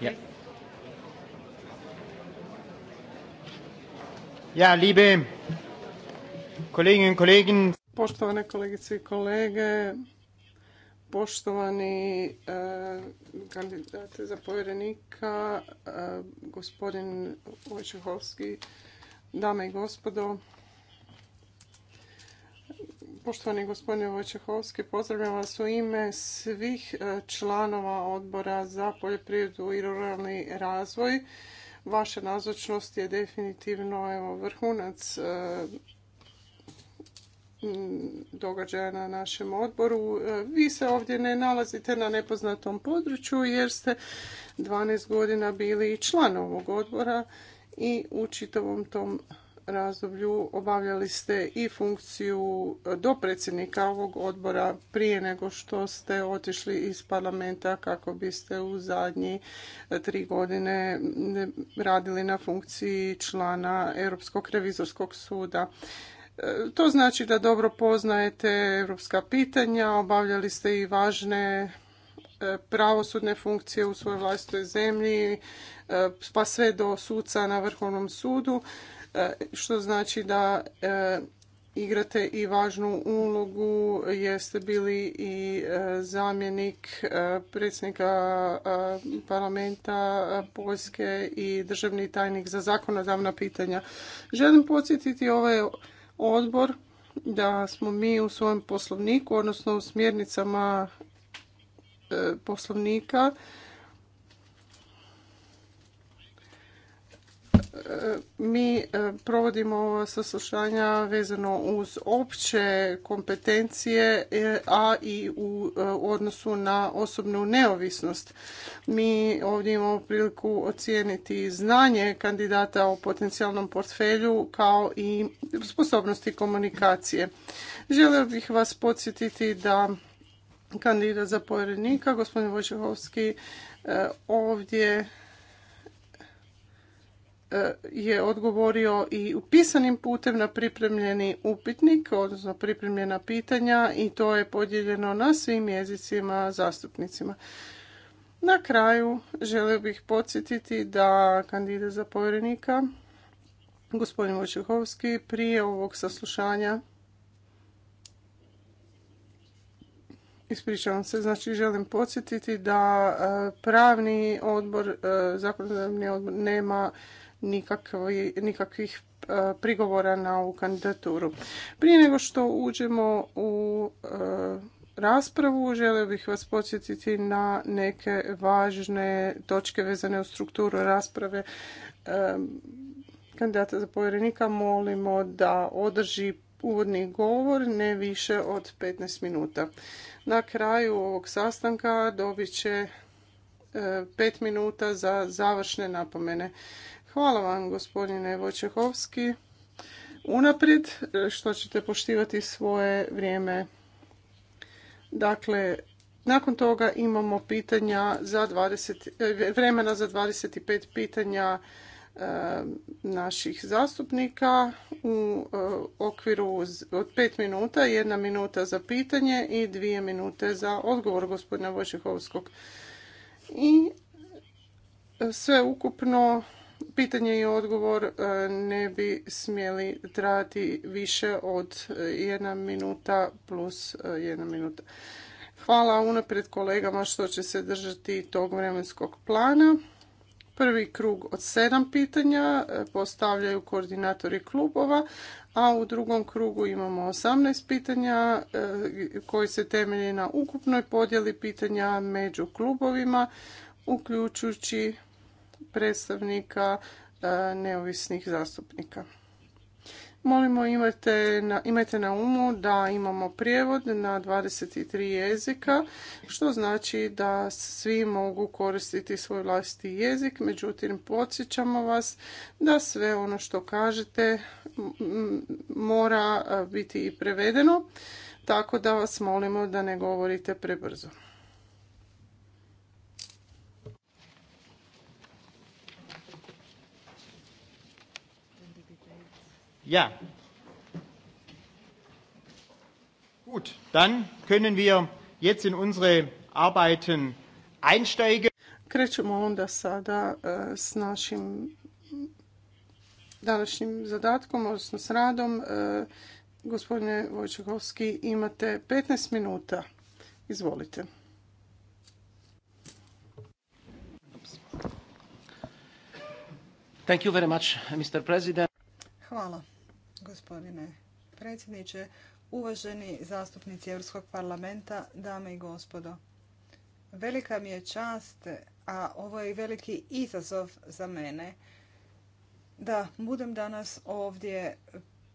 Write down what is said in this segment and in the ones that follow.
Ja. Ja, liebe Kolleginnen Poštovane kolegice i kolege, poštovani e, kandidate za povjerenika, e, gospodin Vojčehovski, dame i gospodo, Poštovani gospodine Vojčehovski, pozdravljam vas u ime svih e, članova Odbora za poljoprivredu i ruralni razvoj. Vaša nazočnost je definitivno vrhunac e, događaja na našem odboru. E, vi se ovdje ne nalazite na nepoznatom području jer ste 12 godina bili član ovog odbora i u čitavom tom razdoblju obavljali ste i funkciju dopredsjednika ovog odbora prije nego što ste otišli iz parlamenta kako biste u zadnji eh, tri godine radili na funkciji člana Europskog revizorskog suda. Eh, to znači da dobro poznajete europska pitanja, obavljali ste i važne eh, pravosudne funkcije u svojoj vlastitoj zemlji, pa sve do suca na Vrhovnom sudu. E, što znači da e, igrate i važnu ulogu, jeste bili i e, zamjenik predsjednika parlamenta Poljske i državni tajnik za zakonodavna pitanja. Želim podsjetiti ovaj odbor da smo mi u svojem poslovniku, odnosno u smjernicama poslovnika, mi e, provodimo saslušanja vezano uz opće kompetencije, e, a i e, u odnosu na osobnu neovisnost. Mi ovdje imamo priliku ocijeniti znanje kandidata o potencijalnom portfelju kao i sposobnosti komunikacije. Želio bih vas podsjetiti da kandidat za povjerenika, gospodin Vojčehovski, ovdje E, je odgovorio i pisanim putem na pripremljeni upitnik, odnosno pripremljena pitanja i to je podijeljeno na svim jezicima zastupnicima. Na kraju želio bih podsjetiti da kandidat za povjerenika, gospodin Vojčehovski, prije ovog saslušanja Ispričavam se, znači želim podsjetiti da e, pravni odbor, e, zakonodavni odbor nema nikakvih e, prigovora na ovu kandidaturu. Prije nego što uđemo u e, raspravu želio bih vas podsjetiti na neke važne točke vezane u strukturu rasprave e, kandidata za povjerenika. Molimo da održi uvodni govor ne više od 15 minuta. Na kraju ovog sastanka dobit će 5 minuta za završne napomene. Hvala vam gospodine Vojčehovski unaprijed e, što ćete poštivati svoje vrijeme. Dakle, nakon toga imamo pitanja za 20, e, vremena za 25 pitanja e, naših zastupnika u okviru od 5 minuta, jedna minuta za pitanje i dvije minute za odgovor gospodina Vojčehovskog. I sve ukupno pitanje i odgovor e, ne bi smjeli trajati više od e, jedna minuta plus e, jedna minuta. Hvala unaprijed kolegama što će se držati tog vremenskog plana. Prvi krug od sedam pitanja postavljaju koordinatori klubova, a u drugom krugu imamo 18 pitanja koji se temelji na ukupnoj podjeli pitanja među klubovima, uključujući predstavnika e, neovisnih zastupnika. Molimo imajte na, na umu da imamo prijevod na 23 jezika, što znači da svi mogu koristiti svoj vlastiti jezik, međutim podsjećamo vas da sve ono što kažete mora e, biti i prevedeno, tako da vas molimo da ne govorite prebrzo. Ja. Gut, dann können wir jetzt in unsere Arbeiten einsteigen. Krećemo onda sada e, s našim današnjim zadatkom, odnosno s radom. E, gospodine Vojčakovski, imate 15 minuta. Izvolite. Thank you very much, Mr. President. Hvala gospodine predsjedniče, uvaženi zastupnici Europskog parlamenta, dame i gospodo. Velika mi je čast, a ovo je veliki izazov za mene, da budem danas ovdje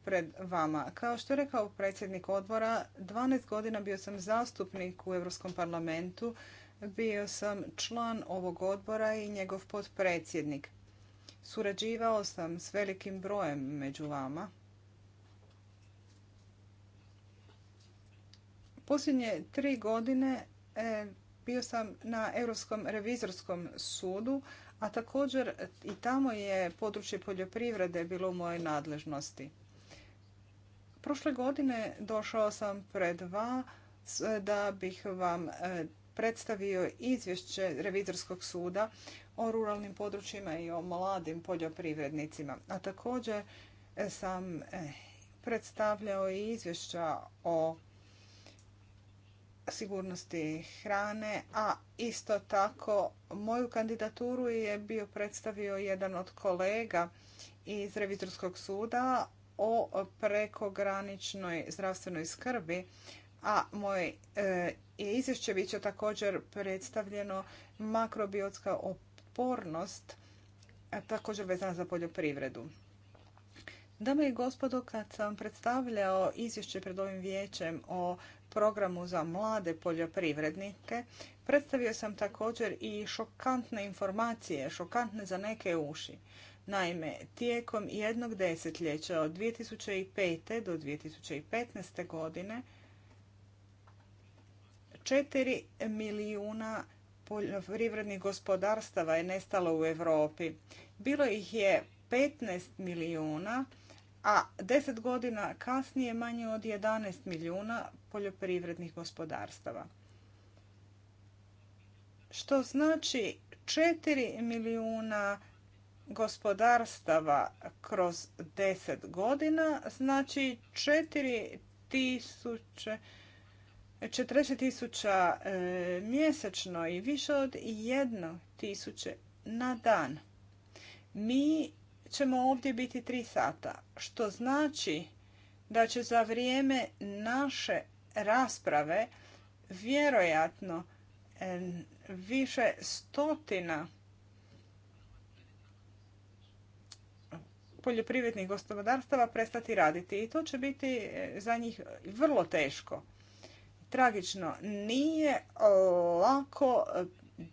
pred vama. Kao što je rekao predsjednik odbora, 12 godina bio sam zastupnik u Europskom parlamentu, bio sam član ovog odbora i njegov potpredsjednik. Surađivao sam s velikim brojem među vama Posljednje tri godine e, bio sam na Europskom revizorskom sudu, a također i tamo je područje poljoprivrede bilo u mojoj nadležnosti. Prošle godine došao sam pred dva e, da bih vam e, predstavio izvješće Revizorskog suda o ruralnim područjima i o mladim poljoprivrednicima. A također sam predstavljao i izvješća o sigurnosti hrane, a isto tako moju kandidaturu je bio predstavio jedan od kolega iz Revizorskog suda o prekograničnoj zdravstvenoj skrbi, a moje e, izvješće bit će također predstavljeno makrobiotska opornost, također vezana za poljoprivredu. Dame i gospodo, kad sam predstavljao izvješće pred ovim vijećem o programu za mlade poljoprivrednike predstavio sam također i šokantne informacije, šokantne za neke uši. Naime, tijekom jednog desetljeća od 2005. do 2015. godine 4 milijuna poljoprivrednih gospodarstava je nestalo u Europi. Bilo ih je 15 milijuna a deset godina kasnije manje od 11 milijuna poljoprivrednih gospodarstava. Što znači 4 milijuna gospodarstava kroz 10 godina, znači 40 tisuća e, mjesečno i više od 1 tisuće na dan. Mi ćemo ovdje biti tri sata, što znači da će za vrijeme naše rasprave vjerojatno više stotina poljoprivrednih gospodarstava prestati raditi i to će biti eh, za njih vrlo teško. Tragično, nije lako eh,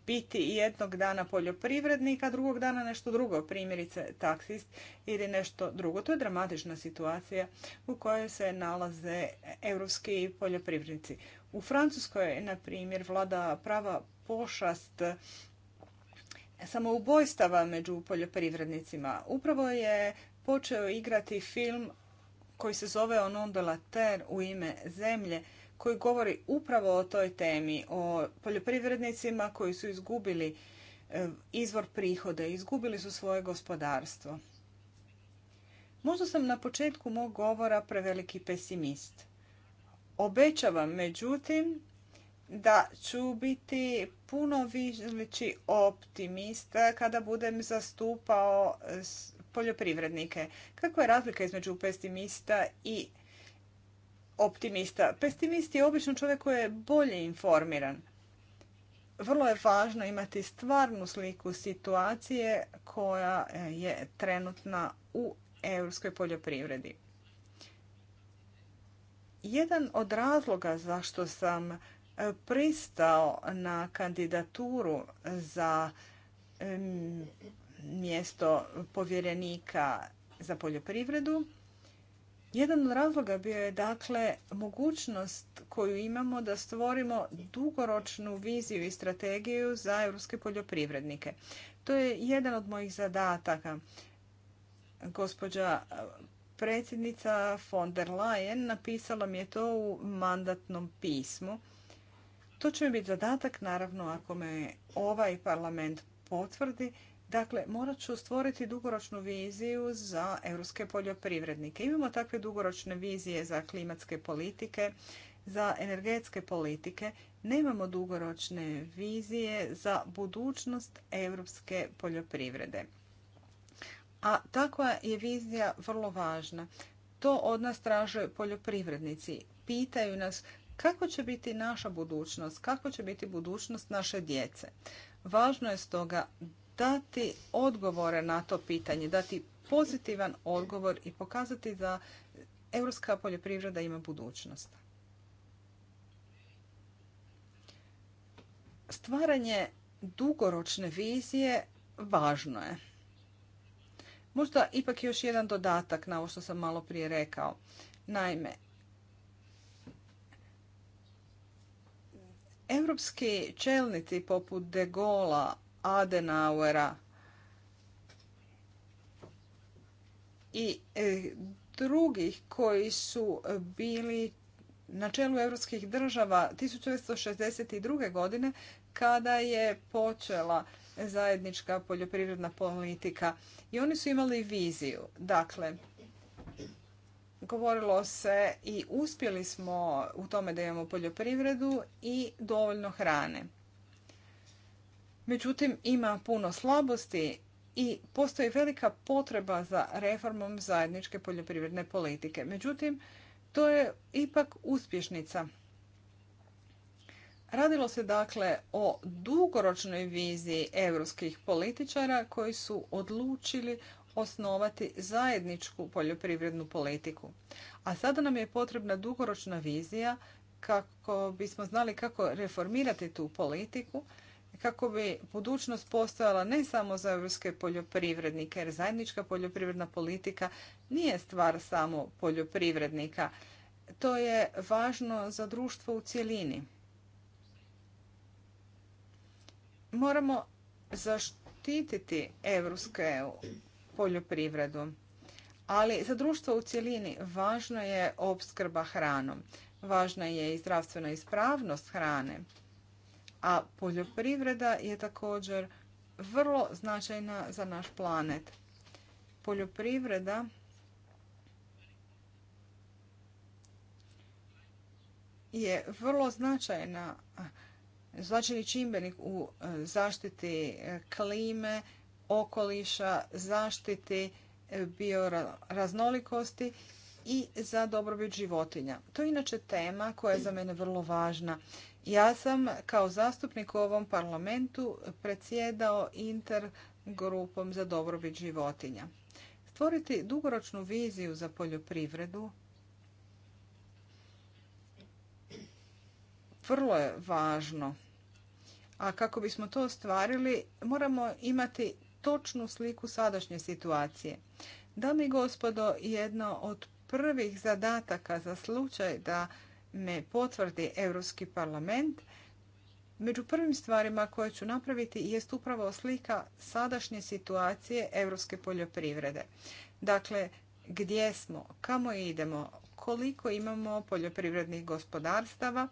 biti jednog dana poljoprivrednik, a drugog dana nešto drugo, primjerice taksist ili nešto drugo. To je dramatična situacija u kojoj se nalaze europski poljoprivrednici. U Francuskoj, na primjer, vlada prava pošast samoubojstava među poljoprivrednicima. Upravo je počeo igrati film koji se zove Onon de la Terre u ime zemlje, koji govori upravo o toj temi, o poljoprivrednicima koji su izgubili e, izvor prihoda, izgubili su svoje gospodarstvo. Možda sam na početku mog govora preveliki pesimist. Obećavam, međutim, da ću biti puno veći optimista kada budem zastupao poljoprivrednike. Kakva je razlika između pesimista i optimista. pesimist je obično čovjek koji je bolje informiran. Vrlo je važno imati stvarnu sliku situacije koja je trenutna u europskoj poljoprivredi. Jedan od razloga zašto sam e, pristao na kandidaturu za mjesto povjerenika za poljoprivredu jedan od razloga bio je dakle mogućnost koju imamo da stvorimo dugoročnu viziju i strategiju za europske poljoprivrednike. To je jedan od mojih zadataka. Gospođa predsjednica von der Leyen napisala mi je to u mandatnom pismu. To će mi biti zadatak, naravno, ako me ovaj parlament potvrdi, Dakle, morat ću stvoriti dugoročnu viziju za europske poljoprivrednike. Imamo takve dugoročne vizije za klimatske politike, za energetske politike. Nemamo dugoročne vizije za budućnost europske poljoprivrede. A takva je vizija vrlo važna. To od nas traže poljoprivrednici. Pitaju nas kako će biti naša budućnost, kako će biti budućnost naše djece. Važno je stoga dati odgovore na to pitanje, dati pozitivan odgovor i pokazati da europska poljoprivreda ima budućnost. Stvaranje dugoročne vizije važno je. Možda ipak još jedan dodatak na ovo što sam malo prije rekao. Naime, europski čelnici poput De Gola, Adenauera i e, drugih koji su bili na čelu evropskih država 1962. godine kada je počela zajednička poljoprivredna politika i oni su imali viziju. Dakle, govorilo se i uspjeli smo u tome da imamo poljoprivredu i dovoljno hrane. Međutim, ima puno slabosti i postoji velika potreba za reformom zajedničke poljoprivredne politike. Međutim, to je ipak uspješnica. Radilo se dakle o dugoročnoj viziji europskih političara koji su odlučili osnovati zajedničku poljoprivrednu politiku. A sada nam je potrebna dugoročna vizija kako bismo znali kako reformirati tu politiku kako bi budućnost postojala ne samo za europske poljoprivrednike, jer zajednička poljoprivredna politika nije stvar samo poljoprivrednika. To je važno za društvo u cjelini. Moramo zaštititi europske poljoprivredu, ali za društvo u cjelini važno je opskrba hranom. Važna je i zdravstvena ispravnost hrane a poljoprivreda je također vrlo značajna za naš planet. Poljoprivreda je vrlo značajna značajni čimbenik u e, zaštiti e, klime, okoliša, zaštiti e, bioraznolikosti i za dobrobit životinja. To je inače tema koja je za mene vrlo važna ja sam kao zastupnik u ovom parlamentu predsjedao intergrupom za dobrobit životinja. Stvoriti dugoročnu viziju za poljoprivredu vrlo je važno. A kako bismo to ostvarili, moramo imati točnu sliku sadašnje situacije. Da i gospodo, jedna od prvih zadataka za slučaj da me potvrdi Europski parlament, među prvim stvarima koje ću napraviti jest upravo slika sadašnje situacije europske poljoprivrede. Dakle, gdje smo, kamo idemo, koliko imamo poljoprivrednih gospodarstava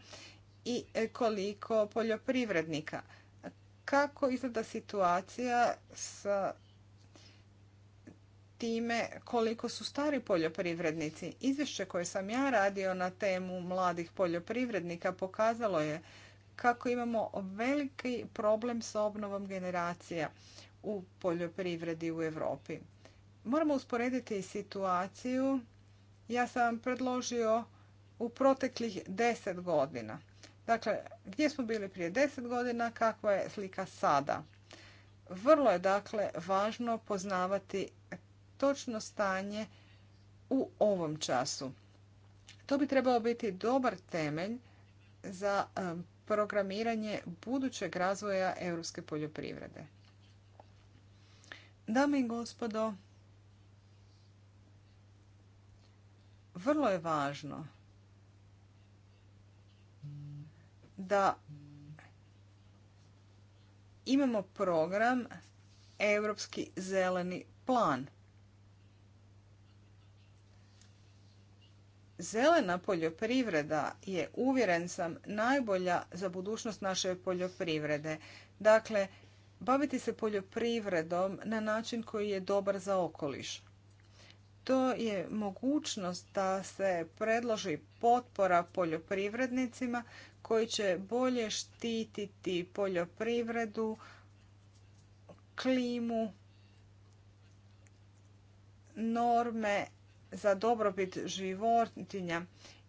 i koliko poljoprivrednika. Kako izgleda situacija sa time koliko su stari poljoprivrednici. Izvješće koje sam ja radio na temu mladih poljoprivrednika pokazalo je kako imamo veliki problem s obnovom generacija u poljoprivredi u Europi. Moramo usporediti situaciju. Ja sam vam predložio u proteklih deset godina. Dakle, gdje smo bili prije deset godina, kakva je slika sada. Vrlo je dakle važno poznavati točno stanje u ovom času. To bi trebao biti dobar temelj za programiranje budućeg razvoja europske poljoprivrede. Dame i gospodo, vrlo je važno da imamo program Europski zeleni plan zelena poljoprivreda je, uvjeren sam, najbolja za budućnost naše poljoprivrede. Dakle, baviti se poljoprivredom na način koji je dobar za okoliš. To je mogućnost da se predloži potpora poljoprivrednicima koji će bolje štititi poljoprivredu, klimu, norme za dobrobit životinja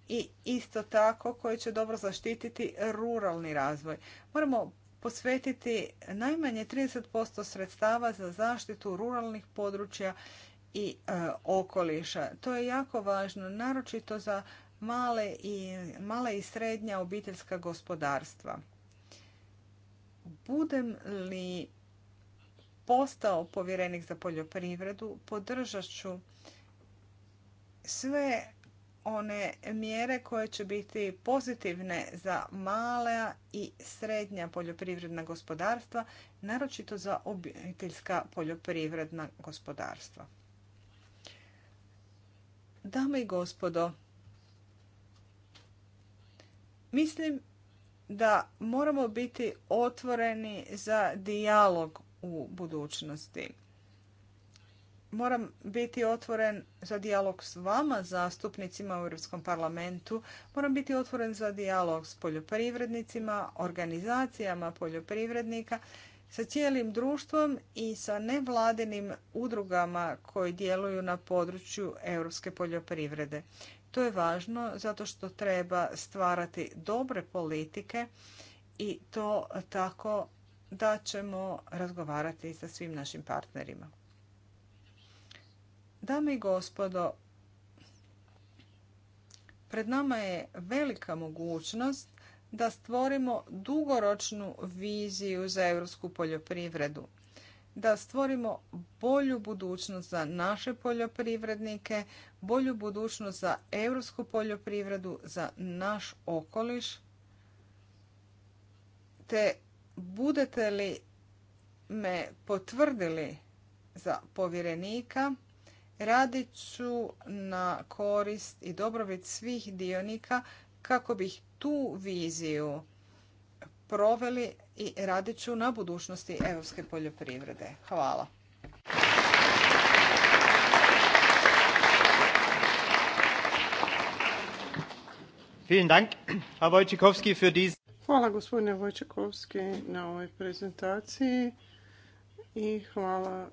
i isto tako koji će dobro zaštititi ruralni razvoj. Moramo posvetiti najmanje 30% sredstava za zaštitu ruralnih područja i e, okoliša. To je jako važno, naročito za male i, male i srednja obiteljska gospodarstva. Budem li postao povjerenik za poljoprivredu, podržat ću sve one mjere koje će biti pozitivne za male i srednja poljoprivredna gospodarstva, naročito za obiteljska poljoprivredna gospodarstva. Dame i gospodo, mislim da moramo biti otvoreni za dijalog u budućnosti moram biti otvoren za dijalog s vama, zastupnicima u Europskom parlamentu. Moram biti otvoren za dijalog s poljoprivrednicima, organizacijama poljoprivrednika, sa cijelim društvom i sa nevladinim udrugama koji djeluju na području europske poljoprivrede. To je važno zato što treba stvarati dobre politike i to tako da ćemo razgovarati sa svim našim partnerima. Dame i gospodo, pred nama je velika mogućnost da stvorimo dugoročnu viziju za europsku poljoprivredu, da stvorimo bolju budućnost za naše poljoprivrednike, bolju budućnost za europsku poljoprivredu, za naš okoliš, te budete li me potvrdili za povjerenika, radit ću na korist i dobrobit svih dionika kako bih tu viziju proveli i radit ću na budućnosti europske poljoprivrede. Hvala. Hvala gospodine Vojčekovski na ovoj prezentaciji i hvala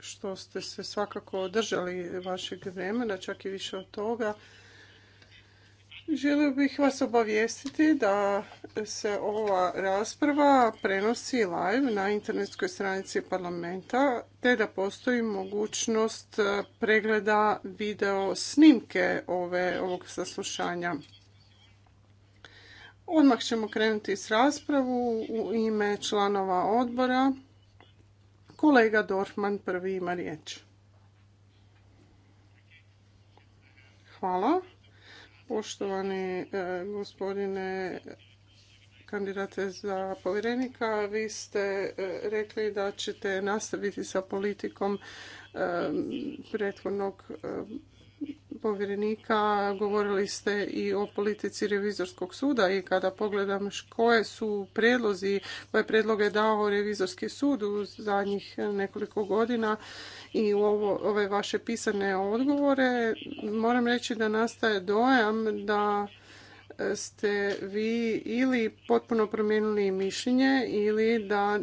što ste se svakako održali vašeg vremena, čak i više od toga. Želio bih vas obavijestiti da se ova rasprava prenosi live na internetskoj stranici parlamenta te da postoji mogućnost pregleda video snimke ove, ovog saslušanja. Odmah ćemo krenuti s raspravu u ime članova odbora. Kolega Dorfman prvi ima riječ. Hvala. Poštovani e, gospodine kandidate za povjerenika, vi ste e, rekli da ćete nastaviti sa politikom e, prethodnog povjerenika govorili ste i o politici revizorskog suda i kada pogledam koje su prijedlozi, koje prijedloge je dao revizorski sud u zadnjih nekoliko godina i u ovo, ove vaše pisane odgovore, moram reći da nastaje dojam da ste vi ili potpuno promijenili mišljenje ili da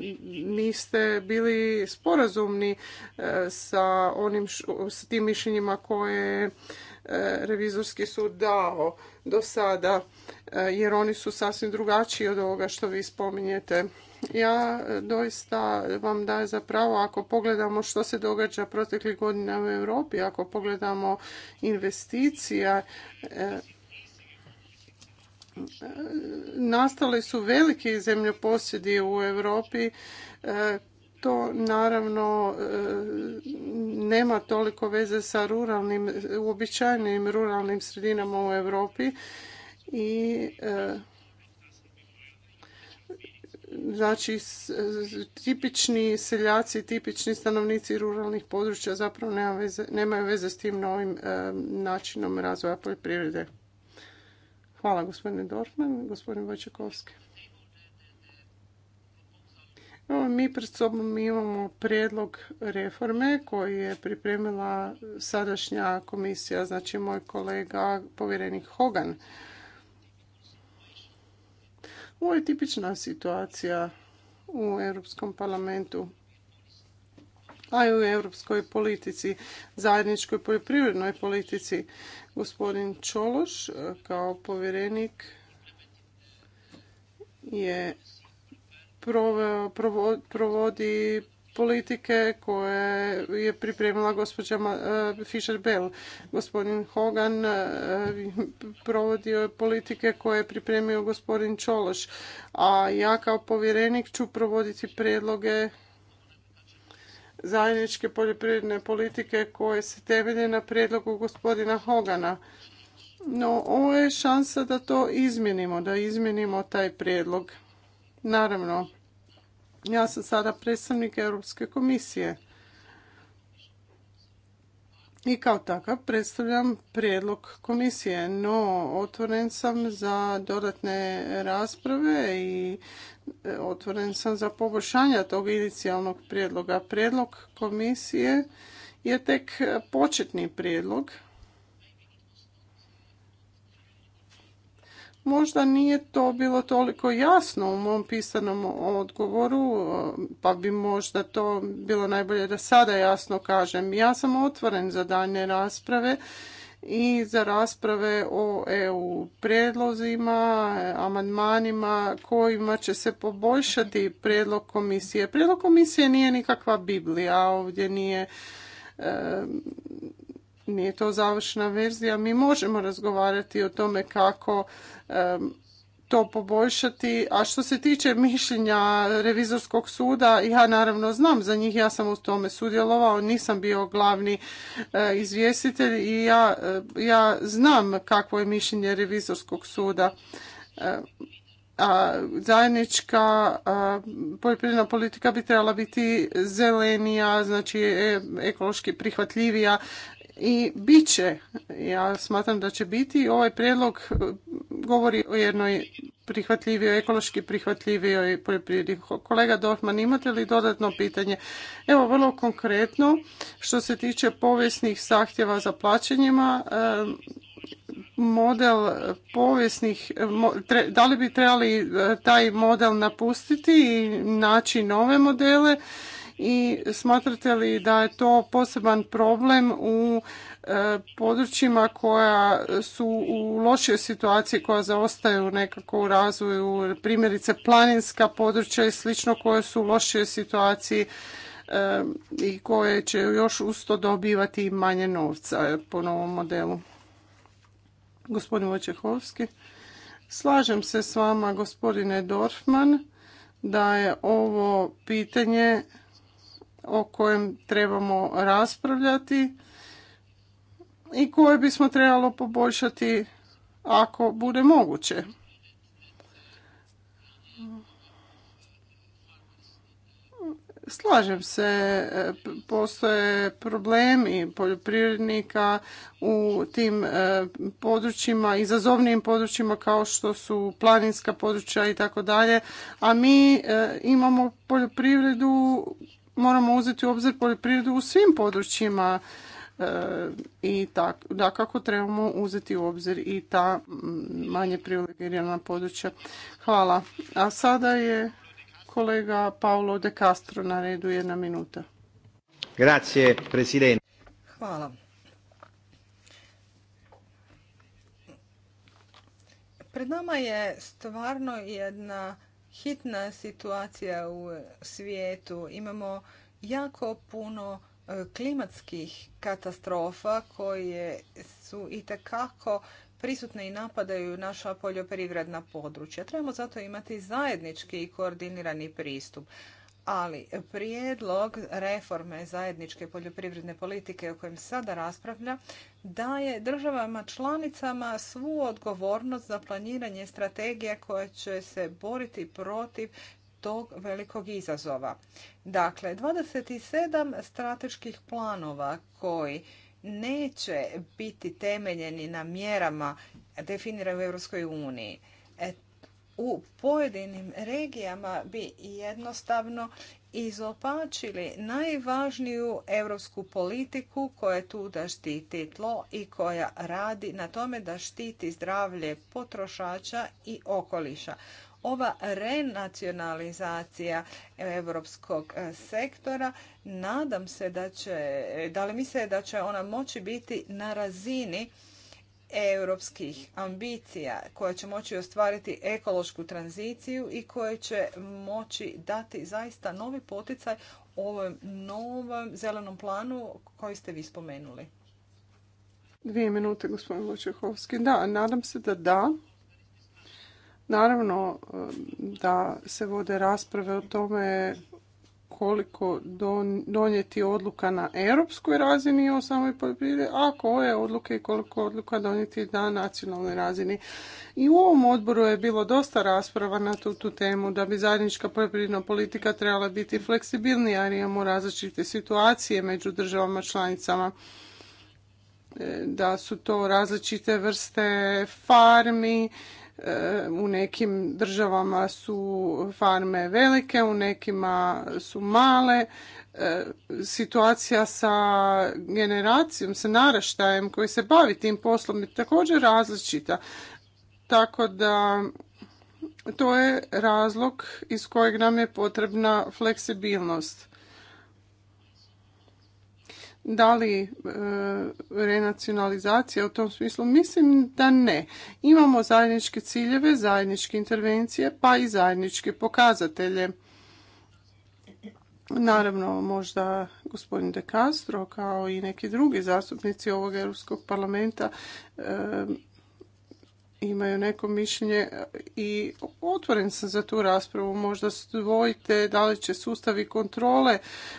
niste bili sporazumni e, sa onim tim mišljenjima koje je revizorski sud dao do sada e, jer oni su sasvim drugačiji od ovoga što vi spominjete. Ja e, doista vam daje za pravo ako pogledamo što se događa proteklih godina u Europi, ako pogledamo investicija Nastale su veliki zemljoposjedi u Europi e, to naravno e, nema toliko veze sa ruralnim, uobičajenim ruralnim sredinama u Europi i e, znači tipični seljaci, tipični stanovnici ruralnih područja zapravo nema nemaju veze s tim novim načinom razvoja poljoprivrede. Hvala gospodine Dorfman, gospodin Vojčakovski. Mi pred sobom imamo predlog reforme koji je pripremila sadašnja komisija, znači moj kolega povjerenik Hogan. Ovo je tipična situacija u Europskom parlamentu a i u europskoj politici, zajedničkoj poljoprivrednoj politici. Gospodin Čološ e, kao povjerenik je provodi politike koje je pripremila gospođa e, Fischer-Bell. Gospodin Hogan e, provodio je politike koje je pripremio gospodin Čološ, a ja kao povjerenik ću provoditi predloge zajedničke poljoprivredne politike koje se temelje na prijedlogu gospodina Hogana. No, ovo je šansa da to izmjenimo, da izmjenimo taj prijedlog. Naravno, ja sam sada predstavnik Europske komisije i kao takav predstavljam prijedlog komisije, no otvoren sam za dodatne rasprave i e, otvoren sam za poboljšanje tog inicijalnog prijedloga. Prijedlog komisije je tek početni prijedlog Možda nije to bilo toliko jasno u mom pisanom odgovoru, pa bi možda to bilo najbolje da sada jasno kažem. Ja sam otvoren za daljne rasprave i za rasprave o EU prijedlozima, amandmanima kojima će se poboljšati prijedlog komisije. Prijedlog komisije nije nikakva Biblija, ovdje nije nije to završna verzija, mi možemo razgovarati o tome kako to poboljšati. A što se tiče mišljenja revizorskog suda, ja naravno znam za njih, ja sam u tome sudjelovao, nisam bio glavni e, izvjestitelj i e, ja, znam kakvo je mišljenje revizorskog suda. E, a zajednička poljoprivredna politika bi trebala biti zelenija, znači ekološki prihvatljivija i bit će, ja smatram da će biti, ovaj prijedlog eh, govori o jednoj prihvatljivijoj, ekološki prihvatljivijoj poljoprivredi. Kolega Dorfman, imate li dodatno pitanje? Evo, vrlo konkretno, što se tiče povijesnih zahtjeva za plaćanjima, eh, model povijesnih, eh, da li bi trebali taj model napustiti i naći nove modele? i smatrate li da je to poseban problem u e, područjima koja su u lošoj situaciji, koja zaostaju nekako u razvoju, primjerice planinska područja i slično koje su u lošoj situaciji e, i koje će još usto dobivati manje novca e, po novom modelu. Gospodin Vojčehovski. Slažem se s vama, gospodine Dorfman, da je ovo pitanje o kojem trebamo raspravljati i koje bismo trebalo poboljšati ako bude moguće. Slažem se, postoje problemi poljoprivrednika u tim e, područjima, izazovnijim područjima kao što su planinska područja i tako dalje, a mi e, imamo poljoprivredu moramo uzeti u obzir poljoprivredu u svim područjima e, i tak, da kako trebamo uzeti u obzir i ta manje privilegirana područja. Hvala. A sada je kolega Paolo De Castro na redu jedna minuta. Grazie, presidente. Hvala. Pred nama je stvarno jedna hitna situacija u svijetu. Imamo jako puno e, klimatskih katastrofa koje su i prisutne i napadaju naša poljoprivredna područja. Trebamo zato imati zajednički i koordinirani pristup. Ali prijedlog reforme zajedničke poljoprivredne politike o kojem sada raspravlja daje državama članicama svu odgovornost za planiranje strategija koje će se boriti protiv tog velikog izazova. Dakle, 27 strateških planova koji neće biti temeljeni na mjerama definiraju u Europskoj uniji. E, u pojedinim regijama bi jednostavno izopačili najvažniju europsku politiku koja je tu da štiti tlo i koja radi na tome da štiti zdravlje potrošača i okoliša. Ova renacionalizacija europskog e, sektora nadam se da će, da li misle da će ona moći biti na razini europskih ambicija koja će moći ostvariti ekološku tranziciju i koje će moći dati zaista novi poticaj ovom novom zelenom planu koji ste vi spomenuli. Dvije minute, gospodin Vočehovski. Da, nadam se da da. Naravno um, da se vode rasprave o tome koliko donijeti odluka na europskoj razini o samoj poljoprivredi, a koje odluke i koliko odluka donijeti na nacionalnoj razini. I u ovom odboru je bilo dosta rasprava na tu, tu temu da bi zajednička poljoprivredna politika trebala biti fleksibilnija jer imamo različite situacije među državama članicama e, da su to različite vrste farmi, E, u nekim državama su farme velike, u nekima su male. E, situacija sa generacijom, sa naraštajem koji se bavi tim poslom je također različita. Tako da to je razlog iz kojeg nam je potrebna fleksibilnost. Da li e, renacionalizacija u tom smislu? Mislim da ne. Imamo zajedničke ciljeve, zajedničke intervencije, pa i zajedničke pokazatelje. Naravno, možda gospodin De Castro, kao i neki drugi zastupnici ovog Europskog parlamenta, e, imaju neko mišljenje i otvoren sam za tu raspravu. Možda dvojite da li će sustavi kontrole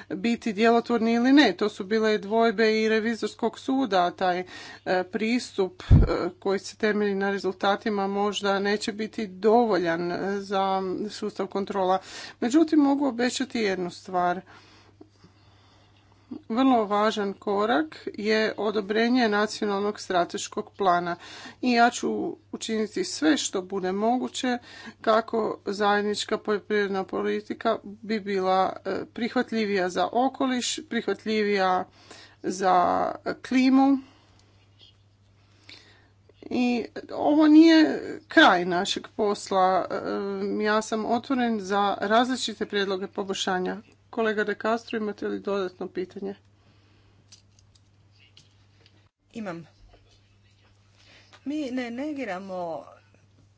biti djelotvorni ili ne. To su bile dvojbe i revizorskog suda. Taj e, pristup e, koji se temelji na rezultatima možda neće biti dovoljan e, za sustav kontrola. Međutim, mogu obećati jednu stvar – vrlo važan korak je odobrenje nacionalnog strateškog plana i ja ću učiniti sve što bude moguće kako zajednička poljoprivredna politika bi bila e, prihvatljivija za okoliš, prihvatljivija za klimu. I ovo nije kraj našeg posla. E, ja sam otvoren za različite prijedloge poboljšanja Kolega De Castro, imate li dodatno pitanje? Imam. Mi ne negiramo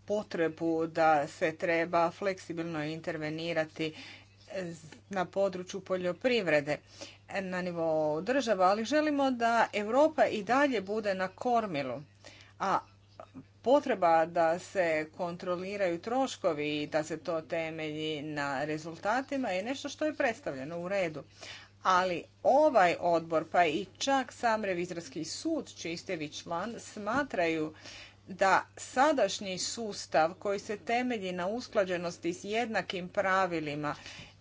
potrebu da se treba fleksibilno intervenirati na području poljoprivrede na nivou država, ali želimo da Europa i dalje bude na kormilu. A potreba da se kontroliraju troškovi i da se to temelji na rezultatima je nešto što je predstavljeno u redu. Ali ovaj odbor, pa i čak sam revizorski sud, čiji ste vi član, smatraju da sadašnji sustav koji se temelji na usklađenosti s jednakim pravilima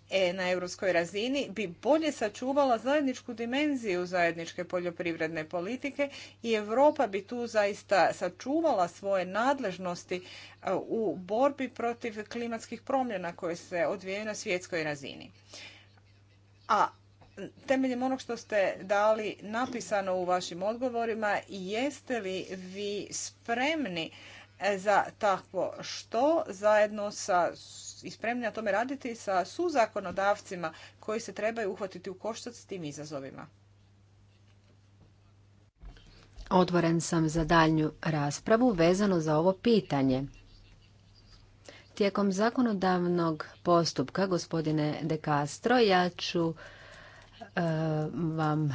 E, na europskoj razini bi bolje sačuvala zajedničku dimenziju zajedničke poljoprivredne politike i Europa bi tu zaista sačuvala svoje nadležnosti e, u borbi protiv klimatskih promjena koje se odvijaju na svjetskoj razini. A temeljem onog što ste dali napisano u vašim odgovorima, jeste li vi spremni e, za takvo što zajedno sa i spremni na tome raditi sa suzakonodavcima koji se trebaju uhvatiti u koštac s tim izazovima. Otvoren sam za daljnju raspravu vezano za ovo pitanje. Tijekom zakonodavnog postupka, gospodine De Castro, ja ću e, vam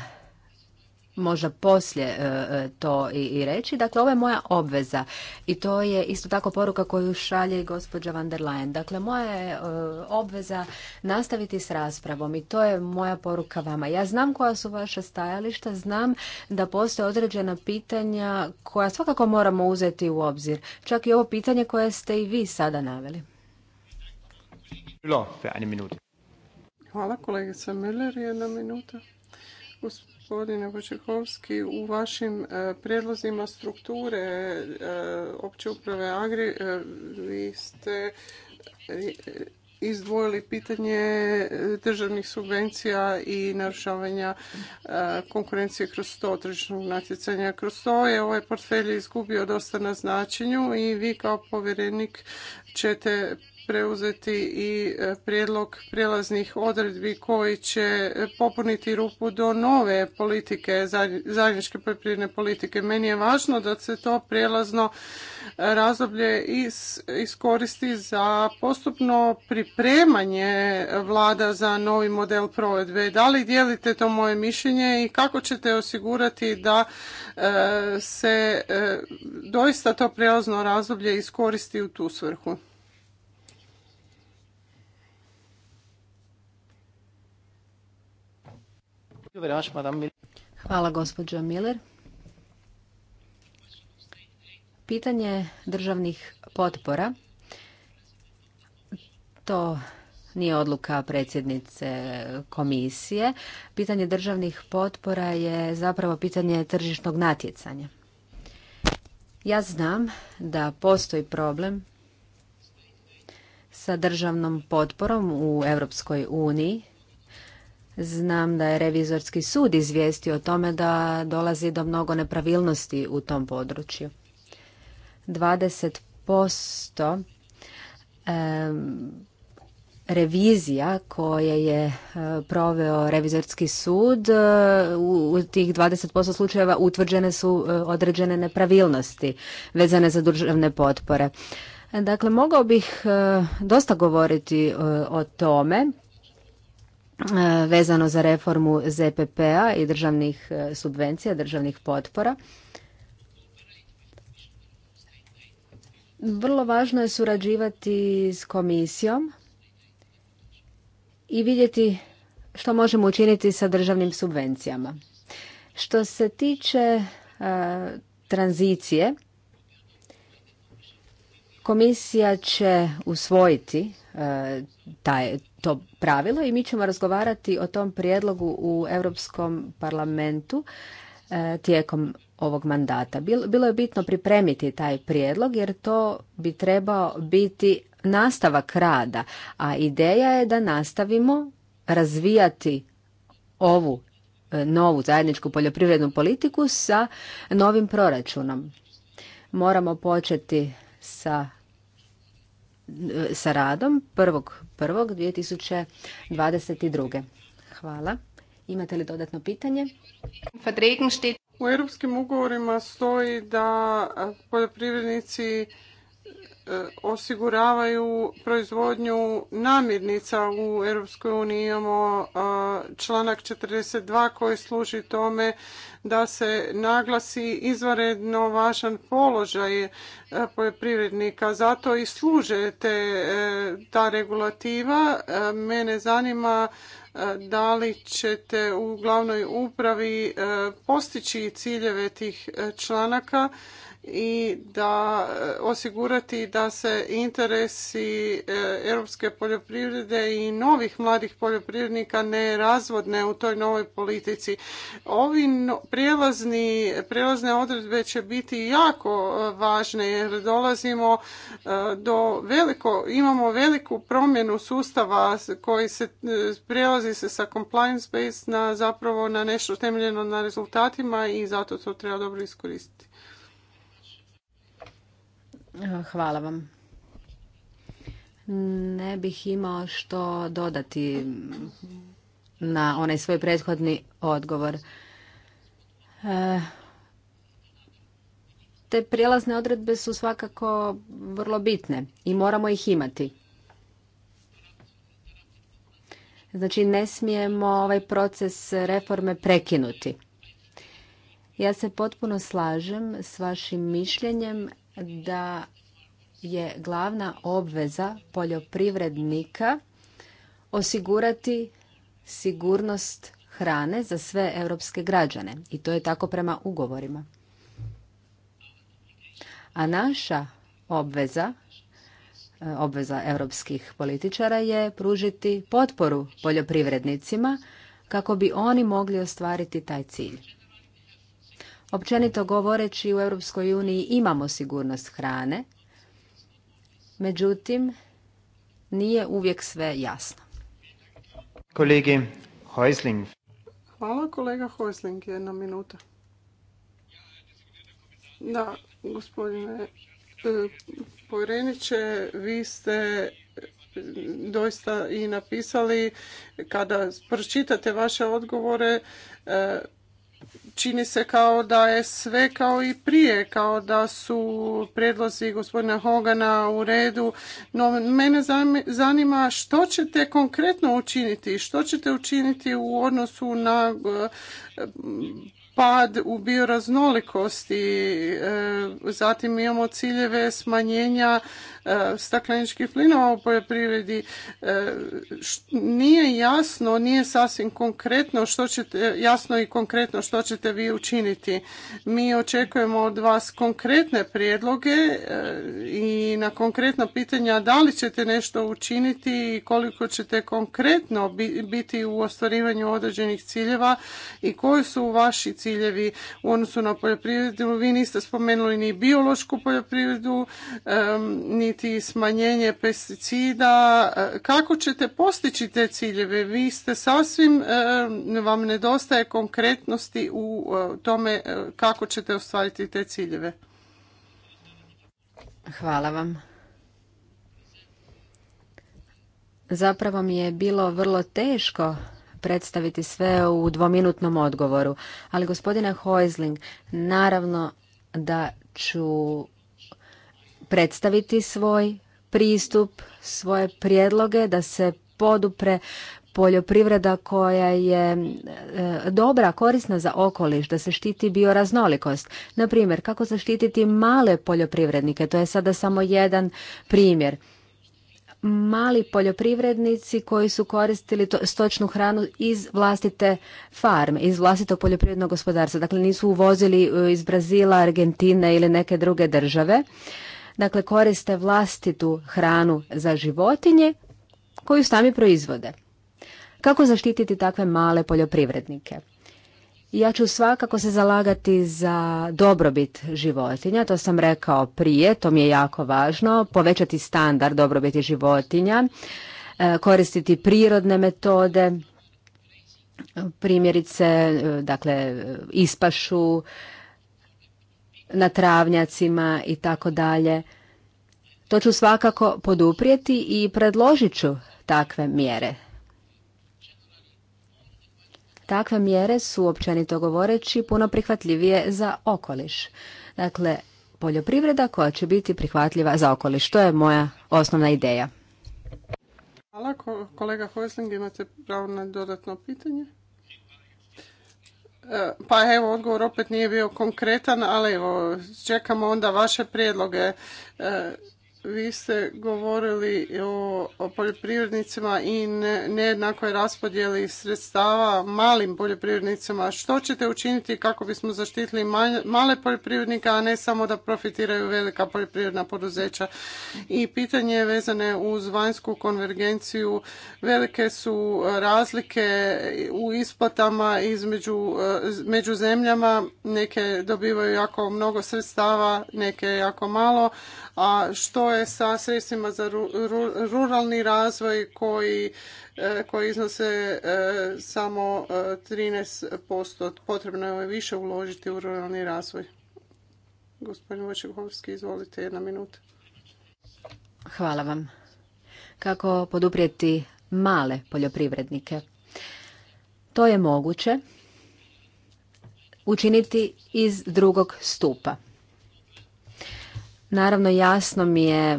možda poslije e, e, to i, reći. Dakle, ovo je moja obveza i to je isto tako poruka koju šalje i gospođa van der Leyen. Dakle, moja je e, obveza nastaviti s raspravom i to je moja poruka vama. Ja znam koja su vaša stajališta, znam da postoje određena pitanja koja svakako moramo uzeti u obzir. Čak i ovo pitanje koje ste i vi sada naveli. Hvala kolegica Miller, jedna minuta gospodine Vočekovski, u vašim e, prijedlozima strukture e, opće uprave Agri e, vi ste izdvojili pitanje državnih subvencija i narušavanja konkurencije kroz to tržišnog natjecanja. Kroz to je ovaj portfelj izgubio dosta na značenju i vi kao povjerenik ćete preuzeti i e, prijedlog prijelaznih odredbi koji će e, popuniti rupu do nove politike, zajedničke poljoprivredne politike. Meni je važno da se to prijelazno e, razdoblje iskoristi za postupno pripremanje vlada za novi model provedbe. Da li dijelite to moje mišljenje i kako ćete osigurati da se doista to prijelazno razdoblje iskoristi u tu svrhu? Hvala gospođo Miller. Pitanje državnih potpora. To nije odluka predsjednice komisije. Pitanje državnih potpora je zapravo pitanje tržišnog natjecanja. Ja znam da postoji problem sa državnom potporom u Europskoj uniji Znam da je revizorski sud izvijestio o tome da dolazi do mnogo nepravilnosti u tom području. 20% revizija koje je eh, proveo revizorski sud, eh, u tih 20% slučajeva utvrđene su eh, određene nepravilnosti vezane za državne potpore. Dakle, mogao bih dosta govoriti o tome E, vezano za reformu ZPP-a i državnih e, subvencija, državnih potpora. Vrlo važno je surađivati s komisijom i vidjeti što možemo učiniti sa državnim subvencijama. Što se tiče e, tranzicije, Komisija će usvojiti e, taj, to pravilo i mi ćemo razgovarati o tom prijedlogu u Europskom parlamentu e, tijekom ovog mandata. Bilo je bitno pripremiti taj prijedlog jer to bi trebao biti nastavak rada, a ideja je da nastavimo razvijati ovu e, novu zajedničku poljoprivrednu politiku sa novim proračunom. Moramo početi sa sa radom 1.1.2022. Hvala. Imate li dodatno pitanje? U europskim ugovorima stoji da poljoprivrednici E, osiguravaju proizvodnju namirnica u Europskoj uniji. Imamo e, članak 42 koji služi tome da se naglasi izvanredno važan položaj e, poljoprivrednika. Zato i služe te, ta regulativa. Mene zanima da li ćete u glavnoj upravi postići ciljeve tih članaka i da e, osigurati da se interesi e, europske poljoprivrede i novih mladih poljoprivrednika ne razvodne u toj novoj politici. Ovi prijelazni, prijelazne odredbe će biti jako e, važne jer dolazimo do veliko, imamo veliku promjenu sustava koji se prijelazi se sa compliance based na zapravo na nešto temeljeno na rezultatima i zato to treba dobro iskoristiti. Hvala vam. Ne bih imao što dodati na onaj svoj prethodni odgovor. E, te prijelazne odredbe su svakako vrlo bitne i moramo ih imati. Znači ne smijemo ovaj proces reforme prekinuti. Ja se potpuno slažem s vašim mišljenjem da je glavna obveza poljoprivrednika osigurati sigurnost hrane za sve europske građane i to je tako prema ugovorima. A naša obveza, obveza europskih političara je pružiti potporu poljoprivrednicima kako bi oni mogli ostvariti taj cilj. Općenito govoreći u Europskoj uniji imamo sigurnost hrane, međutim nije uvijek sve jasno. Kolegi Häusling. Hvala kolega Häusling, jedna minuta. Da, gospodine e, povjereniče, vi ste doista i napisali kada pročitate vaše odgovore e, čini se kao da je sve kao i prije, kao da su predlozi gospodina Hogana u redu, no mene zanima što ćete konkretno učiniti, što ćete učiniti u odnosu na eh, pad u bioraznolikosti, e, zatim imamo ciljeve smanjenja e, stakleničkih plinova u poljoprivredi. E, nije jasno, nije sasvim konkretno što ćete, jasno i konkretno što ćete vi učiniti. Mi očekujemo od vas konkretne prijedloge i na konkretna pitanja da li ćete nešto učiniti i koliko ćete konkretno biti u ostvarivanju određenih ciljeva i koji su vaši ciljevi u odnosu na poljoprivredu. Vi niste spomenuli ni biološku poljoprivredu, niti smanjenje pesticida. Kako ćete postići te ciljeve? Vi ste sasvim, vam nedostaje konkretnosti u e, tome e, kako ćete ostvariti te ciljeve. Hvala vam. Zapravo mi je bilo vrlo teško predstaviti sve u dvominutnom odgovoru. Ali gospodine Hojzling, naravno da ću predstaviti svoj pristup, svoje prijedloge da se podupre poljoprivreda koja je e, dobra, korisna za okoliš, da se štiti bioraznolikost. Naprimjer, primjer, kako zaštititi male poljoprivrednike, to je sada samo jedan primjer mali poljoprivrednici koji su koristili stočnu hranu iz vlastite farme, iz vlastitog poljoprivrednog gospodarstva. Dakle, nisu uvozili e, iz Brazila, Argentine ili neke druge države. Dakle, koriste vlastitu hranu za životinje koju sami proizvode. Kako zaštititi takve male poljoprivrednike? Ja ću svakako se zalagati za dobrobit životinja, to sam rekao prije, to mi je jako važno, povećati standard dobrobiti životinja, e, koristiti prirodne metode, primjerice, e, dakle, ispašu na travnjacima i tako dalje. To ću svakako poduprijeti i predložit ću takve mjere. Takve mjere su općenito govoreći puno prihvatljivije za okoliš. Dakle, poljoprivreda koja će biti prihvatljiva za okoliš. To je moja osnovna ideja. Hvala. Kolega Hojsling, imate pravo na dodatno pitanje? E, pa evo, odgovor opet nije bio konkretan, ali evo, čekamo onda vaše prijedloge. E, vi ste govorili o poljoprivrednicima i nejednakoj raspodjeli sredstava malim poljoprivrednicima. Što ćete učiniti kako bismo zaštitili male poljoprivrednike, a ne samo da profitiraju velika poljoprivredna poduzeća? I pitanje vezane uz vanjsku konvergenciju. Velike su razlike u isplatama između, među zemljama. Neke dobivaju jako mnogo sredstava, neke jako malo, a što je sa sredstvima za ruralni razvoj koji, e, koji iznose e, samo 13%. E, Potrebno je više uložiti u ruralni razvoj. Gospodin Vočekovski, izvolite jedna minuta. Hvala vam. Kako poduprijeti male poljoprivrednike? To je moguće učiniti iz drugog stupa. Naravno jasno mi je, e,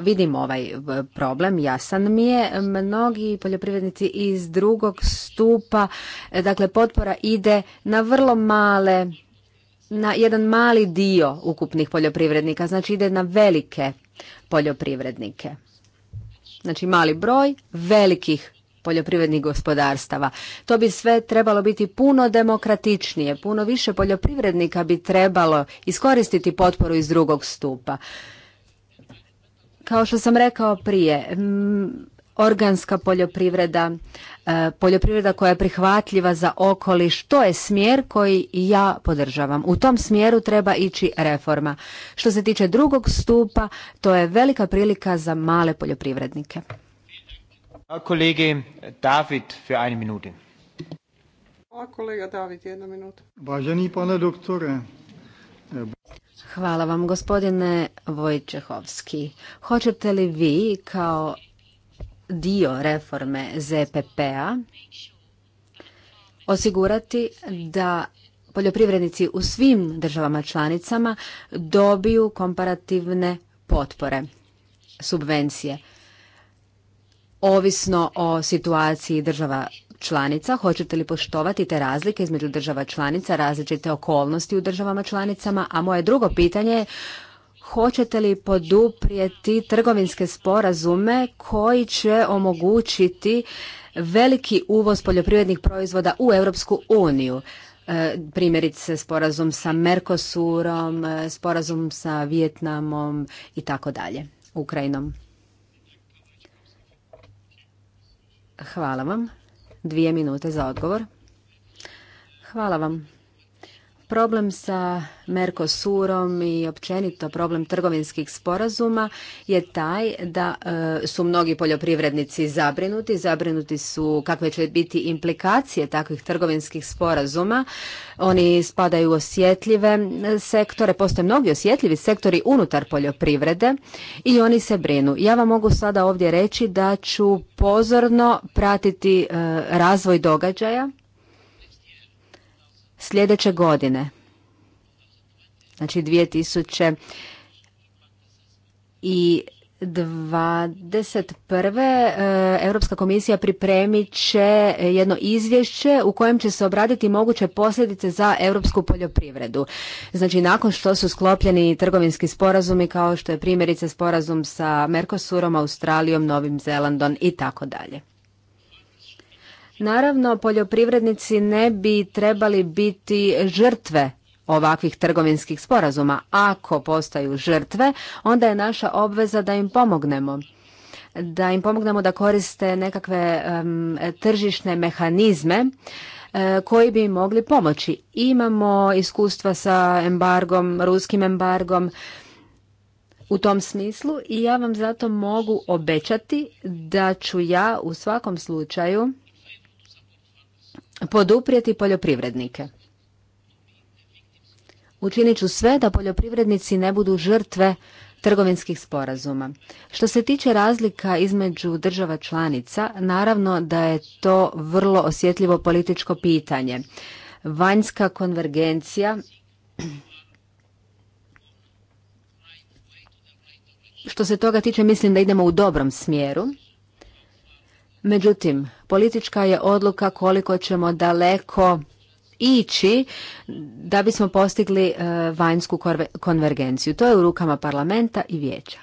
vidim ovaj e, problem, jasan mi je, mnogi poljoprivrednici iz drugog stupa, e, dakle potpora ide na vrlo male, na jedan mali dio ukupnih poljoprivrednika, znači ide na velike poljoprivrednike. Znači mali broj velikih poljoprivrednih gospodarstava. To bi sve trebalo biti puno demokratičnije, puno više poljoprivrednika bi trebalo iskoristiti potporu iz drugog stupa. Kao što sam rekao prije, organska poljoprivreda, e, poljoprivreda koja je prihvatljiva za okoliš, to je smjer koji ja podržavam. U tom smjeru treba ići reforma. Što se tiče drugog stupa, to je velika prilika za male poljoprivrednike. Kolege David, pane doktore, Hvala vam gospodine Vojčehovski. Hoćete li vi kao dio reforme ZPP-a osigurati da poljoprivrednici u svim državama članicama dobiju komparativne potpore, subvencije? ovisno o situaciji država članica, hoćete li poštovati te razlike između država članica, različite okolnosti u državama članicama, a moje drugo pitanje je hoćete li poduprijeti trgovinske sporazume koji će omogućiti veliki uvoz poljoprivrednih proizvoda u Europsku uniju. E, primjerice sporazum sa Mercosurom, e, sporazum sa Vijetnamom i tako dalje, Ukrajinom. Hvala vam. Dvije minute za odgovor. Hvala vam. Problem sa Mercosurom i općenito problem trgovinskih sporazuma je taj da e, su mnogi poljoprivrednici zabrinuti, zabrinuti su kakve će biti implikacije takvih trgovinskih sporazuma. Oni spadaju u osjetljive e, sektore, postoje mnogi osjetljivi sektori unutar poljoprivrede i oni se brinu. Ja vam mogu sada ovdje reći da ću pozorno pratiti e, razvoj događaja sljedeće godine. Znači 2021. i 21. Europska komisija pripremit će jedno izvješće u kojem će se obraditi moguće posljedice za europsku poljoprivredu. Znači nakon što su sklopljeni trgovinski sporazumi kao što je primjerice sporazum sa Mercosurom, Australijom, Novim Zelandom i tako dalje. Naravno, poljoprivrednici ne bi trebali biti žrtve ovakvih trgovinskih sporazuma. Ako postaju žrtve, onda je naša obveza da im pomognemo da im pomognemo da koriste nekakve tržišne mehanizme eh, koji bi mogli pomoći. Imamo iskustva sa embargom, ruskim embargom u tom smislu i ja vam zato mogu obećati da ću ja u svakom slučaju poduprijeti poljoprivrednike. Učinit ću sve da poljoprivrednici ne budu žrtve trgovinskih sporazuma. Što se tiče razlika između država članica, naravno da je to vrlo osjetljivo političko pitanje. Vanjska konvergencija što se toga tiče mislim da idemo u dobrom smjeru Međutim, politička je odluka koliko ćemo daleko ići da bismo postigli e, vanjsku konvergenciju. To je u rukama parlamenta i vijeća.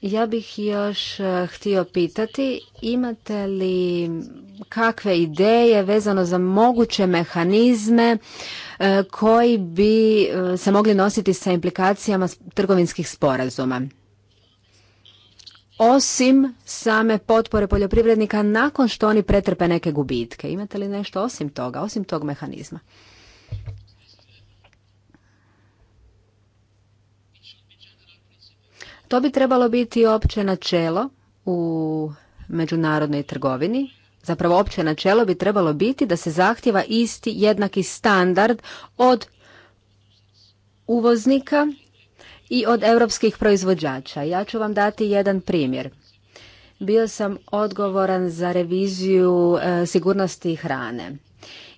Ja bih još e, htio pitati, imate li kakve ideje vezano za moguće mehanizme E, koji bi e, se mogli nositi sa implikacijama trgovinskih sporazuma. Osim same potpore poljoprivrednika nakon što oni pretrpe neke gubitke. Imate li nešto osim toga, osim tog mehanizma? To bi trebalo biti opće načelo u međunarodnoj trgovini zapravo opće načelo bi trebalo biti da se zahtjeva isti jednaki standard od uvoznika i od europskih proizvođača. Ja ću vam dati jedan primjer. Bio sam odgovoran za reviziju e, sigurnosti hrane.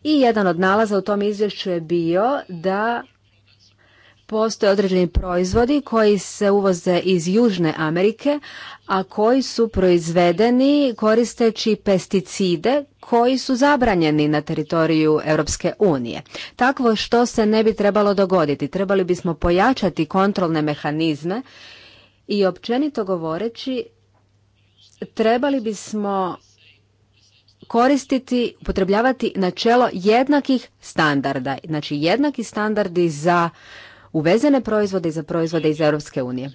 I jedan od nalaza u tom izvješću je bio da postoje određeni proizvodi koji se uvoze iz Južne Amerike, a koji su proizvedeni koristeći pesticide koji su zabranjeni na teritoriju Europske unije. Takvo što se ne bi trebalo dogoditi. Trebali bismo pojačati kontrolne mehanizme i općenito govoreći trebali bismo koristiti, upotrebljavati načelo jednakih standarda. Znači jednaki standardi za uvezene proizvode i za proizvode iz Europske unije.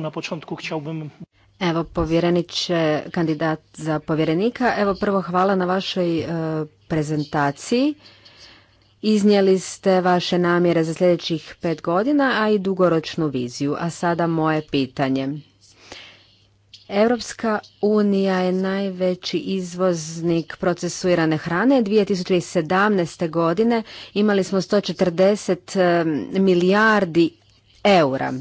na początku Evo, povjereniče, kandidat za povjerenika. Evo, prvo hvala na vašoj e, prezentaciji. Iznijeli ste vaše namjere za sljedećih pet godina, a i dugoročnu viziju. A sada moje pitanje. Europska unija je najveći izvoznik procesuirane hrane. 2017. godine imali smo 140 e, milijardi eura.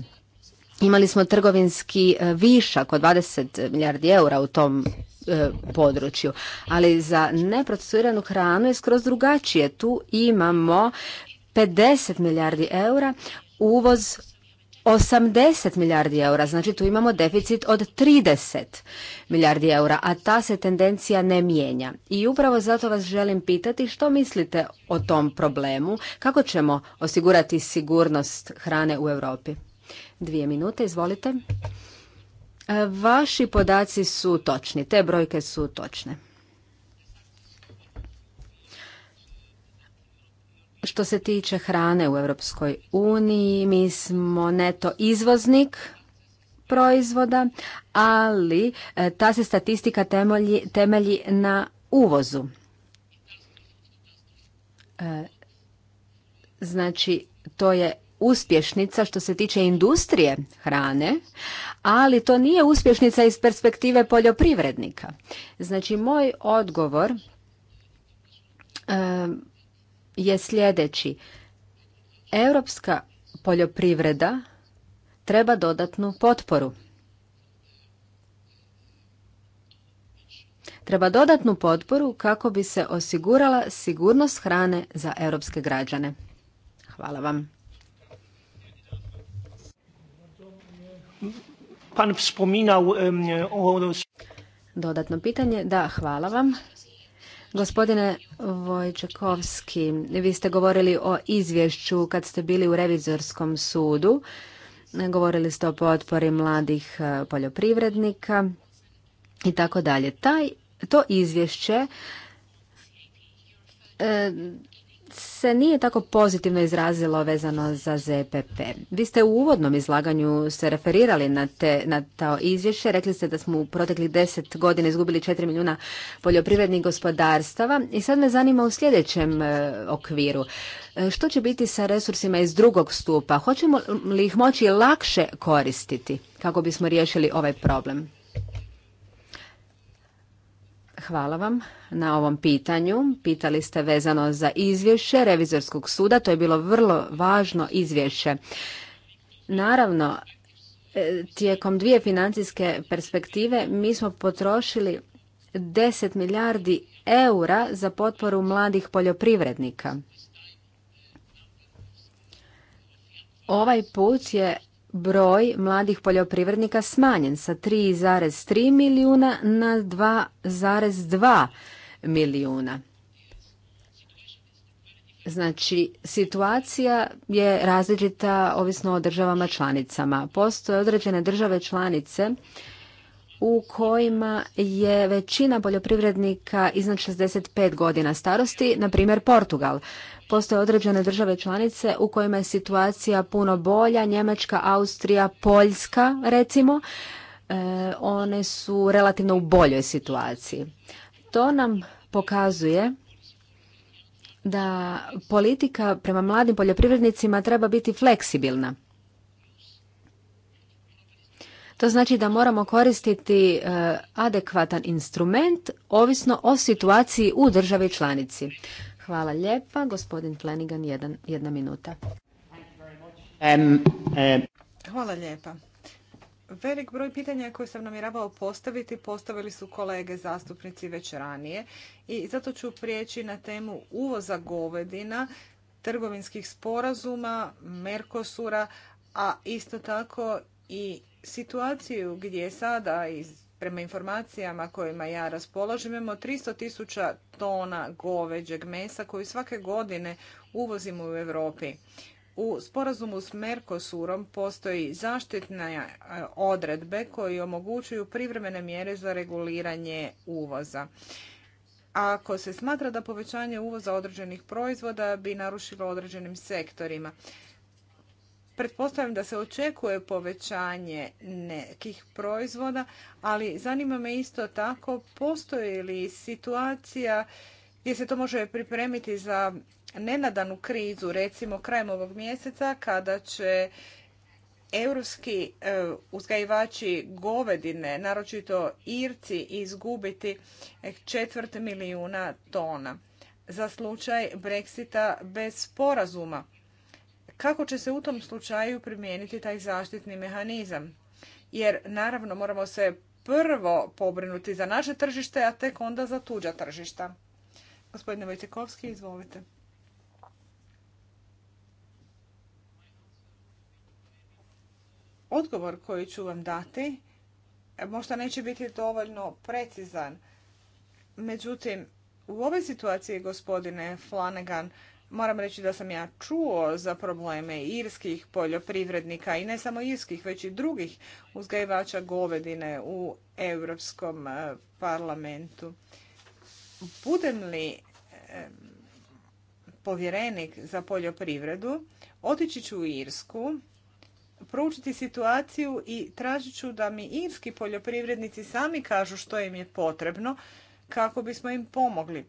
Imali smo trgovinski e, višak od 20 milijardi eura u tom e, području, ali za neprocesuiranu hranu je skroz drugačije. Tu imamo 50 milijardi eura, uvoz 80 milijardi eura, znači tu imamo deficit od 30 milijardi eura, a ta se tendencija ne mijenja. I upravo zato vas želim pitati što mislite o tom problemu, kako ćemo osigurati sigurnost hrane u Europi. Dvije minute, izvolite. E, vaši podaci su točni, te brojke su točne. Što se tiče hrane u Europskoj uniji, mi smo neto izvoznik proizvoda, ali e, ta se statistika temelji, temelji na uvozu. E, znači, to je uspješnica što se tiče industrije hrane, ali to nije uspješnica iz perspektive poljoprivrednika. Znači, moj odgovor e, je sljedeći. Europska poljoprivreda treba dodatnu potporu. Treba dodatnu potporu kako bi se osigurala sigurnost hrane za europske građane. Hvala vam. Pan Dodatno pitanje. Da, hvala vam. Gospodine Vojčekovski, vi ste govorili o izvješću kad ste bili u revizorskom sudu. Govorili ste o potpori mladih e, poljoprivrednika i tako dalje. Taj, to izvješće e, se nije tako pozitivno izrazilo vezano za ZPP. Vi ste u uvodnom izlaganju se referirali na, te, na to izvješće. Rekli ste da smo u proteklih deset godina izgubili četiri milijuna poljoprivrednih gospodarstava. I sad me zanima u sljedećem e, okviru. E, što će biti sa resursima iz drugog stupa? Hoćemo li ih moći lakše koristiti kako bismo riješili ovaj problem? Hvala vam na ovom pitanju. Pitali ste vezano za izvješće Revizorskog suda. To je bilo vrlo važno izvješće. Naravno, e, tijekom dvije financijske perspektive mi smo potrošili 10 milijardi eura za potporu mladih poljoprivrednika. Ovaj put je broj mladih poljoprivrednika smanjen sa 3,3 milijuna na 2,2 milijuna. Znači, situacija je različita ovisno o državama članicama. Postoje određene države članice u kojima je većina poljoprivrednika iznad 65 godina starosti, na primjer Portugal. Postoje određene države članice u kojima je situacija puno bolja, Njemačka, Austrija, Poljska recimo, e, one su relativno u boljoj situaciji. To nam pokazuje da politika prema mladim poljoprivrednicima treba biti fleksibilna to znači da moramo koristiti e, adekvatan instrument ovisno o situaciji u državi članici. Hvala lijepa. Gospodin Plenigan, jedna minuta. Hvala lijepa. Velik broj pitanja koje sam namjeravao postaviti postavili su kolege zastupnici već ranije i zato ću prijeći na temu uvoza govedina, trgovinskih sporazuma, Merkosura, a isto tako i situaciju gdje sada Prema informacijama kojima ja raspolažem imamo 300 tisuća tona goveđeg mesa koju svake godine uvozimo u Europi. U sporazumu s Mercosurom postoji zaštitne e, odredbe koji omogućuju privremene mjere za reguliranje uvoza. Ako se smatra da povećanje uvoza određenih proizvoda bi narušilo određenim sektorima. Pretpostavljam da se očekuje povećanje nekih proizvoda, ali zanima me isto tako postoji li situacija gdje se to može pripremiti za nenadanu krizu, recimo krajem ovog mjeseca kada će europski e, uzgajivači govedine, naročito Irci, izgubiti četvrt milijuna tona za slučaj Brexita bez sporazuma. Kako će se u tom slučaju primijeniti taj zaštitni mehanizam? Jer naravno moramo se prvo pobrinuti za naše tržište, a tek onda za tuđa tržišta. Gospodine Vojtekovski, izvolite. Odgovor koji ću vam dati možda neće biti dovoljno precizan. Međutim, u ovoj situaciji, gospodine Flanagan, Moram reći da sam ja čuo za probleme irskih poljoprivrednika i ne samo irskih, već i drugih uzgajivača govedine u Europskom eh, parlamentu. Budem li povjerenik za poljoprivredu, otići ću u Irsku, proučiti situaciju i tražit ću da mi irski poljoprivrednici sami kažu što im je potrebno kako bismo im pomogli.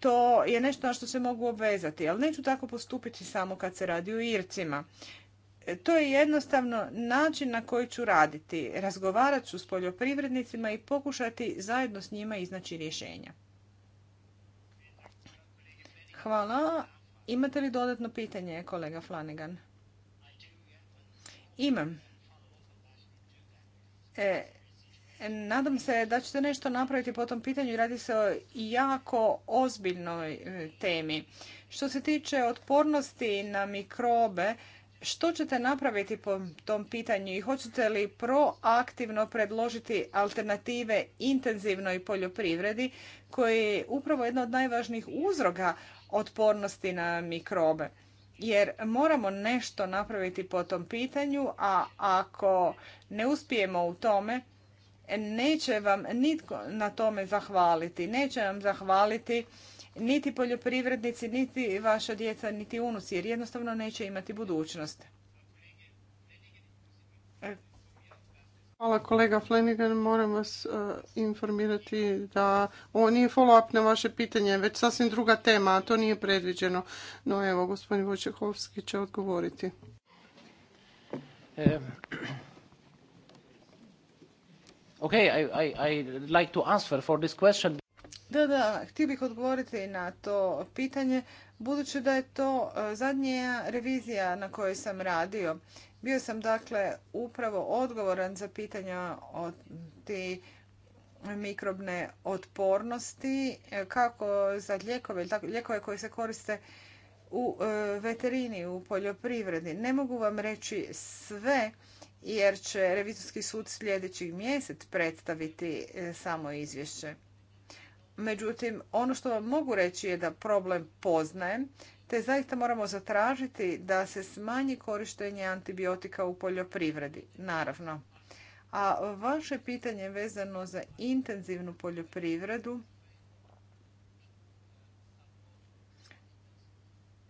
To je nešto na što se mogu obvezati, ali neću tako postupiti samo kad se radi o Ircima. E, to je jednostavno način na koji ću raditi. Razgovarat ću s poljoprivrednicima i pokušati zajedno s njima iznaći rješenja. Hvala. Imate li dodatno pitanje, kolega Flanagan? Imam. E, Nadam se da ćete nešto napraviti po tom pitanju. Radi se o jako ozbiljnoj e, temi. Što se tiče otpornosti na mikrobe, što ćete napraviti po tom pitanju i hoćete li proaktivno predložiti alternative intenzivnoj poljoprivredi koji je upravo jedna od najvažnijih uzroga otpornosti na mikrobe? jer moramo nešto napraviti po tom pitanju, a ako ne uspijemo u tome, E, neće vam nitko na tome zahvaliti. Neće vam zahvaliti niti poljoprivrednici, niti vaša djeca, niti unuci, jer jednostavno neće imati budućnost. E. Hvala kolega Flanagan, moram vas e, informirati da ovo nije follow-up na vaše pitanje, već sasvim druga tema, a to nije predviđeno. No evo, gospodin Vojčehovski će odgovoriti. Okay, I, I, I like to for this question. Da, da, htio bih odgovoriti na to pitanje, budući da je to e, zadnja revizija na kojoj sam radio. Bio sam dakle upravo odgovoran za pitanja o ti mikrobne otpornosti, e, kako za ljekove, ili koji se koriste u e, veterini, u poljoprivredi. Ne mogu vam reći sve, jer će revizorski sud sljedeći mjesec predstaviti e, samo izvješće. Međutim, ono što vam mogu reći je da problem poznajem, te zaista moramo zatražiti da se smanji korištenje antibiotika u poljoprivredi, naravno. A vaše pitanje vezano za intenzivnu poljoprivredu,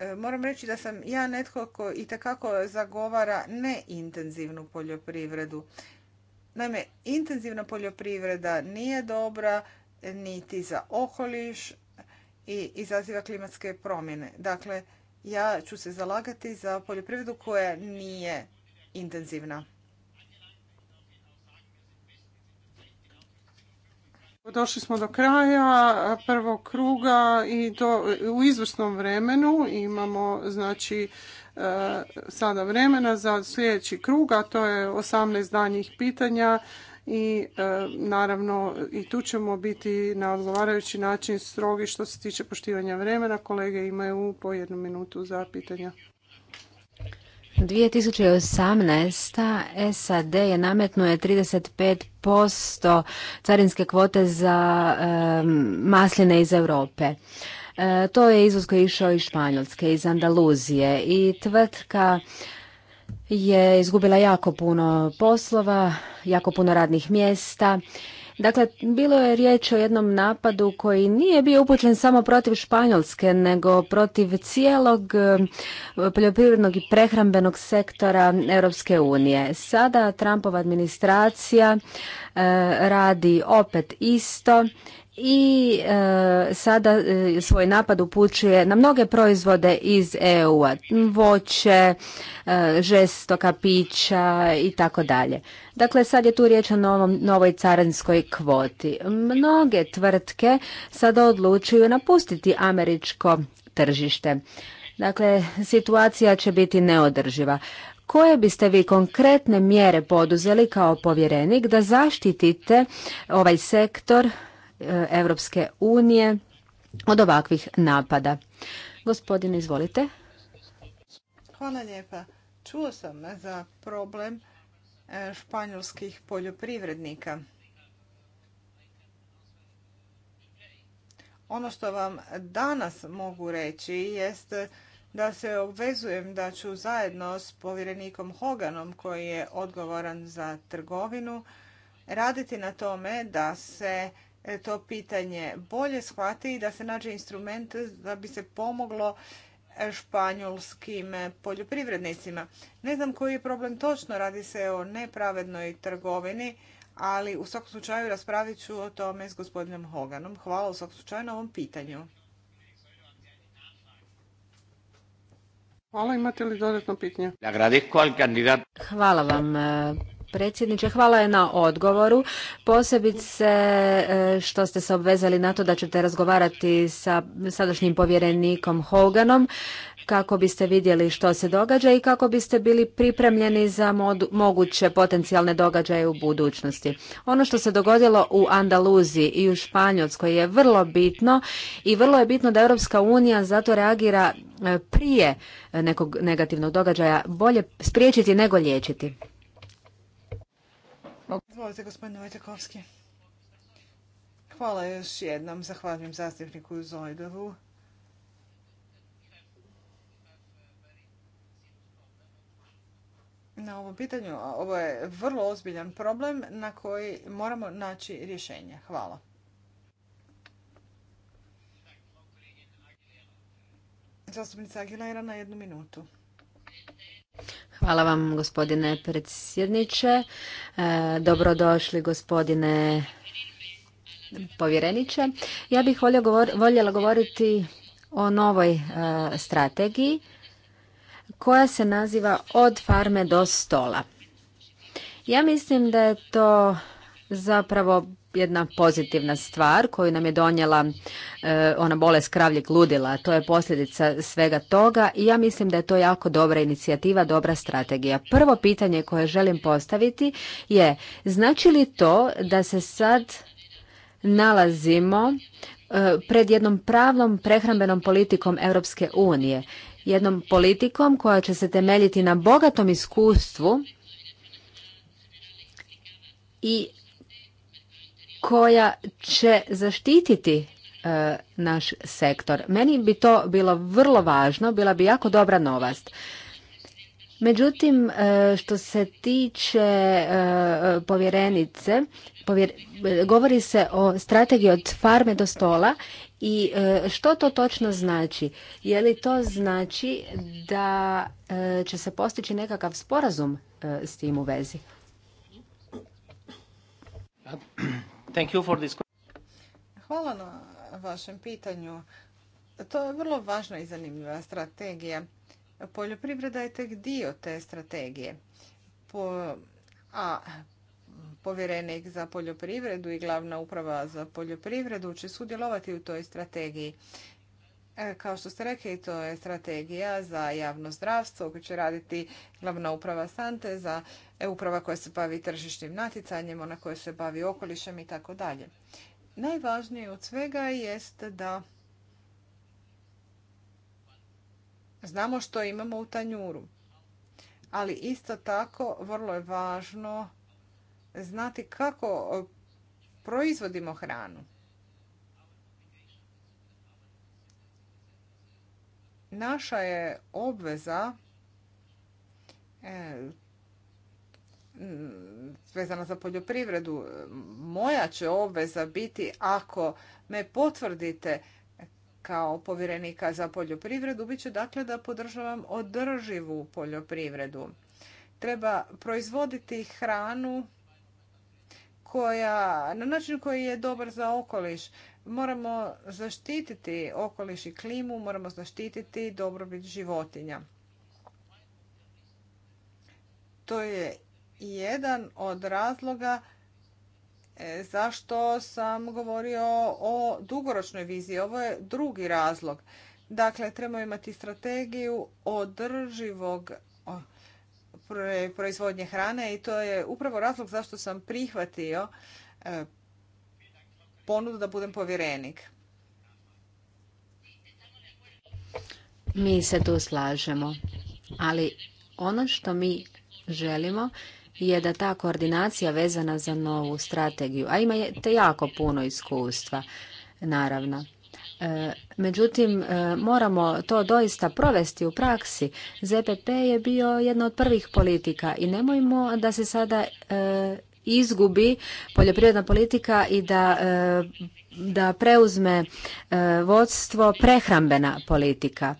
E, moram reći da sam ja netko ko i takako zagovara neintenzivnu poljoprivredu. Naime, intenzivna poljoprivreda nije dobra niti za okoliš i izaziva klimatske promjene. Dakle, ja ću se zalagati za poljoprivredu koja nije intenzivna. Došli smo do kraja prvog kruga i to u izvrsnom vremenu imamo znači e, sada vremena za sljedeći krug, a to je 18 danjih pitanja i e, naravno i tu ćemo biti na odgovarajući način strogi što se tiče poštivanja vremena. Kolege imaju po jednu minutu za pitanja. 2018. SAD je nametnuje 35% carinske kvote za masline iz Europe. E, to je izvoz koji je išao iz Španjolske, iz Andaluzije i tvrtka je izgubila jako puno poslova, jako puno radnih mjesta Dakle, bilo je riječ o jednom napadu koji nije bio upućen samo protiv Španjolske, nego protiv cijelog e, poljoprivrednog i prehrambenog sektora Europske unije. Sada Trumpova administracija e, radi opet isto i e, sada e, svoj napad upućuje na mnoge proizvode iz EU-a, voće, e, žestoka pića i tako dalje. Dakle, sad je tu riječ o novoj carinskoj kvoti. Mnoge tvrtke sada odlučuju napustiti američko tržište. Dakle, situacija će biti neodrživa. Koje biste vi konkretne mjere poduzeli kao povjerenik da zaštitite ovaj sektor Europske unije od ovakvih napada. Gospodine, izvolite. Hvala lijepa. Čuo sam za problem e, španjolskih poljoprivrednika. Ono što vam danas mogu reći jest da se obvezujem da ću zajedno s povjerenikom Hoganom koji je odgovoran za trgovinu raditi na tome da se E, to pitanje bolje shvati i da se nađe instrument da bi se pomoglo e, španjolskim e, poljoprivrednicima. Ne znam koji je problem točno, radi se o nepravednoj trgovini, ali u svakom slučaju raspravit ću o tome s gospodinom Hoganom. Hvala u svakom slučaju na ovom pitanju. Hvala, imate li dodatno pitanje? Hvala vam predsjedniče. Hvala je na odgovoru. Posebice e, što ste se obvezali na to da ćete razgovarati sa sadašnjim povjerenikom Hoganom kako biste vidjeli što se događa i kako biste bili pripremljeni za moguće potencijalne događaje u budućnosti. Ono što se dogodilo u Andaluziji i u Španjolskoj je vrlo bitno i vrlo je bitno da Europska unija zato reagira e, prije nekog negativnog događaja, bolje spriječiti nego liječiti. Izvolite, gospodine Vojtekovski. Hvala još jednom. Zahvaljujem zastupniku Zojdovu. Na ovom pitanju, ovo je vrlo ozbiljan problem na koji moramo naći rješenje. Hvala. Zastupnica Aguilera na jednu minutu. Hvala vam gospodine predsjedniče. E, dobrodošli gospodine povjereniče. Ja bih voljela govoriti o novoj e, strategiji koja se naziva Od farme do stola. Ja mislim da je to zapravo jedna pozitivna stvar koju nam je donijela e, ona bolest kravljeg ludila. To je posljedica svega toga i ja mislim da je to jako dobra inicijativa, dobra strategija. Prvo pitanje koje želim postaviti je znači li to da se sad nalazimo e, pred jednom pravnom prehrambenom politikom Europske unije, jednom politikom koja će se temeljiti na bogatom iskustvu i koja će zaštititi e, naš sektor. Meni bi to bilo vrlo važno, bila bi jako dobra novast. Međutim, e, što se tiče e, povjerenice, govori se o strategiji od farme do stola i što to točno znači? Je li to znači da će se postići nekakav sporazum s tim u vezi? Hvala na vašem pitanju. To je vrlo važna i zanimljiva strategija. Poljoprivreda je tek dio te strategije. Po, a povjerenik za poljoprivredu i glavna uprava za poljoprivredu će sudjelovati u toj strategiji. E, kao što ste rekli, to je strategija za javno zdravstvo koju će raditi glavna uprava Sante, za e, uprava koja se bavi tržišnim natjecanjem, ona koja se bavi okolišem i tako dalje. Najvažnije od svega jest da znamo što imamo u tanjuru. Ali isto tako vrlo je važno znati kako proizvodimo hranu. Naša je obveza e, vezano za poljoprivredu, moja će obveza biti ako me potvrdite kao povjerenika za poljoprivredu, bit će dakle da podržavam održivu poljoprivredu. Treba proizvoditi hranu koja, na način koji je dobar za okoliš, Moramo zaštititi okoliš i klimu, moramo zaštititi dobrobit životinja. To je jedan od razloga e, zašto sam govorio o dugoročnoj viziji. Ovo je drugi razlog. Dakle, trebamo imati strategiju održivog proizvodnje hrane i to je upravo razlog zašto sam prihvatio e, ponudu da budem povjerenik. Mi se tu slažemo, ali ono što mi želimo je da ta koordinacija vezana za novu strategiju, a te jako puno iskustva, naravno. E, međutim, e, moramo to doista provesti u praksi. ZPP je bio jedna od prvih politika i nemojmo da se sada e, izgubi poljoprivredna politika i da, e, da preuzme e, vodstvo prehrambena politika.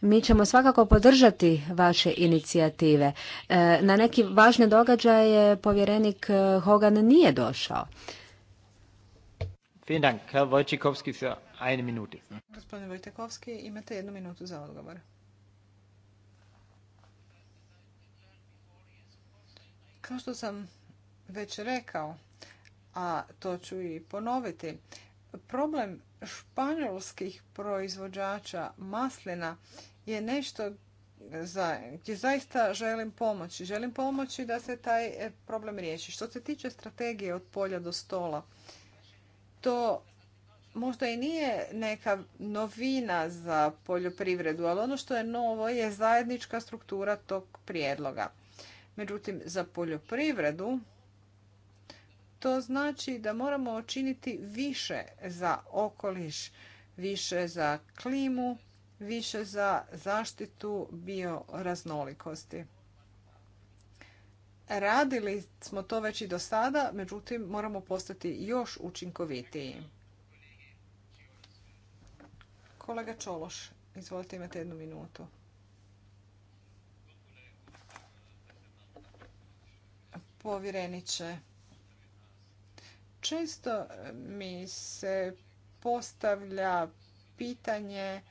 Mi ćemo svakako podržati vaše inicijative. E, na neki važne događaje povjerenik Hogan nije došao. Vielen Dank. Herr Wojciechowski für eine Minute. Gospodin Wojciechowski, imate jednu minutu za odgovor. Kao što sam već rekao, a to ću i ponoviti. Problem španjolskih proizvođača maslina je nešto za, gdje zaista želim pomoći. Želim pomoći da se taj e, problem riješi. Što se tiče strategije od polja do stola, to možda i nije neka novina za poljoprivredu, ali ono što je novo je zajednička struktura tog prijedloga. Međutim, za poljoprivredu to znači da moramo učiniti više za okoliš, više za klimu, više za zaštitu bioraznolikosti. Radili smo to već i do sada, međutim moramo postati još učinkovitiji. Kolega Čološ, izvolite imate jednu minutu. Povjereniče, Često mi se postavlja pitanje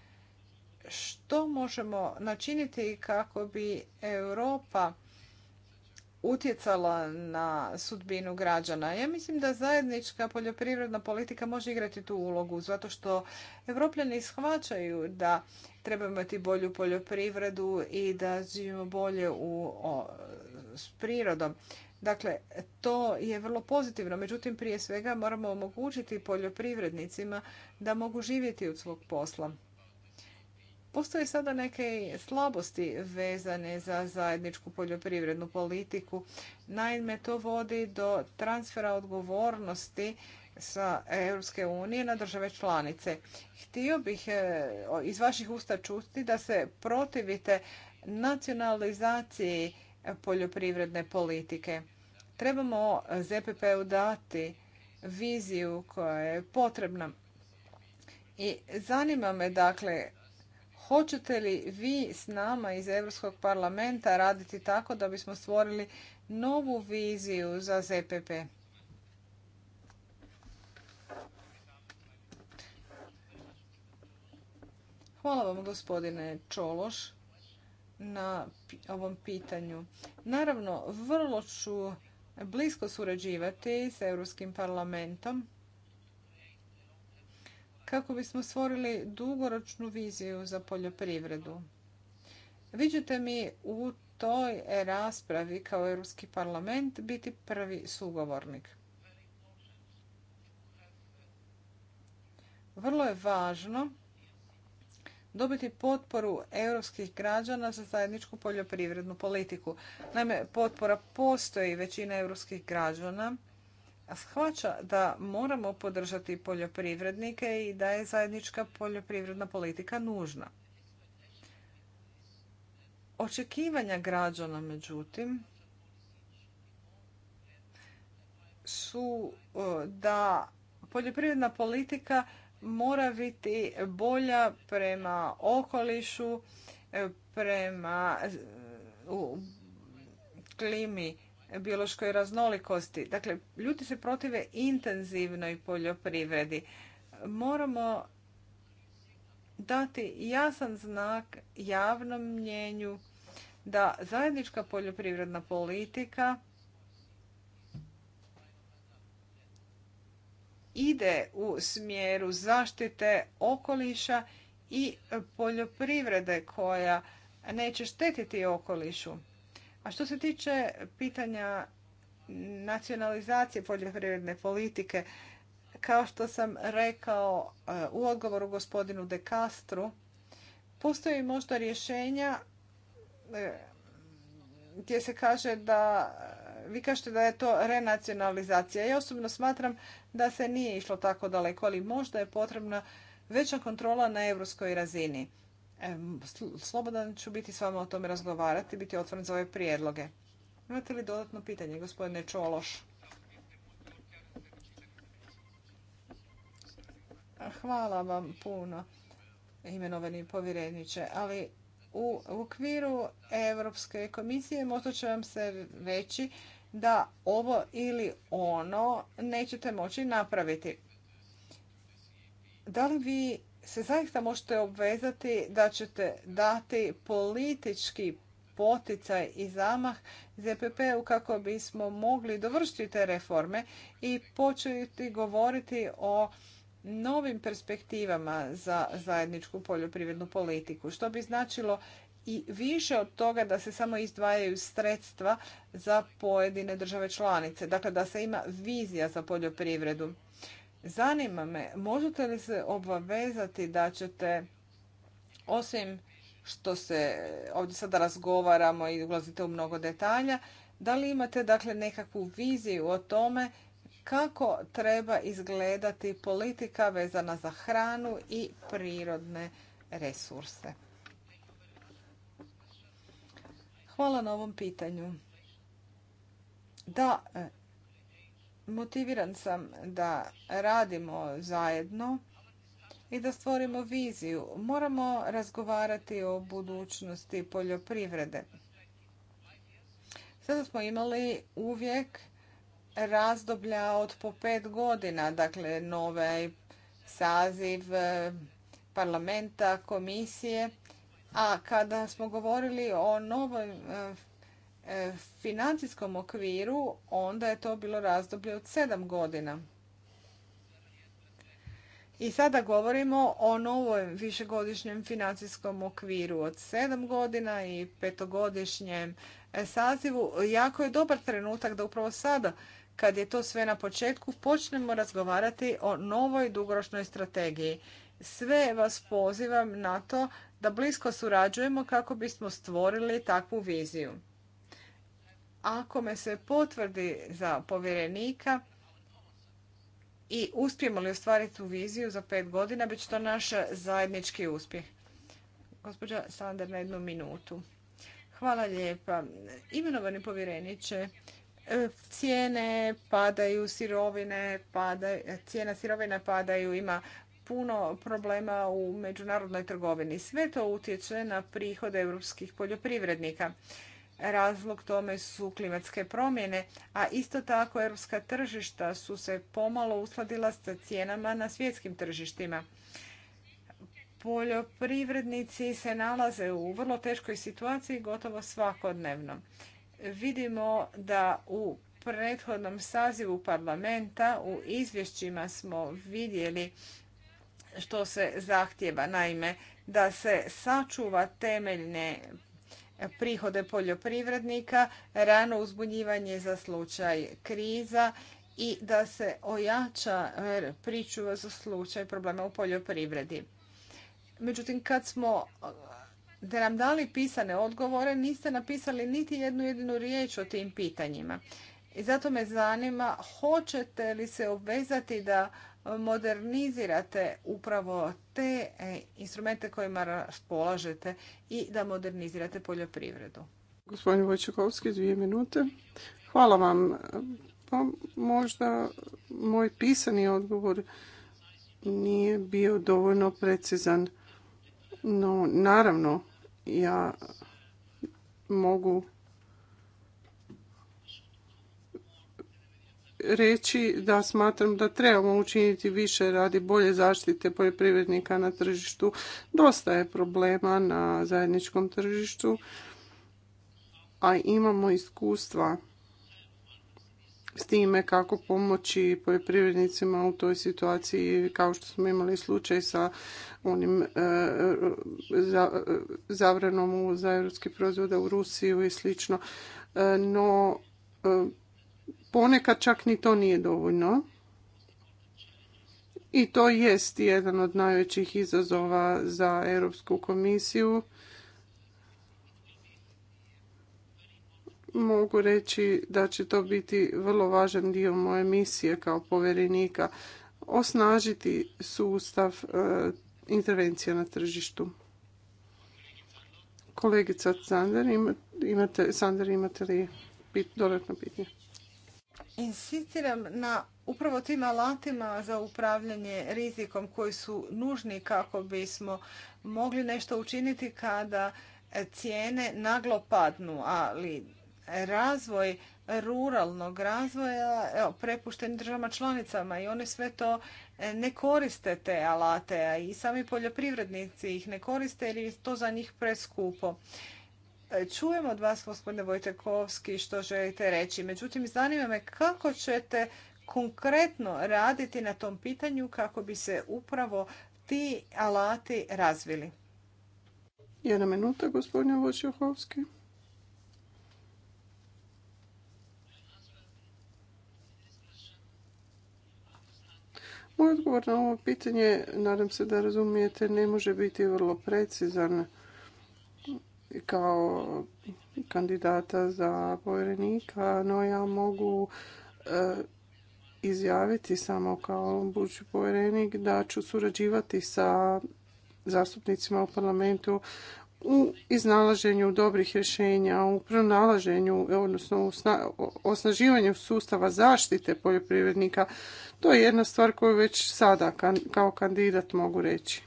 što možemo načiniti kako bi Europa utjecala na sudbinu građana. Ja mislim da zajednička poljoprivredna politika može igrati tu ulogu zato što evropljani shvaćaju da treba imati bolju poljoprivredu i da živimo bolje u, s prirodom. Dakle, to je vrlo pozitivno. Međutim, prije svega moramo omogućiti poljoprivrednicima da mogu živjeti od svog posla. Postoje sada neke slabosti vezane za zajedničku poljoprivrednu politiku. Naime, to vodi do transfera odgovornosti sa Europske unije na države članice. Htio bih e, iz vaših usta čuti da se protivite nacionalizaciji poljoprivredne politike. Trebamo ZPP-u dati viziju koja je potrebna. I zanima me dakle, hoćete li vi s nama iz Europskog parlamenta raditi tako da bismo stvorili novu viziju za ZPP? Hvala vam gospodine Čološ na ovom pitanju. Naravno, vrlo ću blisko surađivati s Europskim parlamentom kako bismo stvorili dugoročnu viziju za poljoprivredu. Viđete mi u toj raspravi kao Europski parlament biti prvi sugovornik. Vrlo je važno dobiti potporu europskih građana za zajedničku poljoprivrednu politiku. Naime, potpora postoji, većina europskih građana a shvaća da moramo podržati poljoprivrednike i da je zajednička poljoprivredna politika nužna. Očekivanja građana, međutim, su e, da poljoprivredna politika mora biti bolja prema okolišu, e, prema e, klimi, biološkoj raznolikosti. Dakle, ljudi se protive intenzivnoj poljoprivredi. Moramo dati jasan znak javnom mnjenju da zajednička poljoprivredna politika ide u smjeru zaštite okoliša i poljoprivrede koja neće štetiti okolišu. A što se tiče pitanja nacionalizacije poljoprivredne politike, kao što sam rekao e, u odgovoru gospodinu De Castru, postoji možda rješenja e, gdje se kaže da vi kažete da je to renacionalizacija. Ja osobno smatram da se nije išlo tako daleko, ali možda je potrebna veća kontrola na europskoj razini. Slobodan ću biti s vama o tome razgovarati, biti otvoren za ove prijedloge. Imate li dodatno pitanje, gospodine Čološ? Hvala vam puno, imenovani povjereniče, ali u okviru Europske komisije možda će vam se reći da ovo ili ono nećete moći napraviti. Da li vi se zaista možete obvezati da ćete dati politički poticaj i zamah ZPP-u kako bismo mogli dovršiti te reforme i početi govoriti o novim perspektivama za zajedničku poljoprivrednu politiku, što bi značilo i više od toga da se samo izdvajaju sredstva za pojedine države članice. Dakle, da se ima vizija za poljoprivredu. Zanima me, možete li se obavezati da ćete, osim što se ovdje sada razgovaramo i ulazite u mnogo detalja, da li imate dakle nekakvu viziju o tome kako treba izgledati politika vezana za hranu i prirodne resurse? Hvala na ovom pitanju. Da, e, motiviran sam da radimo zajedno i da stvorimo viziju. Moramo razgovarati o budućnosti poljoprivrede. Sada smo imali uvijek razdoblja od po pet godina, dakle nove saziv e, parlamenta, komisije a kada smo govorili o novom e, e, financijskom okviru, onda je to bilo razdoblje od sedam godina. I sada govorimo o novom višegodišnjem financijskom okviru od sedam godina i petogodišnjem e, sazivu. Jako je dobar trenutak da upravo sada, kad je to sve na početku, počnemo razgovarati o novoj dugoročnoj strategiji. Sve vas pozivam na to da blisko surađujemo kako bismo stvorili takvu viziju. Ako me se potvrdi za povjerenika i uspijemo li ostvariti tu viziju za pet godina, bit će to naš zajednički uspjeh. Gospođa Sander, na jednu minutu. Hvala lijepa. Imenovani povjereniče, e, cijene padaju, sirovine padaju, cijena sirovina padaju, ima puno problema u međunarodnoj trgovini. Sve to utječe na prihode europskih poljoprivrednika. Razlog tome su klimatske promjene, a isto tako europska tržišta su se pomalo usladila sa cijenama na svjetskim tržištima. Poljoprivrednici se nalaze u vrlo teškoj situaciji gotovo svakodnevno. Vidimo da u prethodnom sazivu parlamenta u izvješćima smo vidjeli što se zahtjeva. Naime, da se sačuva temeljne prihode poljoprivrednika, rano uzbunjivanje za slučaj kriza i da se ojača er, pričuva za slučaj problema u poljoprivredi. Međutim, kad smo da nam dali pisane odgovore, niste napisali niti jednu jedinu riječ o tim pitanjima. I zato me zanima, hoćete li se obvezati da modernizirate upravo te e, instrumente kojima raspolažete i da modernizirate poljoprivredu. Gospodin Vojčakovski, dvije minute. Hvala vam. Pa možda moj pisani odgovor nije bio dovoljno precizan. No, naravno, ja mogu reći da smatram da trebamo učiniti više radi bolje zaštite poljoprivrednika na tržištu. Dosta je problema na zajedničkom tržištu, a imamo iskustva s time kako pomoći poljoprivrednicima u toj situaciji kao što smo imali slučaj sa onim zabranom e, za europskih proizvoda u Rusiju i slično. E, no, e, Ponekad čak ni to nije dovoljno. I to jest jedan od najvećih izazova za Europsku komisiju. Mogu reći da će to biti vrlo važan dio moje misije kao povjerenika osnažiti sustav e, intervencija na tržištu. Kolegica Sander, imate, Sander, imate li dodatno pitanje? insistiram na upravo tim alatima za upravljanje rizikom koji su nužni kako bismo mogli nešto učiniti kada cijene naglo padnu, ali razvoj ruralnog razvoja prepušteni prepušten državama članicama i oni sve to ne koriste te alate, a i sami poljoprivrednici ih ne koriste jer je to za njih preskupo. E, čujem od vas, gospodine Vojtekovski, što želite reći. Međutim, zanima me kako ćete konkretno raditi na tom pitanju kako bi se upravo ti alati razvili. Jedna minuta, gospodine Vojtekovski. Moj odgovor na ovo pitanje, nadam se da razumijete, ne može biti vrlo precizan kao kandidata za povjerenika, no ja mogu e, izjaviti samo kao budući povjerenik da ću surađivati sa zastupnicima u parlamentu u iznalaženju dobrih rješenja, u pronalaženju, odnosno osnaživanju sustava zaštite poljoprivrednika. To je jedna stvar koju već sada kao kandidat mogu reći.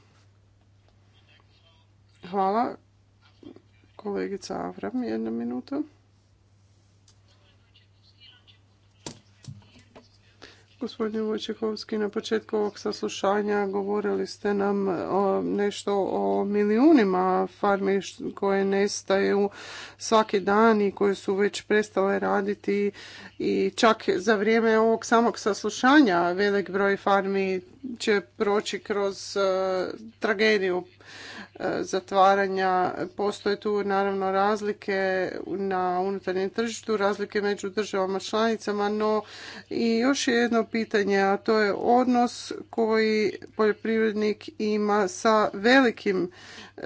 Hvala. Kolegica Avram, jedna minuta. Gospodine Vojčehovski, na početku ovog saslušanja govorili ste nam e, o nešto o milijunima farmi koje nestaju svaki dan i koje su već prestale raditi i čak za vrijeme ovog samog saslušanja velik broj farmi će proći kroz e, tragediju. E, zatvaranja. Postoje tu naravno razlike na unutarnjem tržištu, razlike među državama članicama, no i još je jedno pitanje, a to je odnos koji poljoprivrednik ima sa velikim e,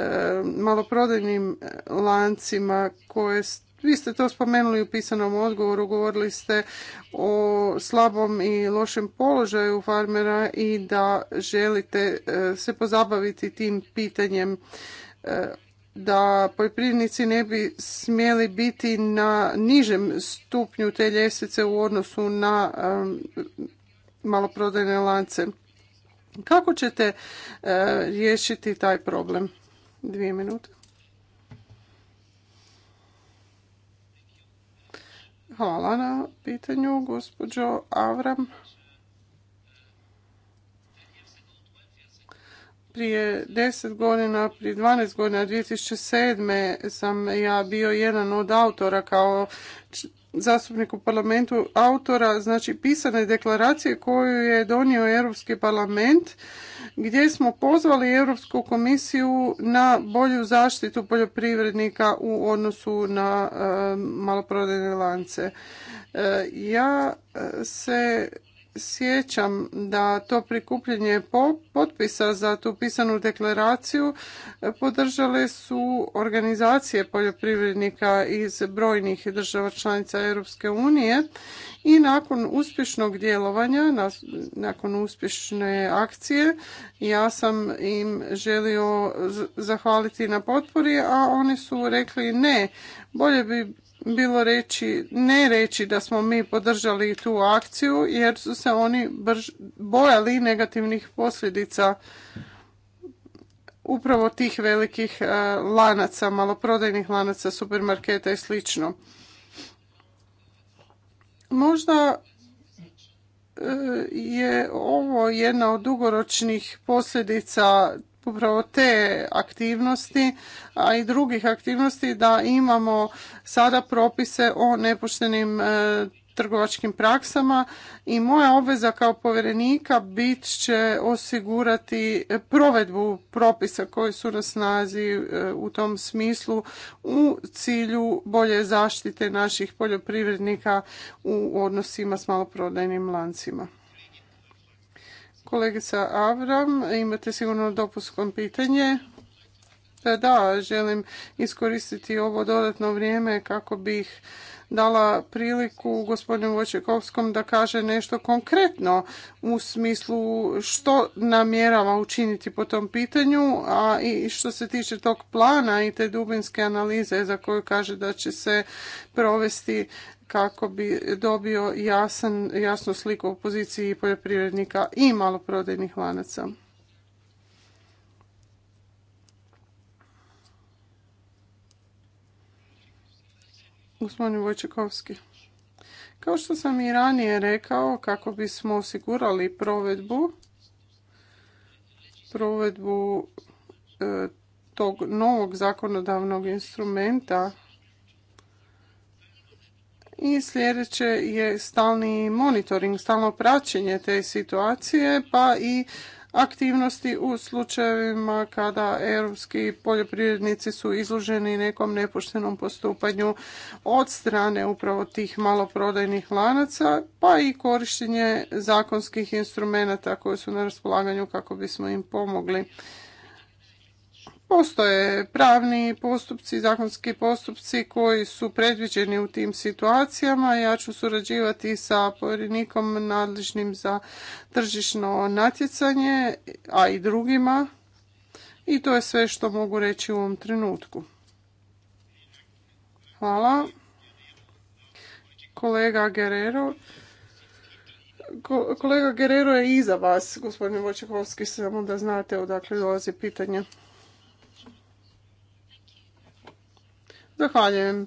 maloprodajnim lancima koje vi ste to spomenuli u pisanom odgovoru, govorili ste o slabom i lošem položaju farmera i da želite e, se pozabaviti tim pitanjem e, da poljoprivrednici ne bi smjeli biti na nižem stupnju te ljestvice u odnosu na e, maloprodajne lance. Kako ćete riješiti taj problem? Dvije minute. Hvala na pitanju, gospođo Avram. Prije 10 godina, prije 12 godina, 2007. sam ja bio jedan od autora kao zastupnik u parlamentu autora znači pisane deklaracije koju je donio Europski parlament gdje smo pozvali Europsku komisiju na bolju zaštitu poljoprivrednika u odnosu na e, maloprodajne lance. E, ja e, se sjećam da to prikupljanje potpisa za tu pisanu deklaraciju e, podržale su organizacije poljoprivrednika iz brojnih država članica Europske unije i nakon uspješnog djelovanja, nakon uspješne akcije, ja sam im želio zahvaliti na potpori, a oni su rekli ne, bolje bi bilo reći, ne reći da smo mi podržali tu akciju jer su se oni bojali negativnih posljedica upravo tih velikih e, lanaca, maloprodajnih lanaca, supermarketa i slično. Možda e, je ovo jedna od dugoročnih posljedica upravo te aktivnosti, a i drugih aktivnosti da imamo sada propise o nepoštenim e, trgovačkim praksama i moja obveza kao povjerenika bit će osigurati provedbu propisa koji su na snazi e, u tom smislu u cilju bolje zaštite naših poljoprivrednika u odnosima s maloprodajnim lancima. Kolegica Avram, imate sigurno dopuskom pitanje. E, da, želim iskoristiti ovo dodatno vrijeme kako bih dala priliku gospodinu Vočekovskom da kaže nešto konkretno u smislu što namjerava učiniti po tom pitanju, a i što se tiče tog plana i te dubinske analize za koju kaže da će se provesti kako bi dobio jasan, jasnu sliku o poziciji poljoprivrednika i maloprodajnih lanaca. Gospodin Vojčekovski. Kao što sam i ranije rekao, kako bismo osigurali provedbu, provedbu e, tog novog zakonodavnog instrumenta i sljedeće je stalni monitoring, stalno praćenje te situacije, pa i aktivnosti u slučajevima kada europski poljoprivrednici su izloženi nekom nepoštenom postupanju od strane upravo tih maloprodajnih lanaca, pa i korištenje zakonskih instrumenata koji su na raspolaganju kako bismo im pomogli. Postoje pravni postupci, zakonski postupci koji su predviđeni u tim situacijama. Ja ću surađivati sa povjerenikom nadležnim za tržišno natjecanje, a i drugima. I to je sve što mogu reći u ovom trenutku. Hvala. Kolega Guerrero. Kolega Gerero je iza vas, gospodine Vočekovski, samo da znate odakle dolazi pitanje. Zahvaljujem.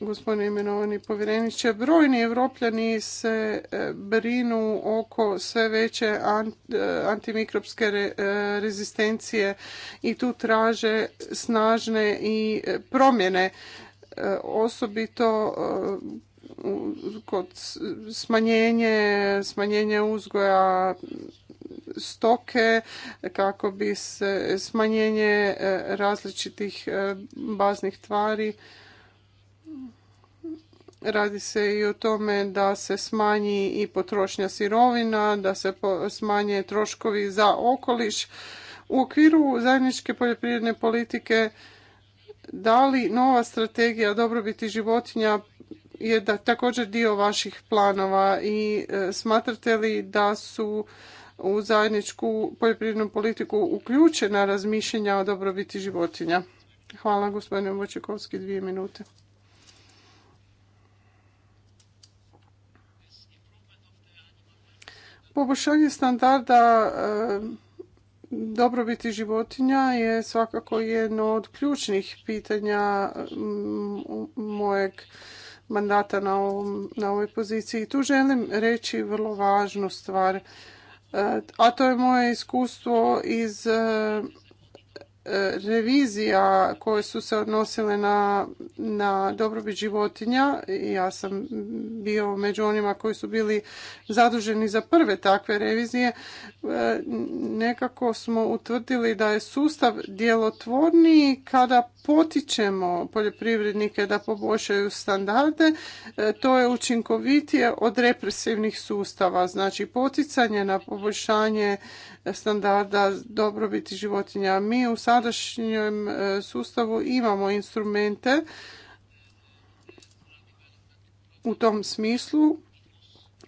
Gospodine imenovani povjereniče, brojni evropljani se e, brinu oko sve veće e, antimikropske e, rezistencije i tu traže snažne i promjene osobito kod smanjenje, smanjenje uzgoja stoke, kako bi se smanjenje e, različitih e, baznih tvari Radi se i o tome da se smanji i potrošnja sirovina, da se smanje troškovi za okoliš. U okviru zajedničke poljoprivredne politike da li nova strategija dobrobiti životinja je da također dio vaših planova i e, smatrate li da su u zajedničku poljoprivrednu politiku uključena razmišljenja o dobrobiti životinja? Hvala gospodine Vočekovski, dvije minute. Poboljšanje standarda e, dobrobiti životinja je svakako jedno od ključnih pitanja mojeg mandata na, na ovoj poziciji. Tu želim reći vrlo važnu stvar, e, a to je moje iskustvo iz e, revizija koje su se odnosile na, na dobrobit životinja, ja sam bio među onima koji su bili zaduženi za prve takve revizije, e, nekako smo utvrdili da je sustav djelotvorniji kada potičemo poljoprivrednike da poboljšaju standarde, e, to je učinkovitije od represivnih sustava, znači poticanje na poboljšanje standarda dobrobiti životinja. Mi u sadašnjem e, sustavu imamo instrumente u tom smislu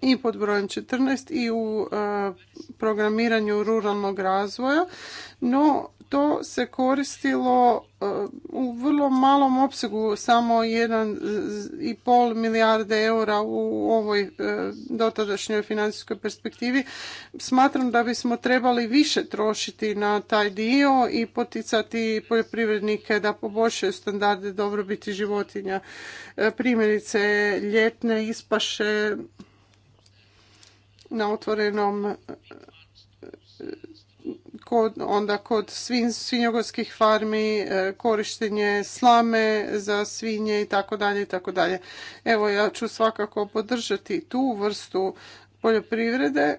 i pod brojem 14 i u e, programiranju ruralnog razvoja, no to se koristilo e, u vrlo malom opsegu, samo 1,5 milijarde eura u ovoj e, dotadašnjoj financijskoj perspektivi. Smatram da bismo trebali više trošiti na taj dio i poticati poljoprivrednike da poboljšaju standarde dobrobiti životinja. E, primjerice, ljetne ispaše na otvorenom kod, onda kod svin, svinjogorskih farmi, e, korištenje slame za svinje i tako dalje i tako dalje. Evo ja ću svakako podržati tu vrstu poljoprivrede.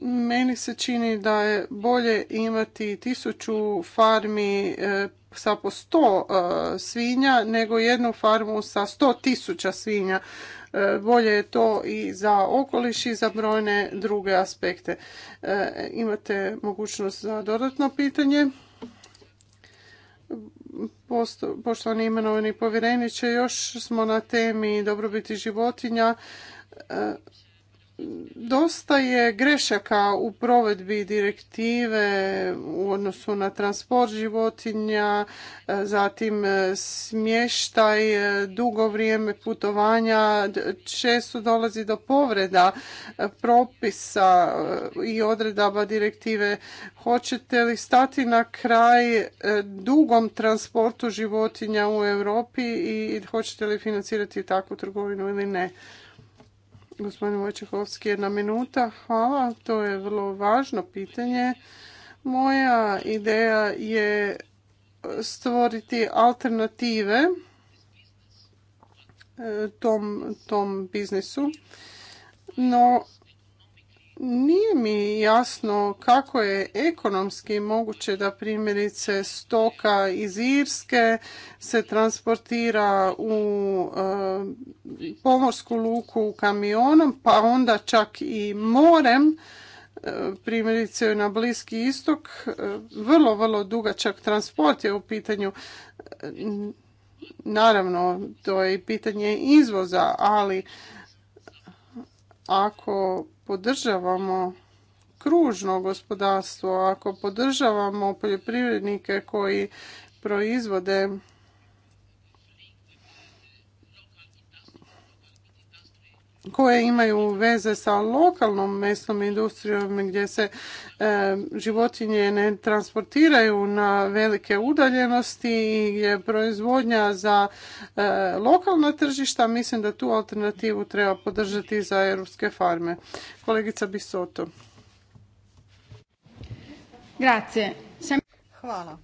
Meni se čini da je bolje imati tisuću farmi e, sa po sto e, svinja nego jednu farmu sa sto tisuća svinja E, bolje je to i za okoliš i za brojne druge aspekte. E, imate mogućnost za dodatno pitanje. Poštovani imenovani povjereniče, još smo na temi dobrobiti životinja e, dosta je grešaka u provedbi direktive u odnosu na transport životinja, e, zatim e, smještaj, e, dugo vrijeme putovanja, često dolazi do povreda propisa i odredaba direktive. Hoćete li stati na kraj dugom transportu životinja u Europi i hoćete li financirati takvu trgovinu ili ne? Gospodin Vojčehovski, jedna minuta. Hvala, to je vrlo važno pitanje. Moja ideja je stvoriti alternative e, tom, tom biznisu, no nije mi jasno kako je ekonomski moguće da primjerice stoka iz Irske se transportira u e, pomorsku luku kamionom, pa onda čak i morem, e, primjerice na Bliski istok, e, vrlo, vrlo dugačak transport je u pitanju. Naravno, to je i pitanje izvoza, ali ako podržavamo kružno gospodarstvo, ako podržavamo poljoprivrednike koji proizvode koje imaju veze sa lokalnom mesnom industrijom gdje se e, životinje ne transportiraju na velike udaljenosti i je proizvodnja za e, lokalna tržišta, mislim da tu alternativu treba podržati za europske farme. Kolegica Bisoto. Grazie. Hvala.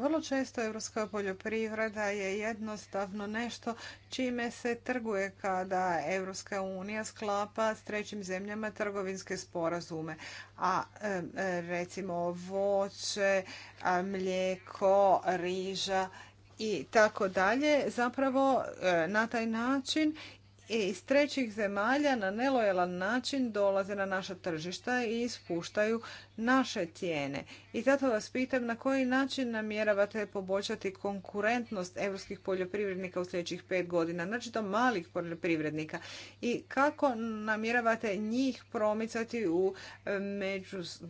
Vrlo često evropska poljoprivreda je jednostavno nešto čime se trguje kada Evropska unija sklapa s trećim zemljama trgovinske sporazume. A recimo voće, mlijeko, riža i tako dalje. Zapravo e, na taj način iz trećih zemalja na nelojalan način dolaze na naša tržišta i ispuštaju naše cijene. I zato vas pitam na koji način namjeravate poboljšati konkurentnost europskih poljoprivrednika u sljedećih pet godina, do malih poljoprivrednika i kako namjeravate njih promicati u e,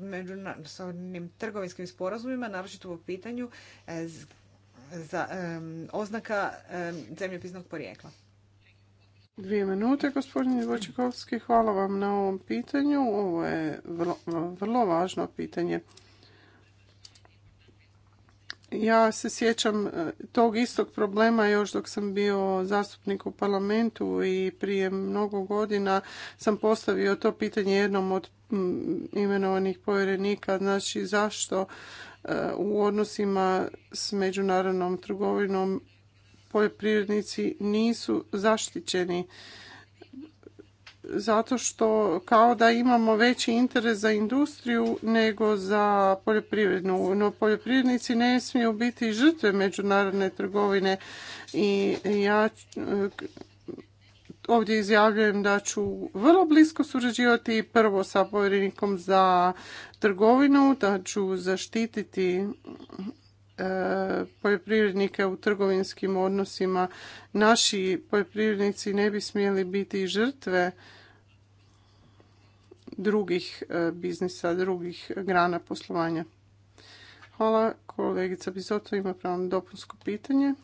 međunarodnim trgovinskim sporazumima, naročito po pitanju e, za, oznaka zemljopisnog porijekla. Dvije minute, gospodine Vočekovski. Hvala vam na ovom pitanju. Ovo je vrlo, vrlo važno pitanje. Ja se sjećam e, tog istog problema još dok sam bio zastupnik u parlamentu i prije mnogo godina sam postavio to pitanje jednom od imenovanih povjerenika, znači zašto e, u odnosima s međunarodnom trgovinom poljoprivrednici nisu zaštićeni zato što kao da imamo veći interes za industriju nego za poljoprivrednu. No poljoprivrednici ne smiju biti žrtve međunarodne trgovine i ja ovdje izjavljujem da ću vrlo blisko surađivati prvo sa povjerenikom za trgovinu, da ću zaštititi E, poljoprivrednike u trgovinskim odnosima. Naši poljoprivrednici ne bi smjeli biti žrtve drugih e, biznisa, drugih grana poslovanja. Hvala. Kolegica Bizoto ima pravo na dopunsko pitanje.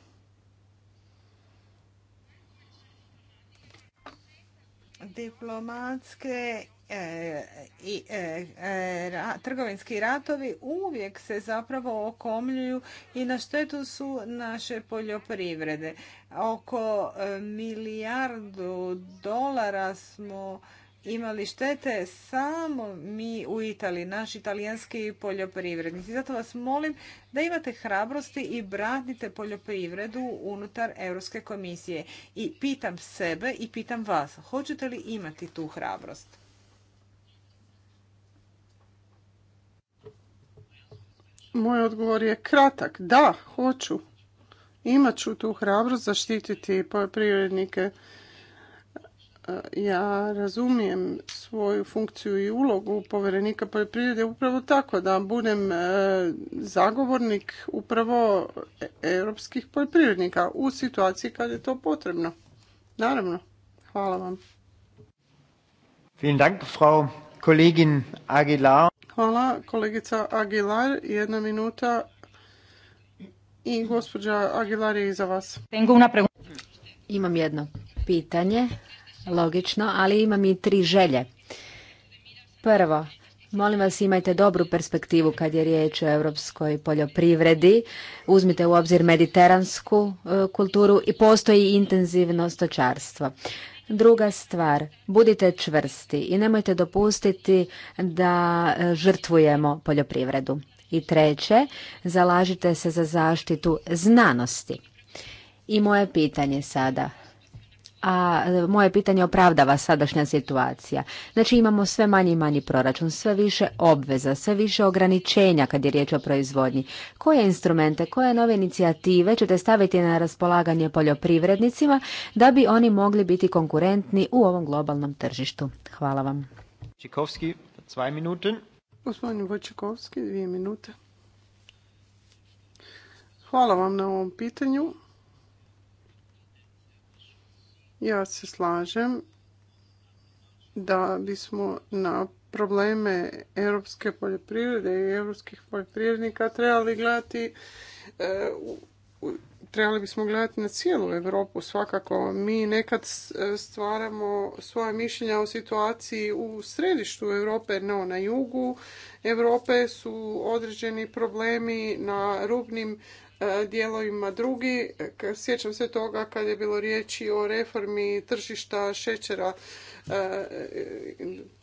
Diplomatske E, i e, e trgovinski ratovi uvijek se zapravo okomljuju i na štetu su naše poljoprivrede. Oko e, milijardu dolara smo imali štete samo mi u Italiji, naši italijanski poljoprivrednici. Zato vas molim da imate hrabrosti i branite poljoprivredu unutar Europske komisije. I pitam sebe i pitam vas, hoćete li imati tu hrabrost? Moj odgovor je kratak. Da, hoću. Imaću tu hrabrost zaštititi poljoprivrednike. E, ja razumijem svoju funkciju i ulogu povjerenika poljoprivrede upravo tako da budem e, zagovornik upravo europskih poljoprivrednika u situaciji kad je to potrebno. Naravno. Hvala vam. Vielen Dank, Frau Aguilar. Hvala. Kolegica Aguilar, jedna minuta. I gospođa Aguilar je iza vas. Imam jedno pitanje, logično, ali imam i tri želje. Prvo, Molim vas imajte dobru perspektivu kad je riječ o europskoj poljoprivredi. Uzmite u obzir mediteransku e, kulturu i postoji intenzivno stočarstvo. Druga stvar, budite čvrsti i nemojte dopustiti da e, žrtvujemo poljoprivredu. I treće, zalažite se za zaštitu znanosti. I moje pitanje sada, a e, moje pitanje opravdava sadašnja situacija. Znači imamo sve manji i manji proračun, sve više obveza, sve više ograničenja kad je riječ o proizvodnji. Koje instrumente, koje nove inicijative ćete staviti na raspolaganje poljoprivrednicima da bi oni mogli biti konkurentni u ovom globalnom tržištu? Hvala vam. Čikovski, minute. Gospodin dvije minute. Hvala vam na ovom pitanju. Ja se slažem da bismo na probleme europske poljoprivrede i europskih poljoprivrednika trebali gledati e, trebali bismo gledati na cijelu Europu svakako. Mi nekad stvaramo svoje mišljenja o situaciji u središtu Europe, no na jugu Europe su određeni problemi na rubnim E, dijelovima drugi. Sjećam se toga kad je bilo riječi o reformi tržišta šećera. E,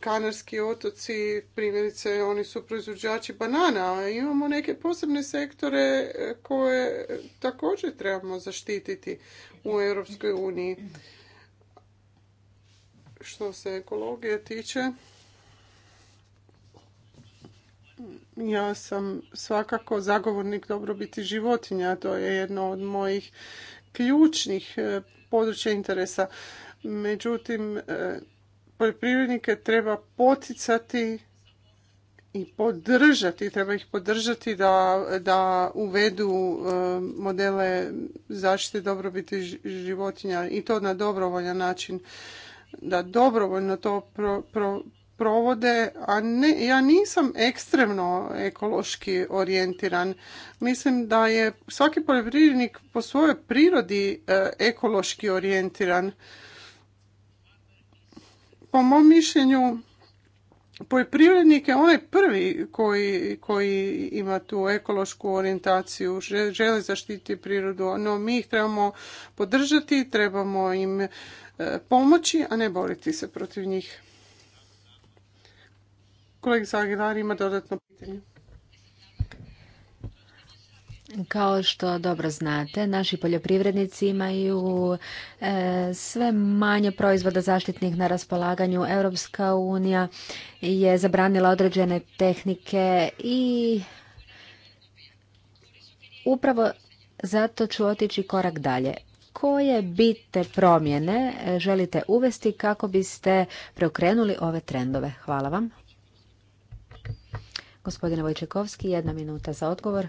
Kanarski otoci, primjerice, oni su proizvođači banana. Imamo neke posebne sektore e, koje također trebamo zaštititi u Europskoj uniji. Što se ekologije tiče, ja sam svakako zagovornik dobrobiti životinja. To je jedno od mojih ključnih e, područja interesa. Međutim, e, poljoprivrednike treba poticati i podržati, treba ih podržati da, da uvedu e, modele zaštite dobrobiti životinja i to na dobrovoljan način da dobrovoljno to pro, pro, provode, a ne, ja nisam ekstremno ekološki orijentiran. Mislim da je svaki poljoprivrednik po svojoj prirodi e, ekološki orijentiran. Po mom mišljenju, poljoprivrednik je onaj prvi koji, koji ima tu ekološku orijentaciju, želi zaštiti prirodu, no mi ih trebamo podržati, trebamo im e, pomoći, a ne boriti se protiv njih. Kolega ima dodatno pitanje. Kao što dobro znate, naši poljoprivrednici imaju e, sve manje proizvoda zaštitnih na raspolaganju. Europska unija je zabranila određene tehnike i upravo zato ću otići korak dalje. Koje bite promjene želite uvesti kako biste preokrenuli ove trendove? Hvala vam. Gospodine Vojčekovski, jedna minuta za odgovor.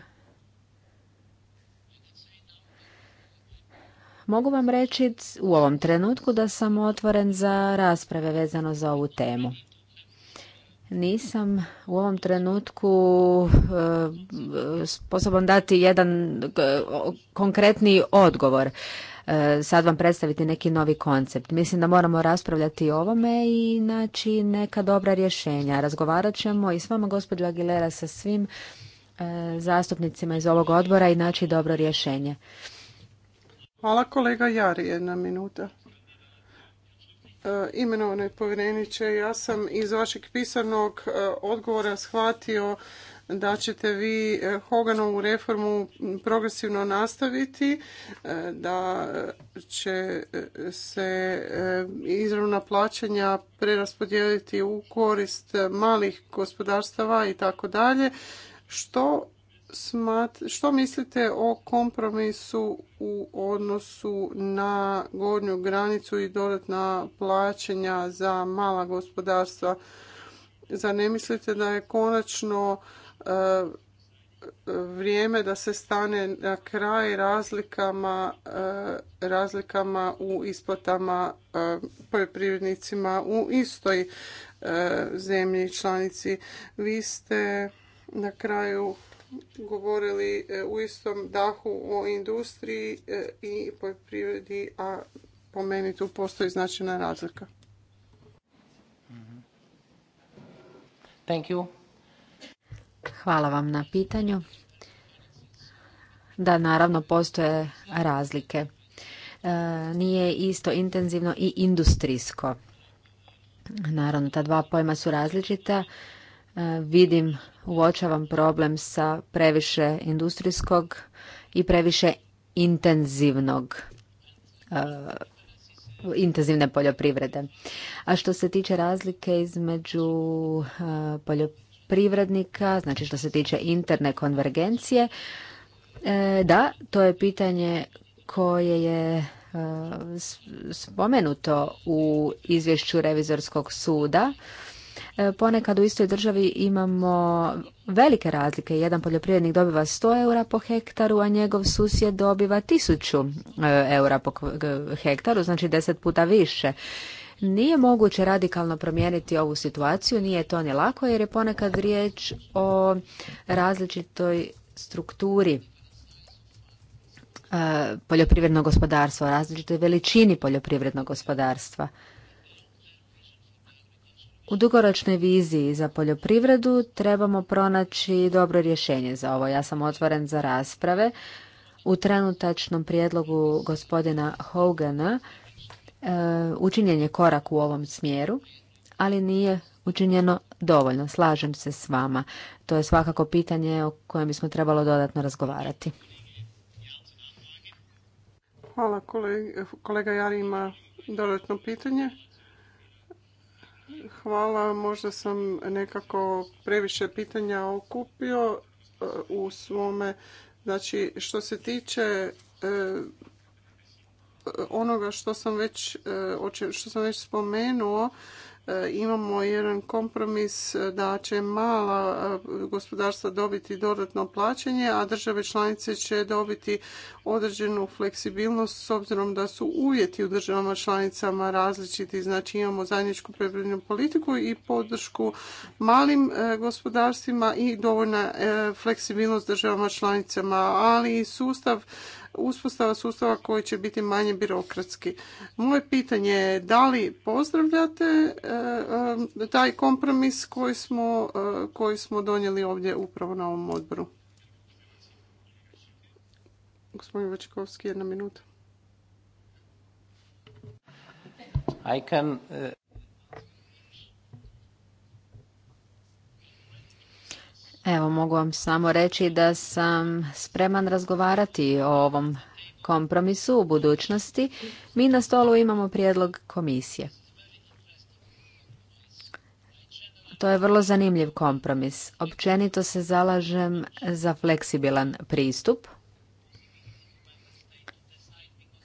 Mogu vam reći u ovom trenutku da sam otvoren za rasprave vezano za ovu temu. Nisam u ovom trenutku e, sposoban dati jedan e, konkretni odgovor. E, sad vam predstaviti neki novi koncept. Mislim da moramo raspravljati o ovome i naći neka dobra rješenja. Razgovarat ćemo i s vama, gospođo Aguilera, sa svim e, zastupnicima iz ovog odbora i naći dobro rješenje. Hvala kolega Jari, jedna minuta. E, imenovane povjereniče, ja sam iz vašeg pisanog odgovora shvatio da ćete vi eh, Hoganovu reformu progresivno nastaviti, eh, da će eh, se izravna plaćanja preraspodijeliti u korist malih gospodarstava i tako dalje. Što što mislite o kompromisu u odnosu na gornju granicu i dodatna plaćanja za mala gospodarstva? Zar ne mislite da je konačno vrijeme da se stane na kraj razlikama, e, razlikama u isplatama e, poljoprivrednicima u istoj e, zemlji članici. Vi ste na kraju govorili u istom dahu o industriji i poljoprivredi, a po meni tu postoji značajna razlika. Mm-hmm. Thank Hvala vam na pitanju. Da, naravno, postoje razlike. E, nije isto intenzivno i industrijsko. Naravno, ta dva pojma su različita. E, vidim, uočavam problem sa previše industrijskog i previše intenzivnog e, intenzivne poljoprivrede. A što se tiče razlike između poljoprivrede privrednika, znači što se tiče interne konvergencije. E, da, to je pitanje koje je e, spomenuto u izvješću revizorskog suda. E, ponekad u istoj državi imamo velike razlike. Jedan poljoprivrednik dobiva 100 eura po hektaru, a njegov susjed dobiva 1000 eura po hektaru, znači 10 puta više. Nije moguće radikalno promijeniti ovu situaciju, nije to ni lako jer je ponekad riječ o različitoj strukturi e, poljoprivrednog gospodarstva, o različitoj veličini poljoprivrednog gospodarstva. U dugoročnoj viziji za poljoprivredu trebamo pronaći dobro rješenje za ovo. Ja sam otvoren za rasprave. U trenutačnom prijedlogu gospodina Hogana E, učinjen je korak u ovom smjeru, ali nije učinjeno dovoljno. Slažem se s vama. To je svakako pitanje o kojem bismo trebalo dodatno razgovarati. Hvala kolega, kolega Jari ima dodatno pitanje. Hvala, možda sam nekako previše pitanja okupio e, u svome. Znači, što se tiče e, onoga što sam već, e, što sam već spomenuo, e, imamo jedan kompromis da će mala e, gospodarstva dobiti dodatno plaćanje, a države članice će dobiti određenu fleksibilnost s obzirom da su uvjeti u državama članicama različiti. Znači imamo zajedničku poljoprivrednu politiku i podršku malim gospodarstvima i dovoljna fleksibilnost državama članicama, ali i sustav uspostava sustava koji će biti manje birokratski. Moje pitanje je da li pozdravljate e, e, taj kompromis koji smo, e, koji smo donijeli ovdje upravo na ovom odboru? Gospodin Vačkovski, jedna minuta. I can, Evo, mogu vam samo reći da sam spreman razgovarati o ovom kompromisu u budućnosti. Mi na stolu imamo prijedlog komisije. To je vrlo zanimljiv kompromis. Općenito se zalažem za fleksibilan pristup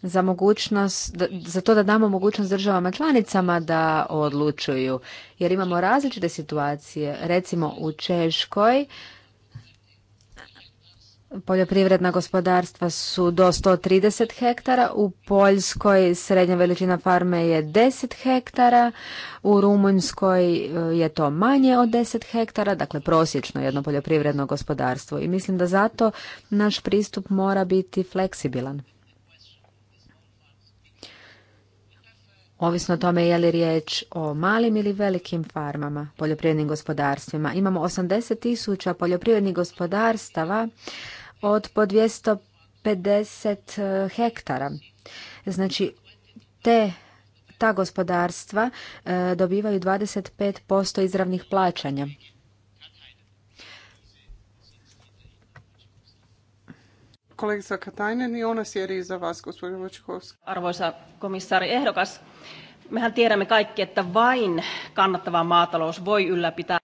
za mogućnost, za to da damo mogućnost državama članicama da odlučuju. Jer imamo različite situacije. Recimo u Češkoj poljoprivredna gospodarstva su do 130 hektara, u Poljskoj srednja veličina farme je 10 hektara, u Rumunjskoj e, je to manje od 10 hektara, dakle prosječno jedno poljoprivredno gospodarstvo. I mislim da zato naš pristup mora biti fleksibilan. ovisno o tome je li riječ o malim ili velikim farmama, poljoprivrednim gospodarstvima. Imamo 80 tisuća poljoprivrednih gospodarstava od po 250 e, hektara. Znači, te ta gospodarstva e, dobivaju 25% izravnih plaćanja. kolegica Katainen i ona sjedi za vas, gospodin Arvoisa komissaari ehdokas, mehän tiedämme kaikki, että vain kannattava maatalous voi ylläpitää.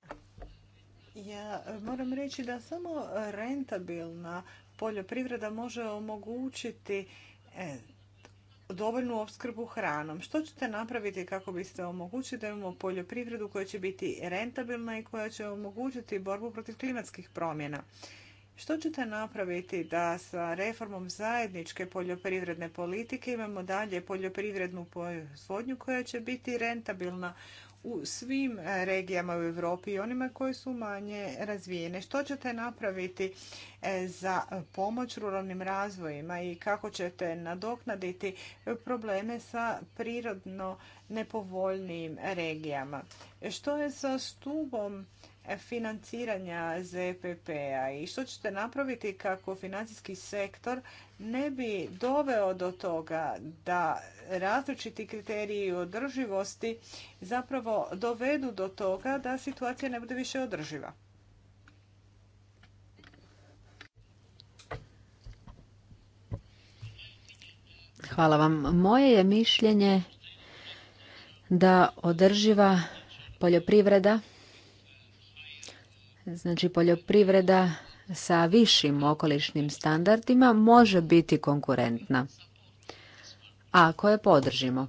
Ja e, moram reći da samo rentabilna poljoprivreda može omogućiti e, dovoljnu opskrbu hranom. Što ćete napraviti kako biste omogućili da imamo poljoprivredu koja će biti rentabilna i koja će omogućiti borbu protiv klimatskih promjena? Što ćete napraviti da sa reformom zajedničke poljoprivredne politike imamo dalje poljoprivrednu proizvodnju koja će biti rentabilna u svim regijama u Europi i onima koje su manje razvijene. Što ćete napraviti e, za pomoć ruralnim razvojima i kako ćete nadoknaditi probleme sa prirodno nepovoljnim regijama? Što je sa stubom financiranja ZPP-a i što ćete napraviti kako financijski sektor ne bi doveo do toga da različiti kriteriji održivosti zapravo dovedu do toga da situacija ne bude više održiva. Hvala vam. Moje je mišljenje da održiva poljoprivreda Znači poljoprivreda sa višim okolišnim standardima može biti konkurentna ako je podržimo.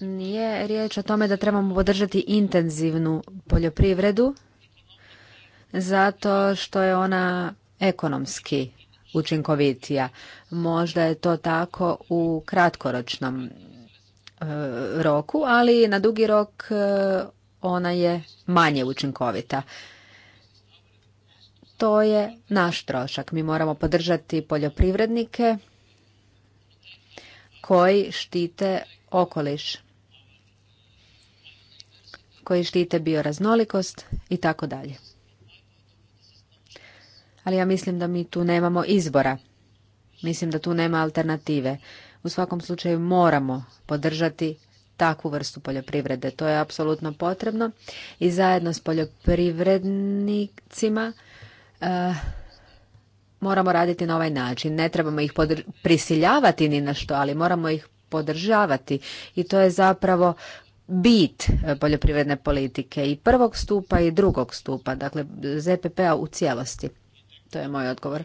Nije riječ o tome da trebamo podržati intenzivnu poljoprivredu zato što je ona ekonomski učinkovitija. Možda je to tako u kratkoročnom E, roku, ali na dugi rok e, ona je manje učinkovita. To je naš trošak. Mi moramo podržati poljoprivrednike koji štite okoliš, koji štite bioraznolikost i tako dalje. Ali ja mislim da mi tu nemamo izbora. Mislim da tu nema alternative. U svakom slučaju moramo podržati takvu vrstu poljoprivrede. To je apsolutno potrebno i zajedno s poljoprivrednicima eh, moramo raditi na ovaj način. Ne trebamo ih prisiljavati ni na što, ali moramo ih podržavati i to je zapravo bit eh, poljoprivredne politike i prvog stupa i drugog stupa, dakle ZPP-a u cijelosti. To je moj odgovor.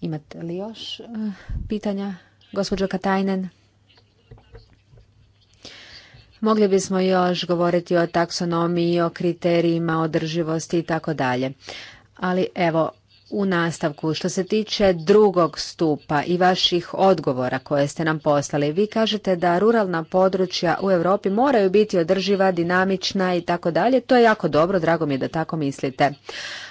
Imate li još eh, pitanja? Gospođo Katajnen? Mogli bismo još govoriti o taksonomiji, o kriterijima održivosti i tako dalje. Ali evo, u nastavku, što se tiče drugog stupa i vaših odgovora koje ste nam poslali, vi kažete da ruralna područja u Europi moraju biti održiva, dinamična i tako dalje. To je jako dobro, drago mi je da tako mislite.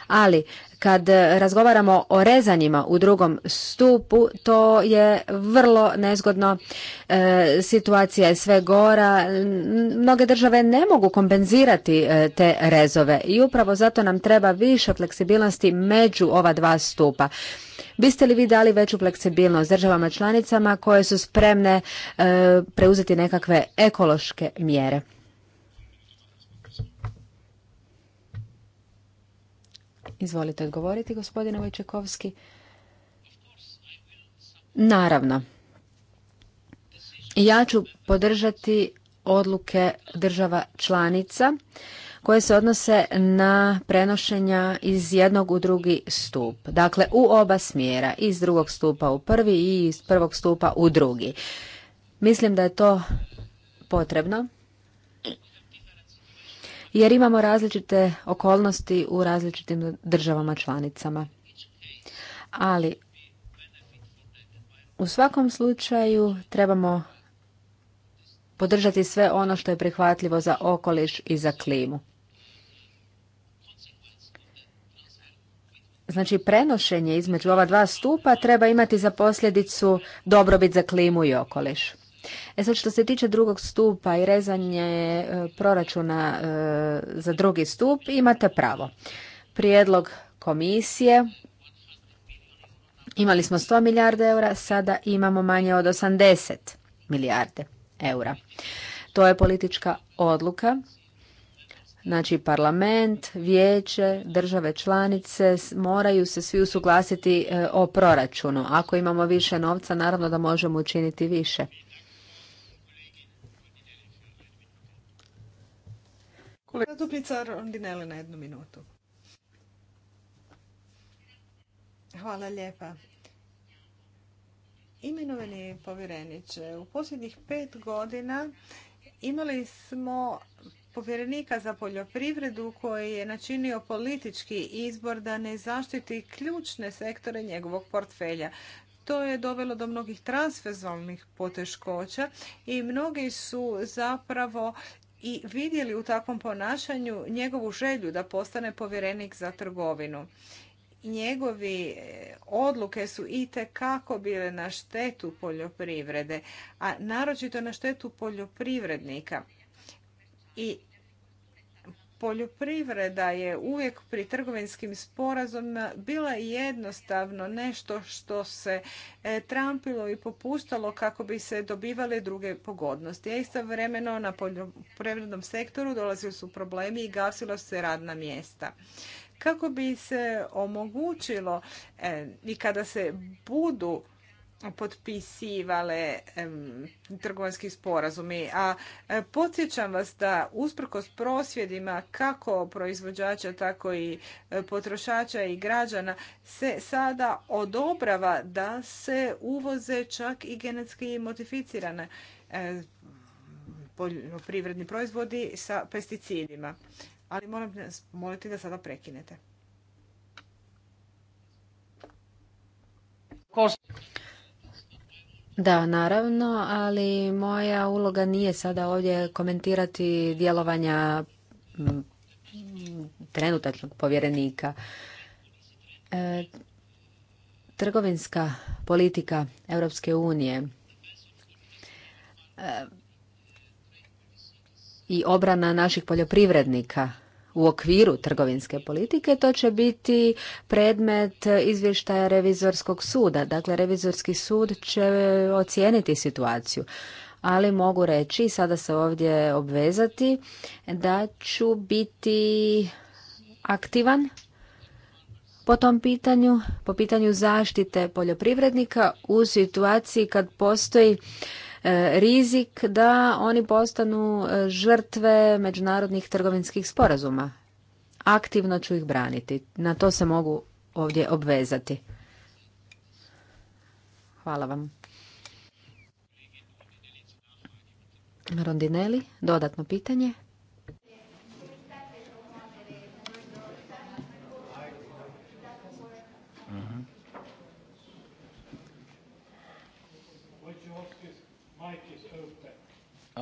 Ali kad e, razgovaramo o rezanjima u drugom stupu, to je vrlo nezgodno. E, situacija je sve gora. Mnoge države ne mogu kompenzirati e, te rezove i upravo zato nam treba više fleksibilnosti među ova dva stupa. Biste li vi dali veću fleksibilnost državama članicama koje su spremne preuzeti nekakve ekološke mjere? Izvolite odgovoriti, gospodine Vojčekovski. Naravno. Ja ću podržati odluke država članica koje se odnose na prenošenja iz jednog u drugi stup. Dakle, u oba smjera, iz drugog stupa u prvi i iz prvog stupa u drugi. Mislim da je to potrebno jer imamo različite okolnosti u različitim državama članicama. Ali u svakom slučaju trebamo podržati sve ono što je prihvatljivo za okoliš i za klimu. Znači, prenošenje između ova dva stupa treba imati za posljedicu dobrobit za klimu i okoliš. E sad što se tiče drugog stupa i rezanje e, proračuna e, za drugi stup, imate pravo. Prijedlog komisije imali smo 100 milijarde eura, sada imamo manje od 80 milijarde eura. To je politička odluka Znači parlament, vijeće, države članice moraju se svi usuglasiti e, o proračunu. Ako imamo više novca, naravno da možemo učiniti više. Zastupnica na jednu minutu. Hvala lijepa. Imenovani povjereniče, u posljednjih pet godina imali smo povjerenika za poljoprivredu koji je načinio politički izbor da ne zaštiti ključne sektore njegovog portfelja. To je dovelo do mnogih transfezalnih poteškoća i mnogi su zapravo i vidjeli u takvom ponašanju njegovu želju da postane povjerenik za trgovinu. Njegovi e, odluke su i kako bile na štetu poljoprivrede, a naročito na štetu poljoprivrednika. I Poljoprivreda je uvijek pri trgovinskim sporazumima bila jednostavno nešto što se e, trampilo i popustalo kako bi se dobivale druge pogodnosti. A istovremeno na poljoprivrednom sektoru dolazili su problemi i gasilo se radna mjesta kako bi se omogućilo e, i kada se budu potpisivale trgovinski sporazumi. A e, podsjećam vas da usprkos prosvjedima kako proizvođača, tako i e, potrošača i građana se sada odobrava da se uvoze čak i genetski modificirane e, poljoprivredni proizvodi sa pesticidima. Ali moram moliti da sada prekinete. Da, naravno, ali moja uloga nije sada ovdje komentirati djelovanja trenutačnog povjerenika. E, trgovinska politika Europske unije e, i obrana naših poljoprivrednika u okviru trgovinske politike, to će biti predmet izvještaja revizorskog suda. Dakle, revizorski sud će ocijeniti situaciju ali mogu reći i sada se ovdje obvezati da ću biti aktivan po tom pitanju, po pitanju zaštite poljoprivrednika u situaciji kad postoji E, rizik da oni postanu e, žrtve međunarodnih trgovinskih sporazuma. Aktivno ću ih braniti. Na to se mogu ovdje obvezati. Hvala vam. Rondinelli, dodatno pitanje.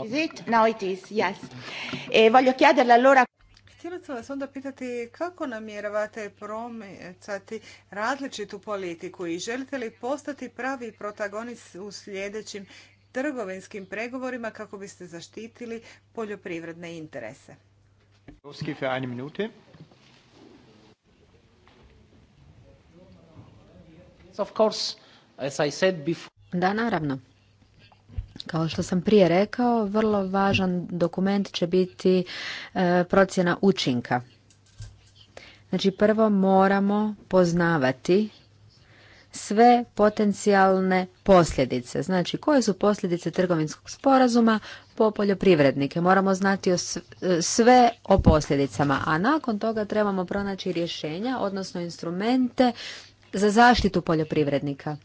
Is oh. it? yes. E, voglio allora... Htjela sam vas onda pitati kako namjeravate promicati različitu politiku i želite li postati pravi protagonist u sljedećim trgovinskim pregovorima kako biste zaštitili poljoprivredne interese? Da, naravno. Kao što sam prije rekao, vrlo važan dokument će biti e, procjena učinka. Znači prvo moramo poznavati sve potencijalne posljedice. Znači koje su posljedice trgovinskog sporazuma po poljoprivrednike. Moramo znati e, sve o posljedicama, a nakon toga trebamo pronaći rješenja, odnosno instrumente za zaštitu poljoprivrednika.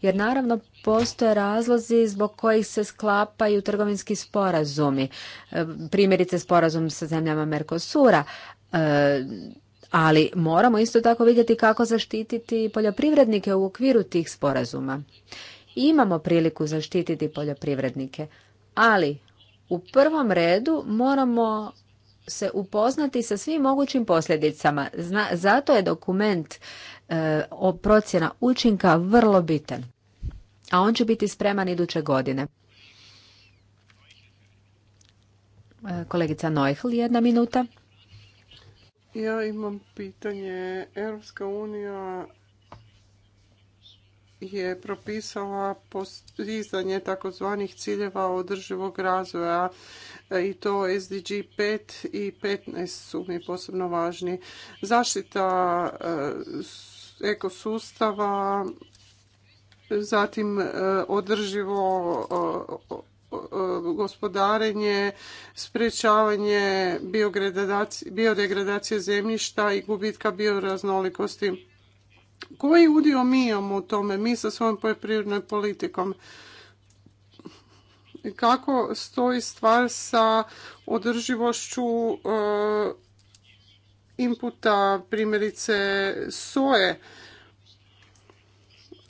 Jer naravno postoje razlozi zbog kojih se sklapaju trgovinski sporazumi. E, primjerice sporazum sa zemljama Merkosura. E, ali moramo isto tako vidjeti kako zaštititi poljoprivrednike u okviru tih sporazuma. Imamo priliku zaštititi poljoprivrednike, ali u prvom redu moramo se upoznati sa svim mogućim posljedicama. Zato je dokument E, o procjena učinka vrlo bitan. A on će biti spreman iduće godine. E, kolegica Neuhl, jedna minuta. Ja imam pitanje. Europska unija je propisala postizanje takozvanih ciljeva održivog razvoja e, i to SDG 5 i 15 su mi posebno važni. Zaštita ekosustava, zatim e, održivo gospodarenje, sprječavanje biodegradacije zemljišta i gubitka bioraznolikosti. Koji udio mi imamo u tome, mi sa svojom poljoprivrednom politikom? Kako stoji stvar sa održivošću e, inputa, primjerice soje.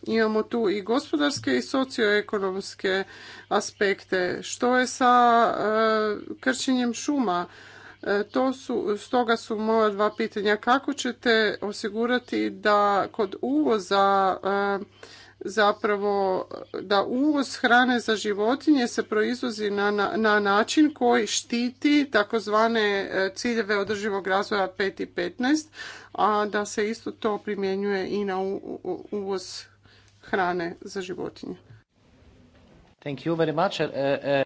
Imamo tu i gospodarske i socioekonomske aspekte. Što je sa e, krčenjem šuma? E, to su, stoga su moja dva pitanja. Kako ćete osigurati da kod uvoza e, zapravo da uvoz hrane za životinje se proizvozi na, na, na način koji štiti takozvane e, ciljeve održivog razvoja 5 i 15, a da se isto to primjenjuje i na uvoz hrane za životinje. Thank you very much. E, e,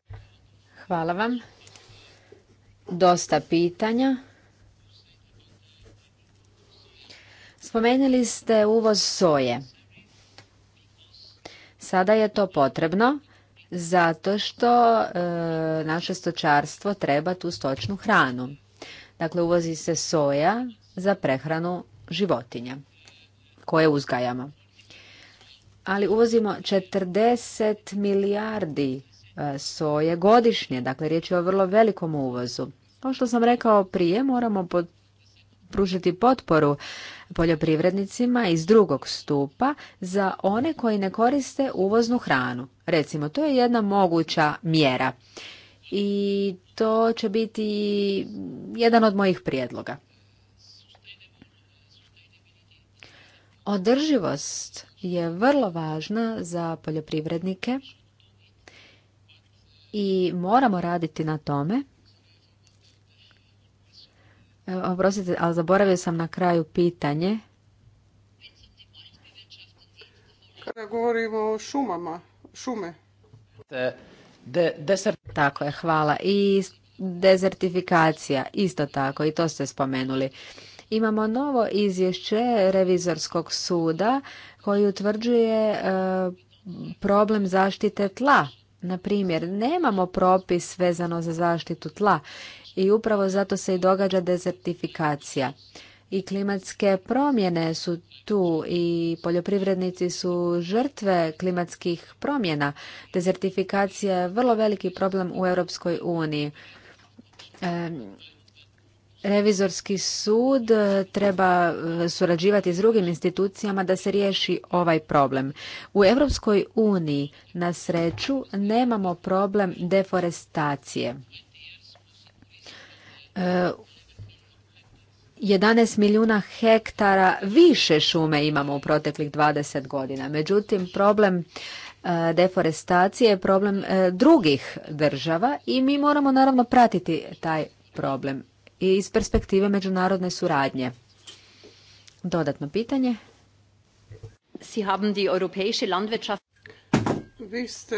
Hvala vam. Dosta pitanja. Spomenuli ste uvoz soje. Sada je to potrebno zato što e, naše stočarstvo treba tu stočnu hranu. Dakle, uvozi se soja za prehranu životinja koje uzgajamo. Ali uvozimo 40 milijardi e, soje godišnje, dakle riječ je o vrlo velikom uvozu. kao što sam rekao prije, moramo pružiti potporu poljoprivrednicima iz drugog stupa za one koji ne koriste uvoznu hranu. Recimo, to je jedna moguća mjera i to će biti jedan od mojih prijedloga. Održivost je vrlo važna za poljoprivrednike i moramo raditi na tome Oprostite, ali zaboravio sam na kraju pitanje. Kada govorimo o šumama, šume. Tako je, hvala. I dezertifikacija, isto tako, i to ste spomenuli. Imamo novo izvješće revizorskog suda koji utvrđuje e, problem zaštite tla. Na primjer, nemamo propis vezano za zaštitu tla i upravo zato se i događa dezertifikacija. I klimatske promjene su tu i poljoprivrednici su žrtve klimatskih promjena. Dezertifikacija je vrlo veliki problem u Europskoj uniji. Revizorski sud treba e, surađivati s drugim institucijama da se riješi ovaj problem. U Europskoj uniji na sreću nemamo problem deforestacije. 11 milijuna hektara više šume imamo u proteklih 20 godina. Međutim, problem e, deforestacije je problem e, drugih država i mi moramo naravno pratiti taj problem i iz perspektive međunarodne suradnje. Dodatno pitanje. Sie haben die europäische Landwirtschaft vi ste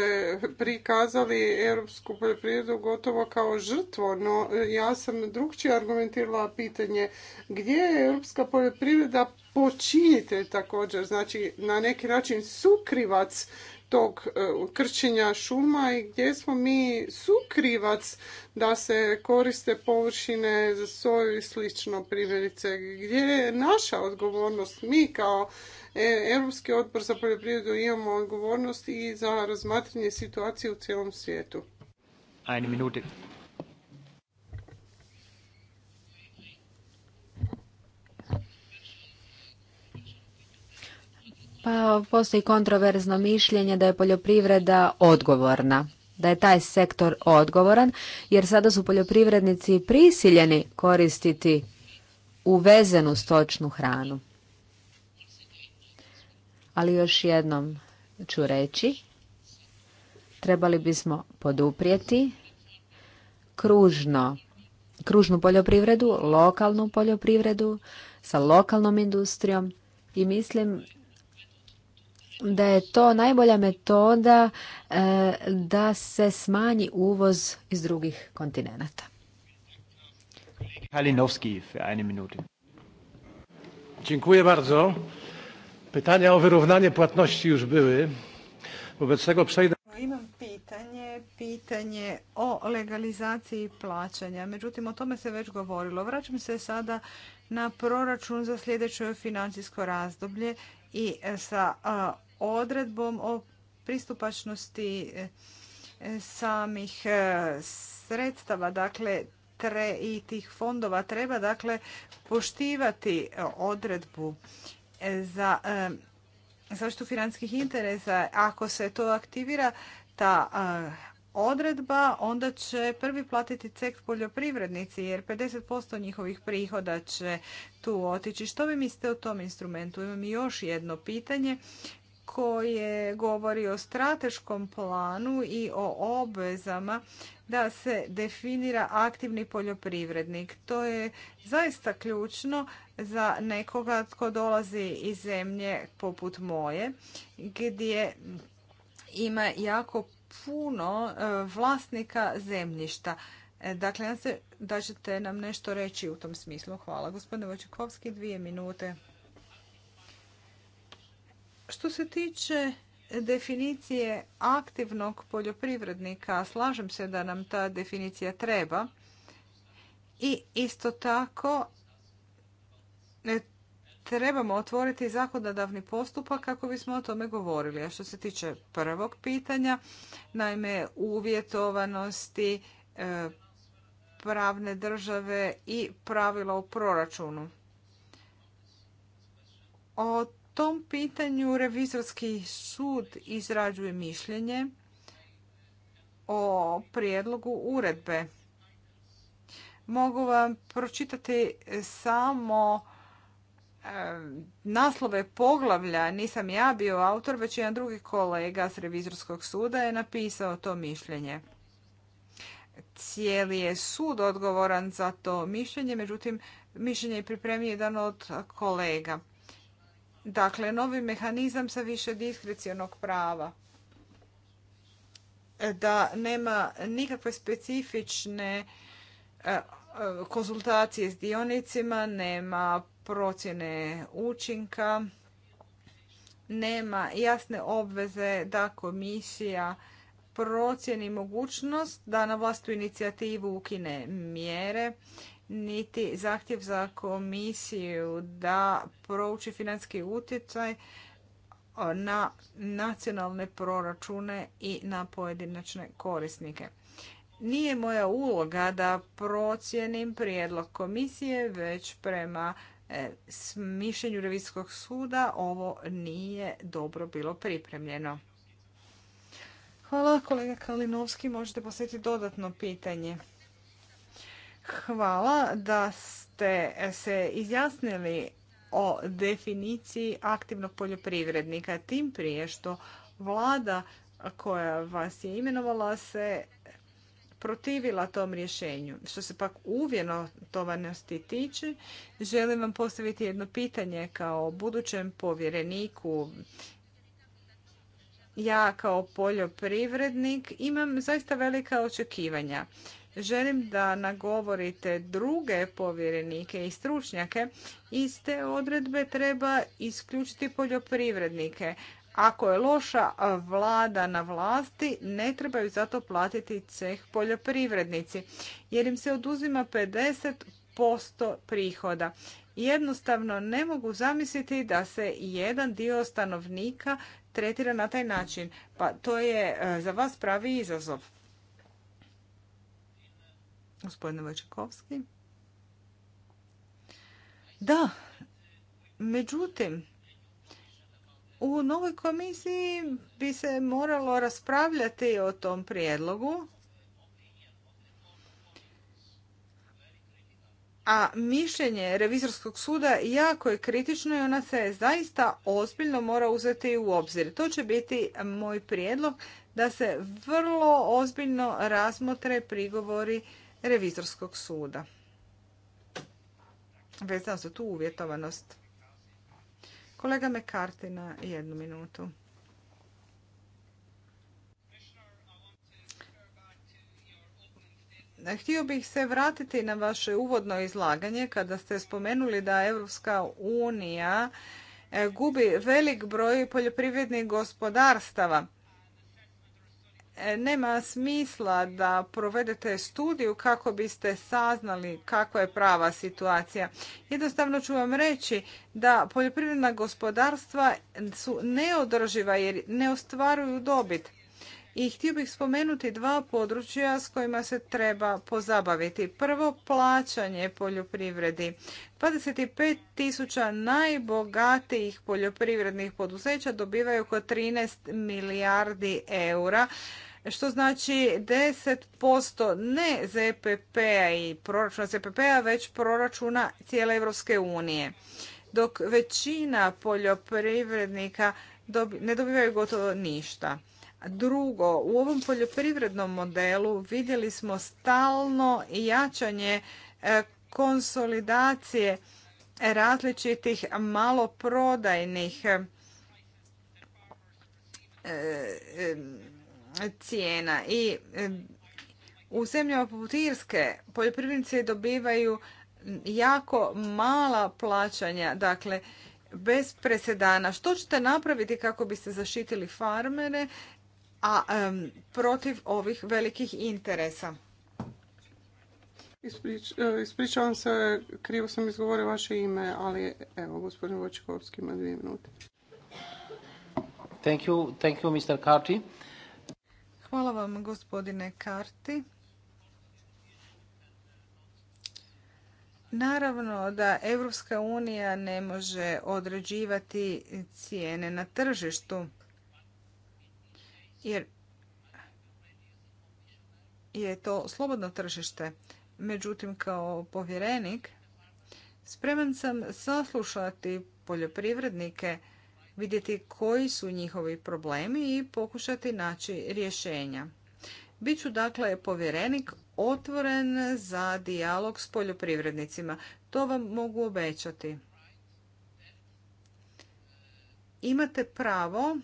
prikazali europsku poljoprivredu gotovo kao žrtvo, no e, ja sam drugčije argumentirala pitanje gdje je europska poljoprivreda počinitelj također, znači na neki način sukrivac tog e, krčenja šuma i gdje smo mi sukrivac da se koriste površine za soju i slično primjerice. Gdje je naša odgovornost? Mi kao E, Europski odbor za poljoprivredu imamo odgovornost i za razmatranje situacije u cijelom svijetu. Eine minute. Pa postoji kontroverzno mišljenje da je poljoprivreda odgovorna da je taj sektor odgovoran, jer sada su poljoprivrednici prisiljeni koristiti uvezenu stočnu hranu ali još jednom ću reći, trebali bismo poduprijeti kružno, kružnu poljoprivredu, lokalnu poljoprivredu sa lokalnom industrijom i mislim da je to najbolja metoda e, da se smanji uvoz iz drugih kontinenta. Dziękuję bardzo. Pytania o wyrównanie płatności już były. Wobec Imam pitanje, pitanje o legalizaciji plaćanja. Međutim, o tome se već govorilo. Vraćam se sada na proračun za sljedeće financijsko razdoblje i e, sa odredbom o pristupačnosti e, samih e, sredstava, dakle tre i tih fondova treba dakle poštivati odredbu za zaštitu financijskih interesa, ako se to aktivira, ta eh, odredba, onda će prvi platiti cekt poljoprivrednici jer 50% njihovih prihoda će tu otići. Što vi mislite o tom instrumentu? Imam još jedno pitanje koje govori o strateškom planu i o obvezama da se definira aktivni poljoprivrednik. To je zaista ključno za nekoga tko dolazi iz zemlje poput moje, gdje ima jako puno e, vlasnika zemljišta. E, dakle, ja se da ćete nam nešto reći u tom smislu. Hvala. Gospodine Vočekovski, dvije minute. Što se tiče definicije aktivnog poljoprivrednika, slažem se da nam ta definicija treba. I isto tako trebamo otvoriti zakonodavni postupak kako bismo o tome govorili. A što se tiče prvog pitanja, naime uvjetovanosti e, pravne države i pravila u proračunu. O tom pitanju revizorski sud izrađuje mišljenje o prijedlogu uredbe. Mogu vam pročitati samo naslove poglavlja nisam ja bio autor, već jedan drugi kolega s revizorskog suda je napisao to mišljenje. Cijeli je sud odgovoran za to mišljenje, međutim, mišljenje je pripremio jedan od kolega. Dakle, novi mehanizam sa više diskrecionog prava. Da nema nikakve specifične e, e, konzultacije s dionicima, nema procjene učinka, nema jasne obveze da komisija procjeni mogućnost da na vlastu inicijativu ukine mjere, niti zahtjev za komisiju da prouči financijski utjecaj na nacionalne proračune i na pojedinačne korisnike. Nije moja uloga da procijenim prijedlog komisije, već prema E, s mišljenju Revizijskog suda ovo nije dobro bilo pripremljeno. Hvala kolega Kalinovski, možete postaviti dodatno pitanje. Hvala da ste se izjasnili o definiciji aktivnog poljoprivrednika, tim prije što vlada koja vas je imenovala se protivila tom rješenju. Što se pak uvjenotovanosti tiče, želim vam postaviti jedno pitanje kao budućem povjereniku. Ja kao poljoprivrednik imam zaista velika očekivanja. Želim da nagovorite druge povjerenike i stručnjake. Iz te odredbe treba isključiti poljoprivrednike, ako je loša vlada na vlasti, ne trebaju zato platiti ceh poljoprivrednici, jer im se oduzima 50% prihoda. Jednostavno ne mogu zamisliti da se jedan dio stanovnika tretira na taj način. Pa to je e, za vas pravi izazov. Gospodine Vojčakovski. Da, međutim, u novoj komisiji bi se moralo raspravljati o tom prijedlogu. A mišljenje revizorskog suda jako je kritično i ona se zaista ozbiljno mora uzeti u obzir. To će biti moj prijedlog da se vrlo ozbiljno razmotre prigovori revizorskog suda. Vezano za tu uvjetovanost. Kolega Mekarti na jednu minutu. Htio bih se vratiti na vaše uvodno izlaganje kada ste spomenuli da Europska unija e, gubi velik broj poljoprivrednih gospodarstava nema smisla da provedete studiju kako biste saznali kakva je prava situacija. Jednostavno ću vam reći da poljoprivredna gospodarstva su neodrživa jer ne ostvaruju dobit. I htio bih spomenuti dva područja s kojima se treba pozabaviti. Prvo, plaćanje poljoprivredi. 25 tisuća najbogatijih poljoprivrednih poduzeća dobivaju oko 13 milijardi eura što znači 10% ne ZPP-a i proračuna ZPP-a, već proračuna cijele Europske unije. Dok većina poljoprivrednika ne dobivaju gotovo ništa. Drugo, u ovom poljoprivrednom modelu vidjeli smo stalno jačanje e, konsolidacije različitih maloprodajnih e, e, cijena i u zemljama putirske poljoprivrednice poljoprivrednici dobivaju jako mala plaćanja, dakle bez presedana. Što ćete napraviti kako biste zaštitili farmere a protiv ovih velikih interesa. Isprič, e, ispričavam se, krivo sam izgovorio vaše ime, ali evo, gospodin Vočkovski ima dvije minute. Thank Karti. Hvala vam, gospodine Karti. Naravno da Europska unija ne može određivati cijene na tržištu jer je to slobodno tržište. Međutim, kao povjerenik spreman sam saslušati poljoprivrednike, vidjeti koji su njihovi problemi i pokušati naći rješenja. Biću dakle povjerenik otvoren za dijalog s poljoprivrednicima. To vam mogu obećati. Imate pravo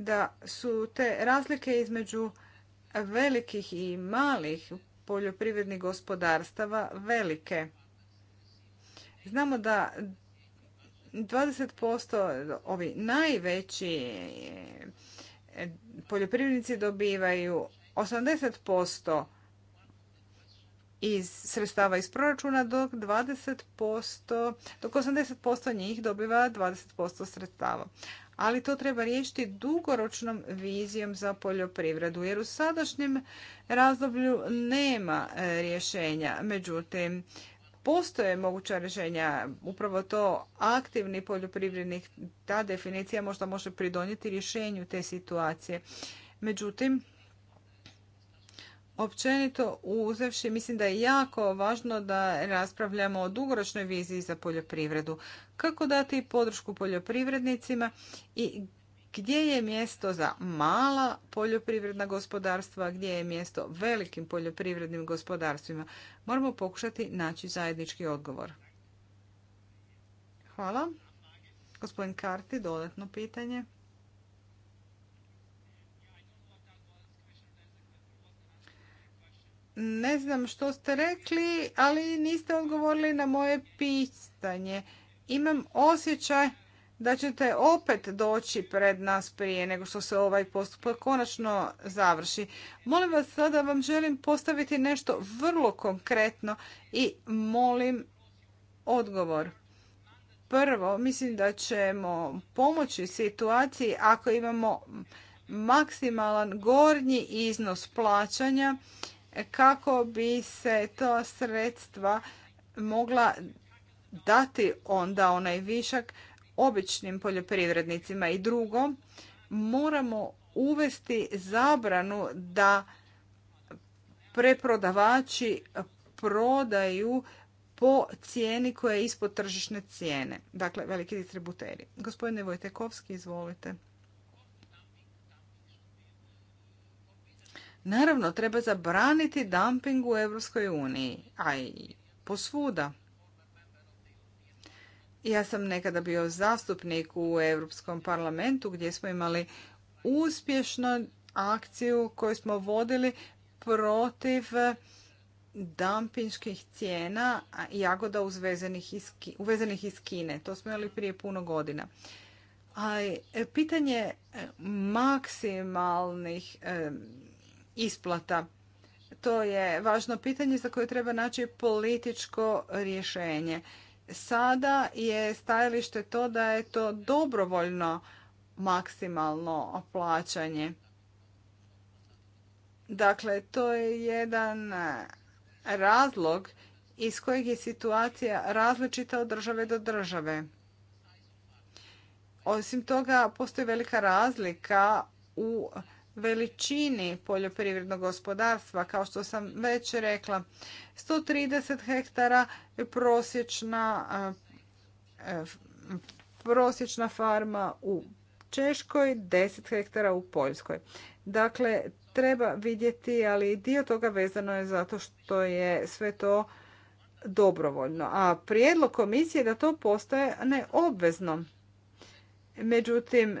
da su te razlike između velikih i malih poljoprivrednih gospodarstava velike. Znamo da 20% ovi najveći eh, poljoprivrednici dobivaju 80% iz sredstava iz proračuna dok 20%, dok 80% njih dobiva 20% sredstava ali to treba riješiti dugoročnom vizijom za poljoprivredu jer u sadašnjem razdoblju nema e, rješenja. Međutim, postoje moguća rješenja. Upravo to aktivni poljoprivrednik, ta definicija možda može pridonijeti rješenju te situacije. Međutim, Općenito uzevši, mislim da je jako važno da raspravljamo o dugoročnoj viziji za poljoprivredu. Kako dati podršku poljoprivrednicima i gdje je mjesto za mala poljoprivredna gospodarstva, gdje je mjesto velikim poljoprivrednim gospodarstvima. Moramo pokušati naći zajednički odgovor. Hvala. Gospodin Karti, dodatno pitanje. Ne znam što ste rekli, ali niste odgovorili na moje pitanje. Imam osjećaj da ćete opet doći pred nas prije nego što se ovaj postupak konačno završi. Molim vas sada vam želim postaviti nešto vrlo konkretno i molim odgovor. Prvo, mislim da ćemo pomoći situaciji ako imamo maksimalan gornji iznos plaćanja kako bi se to sredstva mogla dati onda onaj višak običnim poljoprivrednicima. I drugo, moramo uvesti zabranu da preprodavači prodaju po cijeni koja je ispod tržišne cijene. Dakle, veliki distributeri. Gospodine Vojtekovski, izvolite. Naravno, treba zabraniti dumping u Europskoj uniji, a i posvuda. Ja sam nekada bio zastupnik u Europskom parlamentu gdje smo imali uspješnu akciju koju smo vodili protiv dampinških cijena jagoda uvezenih iz, uvezenih iz Kine. To smo imali prije puno godina. A e, pitanje e, maksimalnih e, isplata. To je važno pitanje za koje treba naći političko rješenje. Sada je stajalište to da je to dobrovoljno maksimalno plaćanje. Dakle, to je jedan razlog iz kojeg je situacija različita od države do države. Osim toga, postoji velika razlika u veličini poljoprivrednog gospodarstva. Kao što sam već rekla, 130 hektara je prosječna, e, prosječna farma u Češkoj, 10 hektara u Poljskoj. Dakle, treba vidjeti, ali dio toga vezano je zato što je sve to dobrovoljno. A prijedlog komisije je da to postaje neobvezno. Međutim,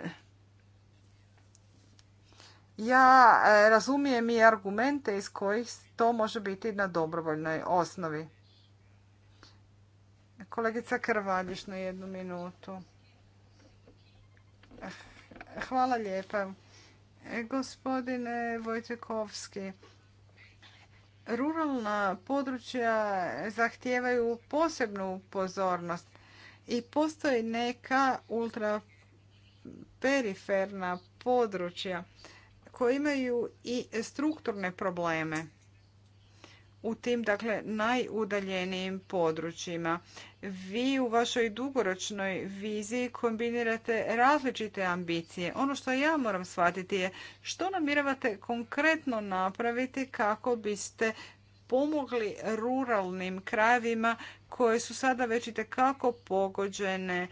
ja e, razumijem i argumente iz kojih to može biti na dobrovoljnoj osnovi. Kolegica Krvaljiš na jednu minutu. Eh, hvala lijepa. E, gospodine Vojtekovski, ruralna područja zahtijevaju posebnu pozornost i postoji neka ultraperiferna područja imaju i strukturne probleme u tim dakle najudaljenijim područjima. Vi u vašoj dugoročnoj viziji kombinirate različite ambicije. Ono što ja moram shvatiti je što namjeravate konkretno napraviti kako biste pomogli ruralnim krajevima koje su sada već i pogođene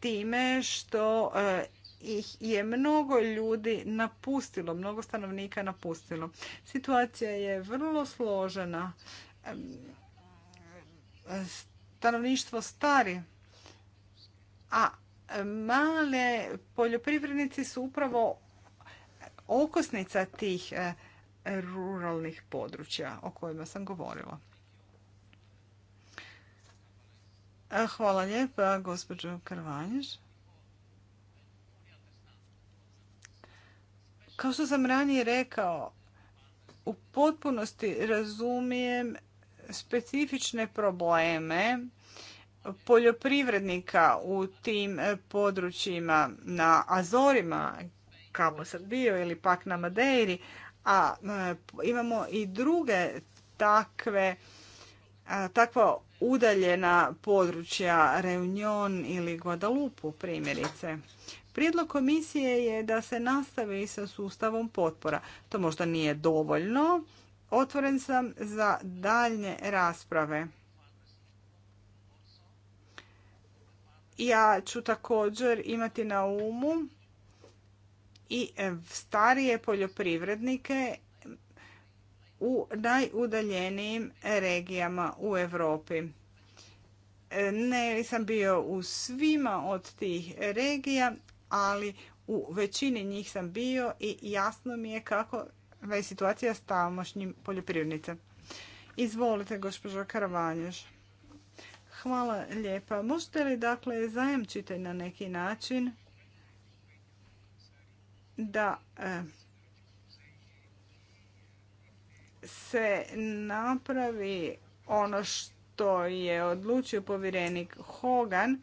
time što e, ih je mnogo ljudi napustilo, mnogo stanovnika napustilo. Situacija je vrlo složena. Stanovništvo stari, a male poljoprivrednici su upravo okosnica tih e, ruralnih područja o kojima sam govorila. E, hvala lijepa, gospođo Krvanjiš. Kao što sam ranije rekao, u potpunosti razumijem specifične probleme poljoprivrednika u tim e, područjima na Azorima, se bio ili pak na Madeiri, a e, imamo i druge takve e, takva udaljena područja Reunion ili Guadalupu primjerice. Prijedlog komisije je da se nastavi sa sustavom potpora. To možda nije dovoljno. Otvoren sam za daljnje rasprave. Ja ću također imati na umu i starije poljoprivrednike u najudaljenijim regijama u Europi. Ne sam bio u svima od tih regija, ali u većini njih sam bio i jasno mi je kako je situacija s tamošnjim poljoprivrednicom. Izvolite, gospođo Karavanjež. Hvala lijepa. Možete li dakle zajamčiti na neki način da e, se napravi ono što je odlučio povjerenik Hogan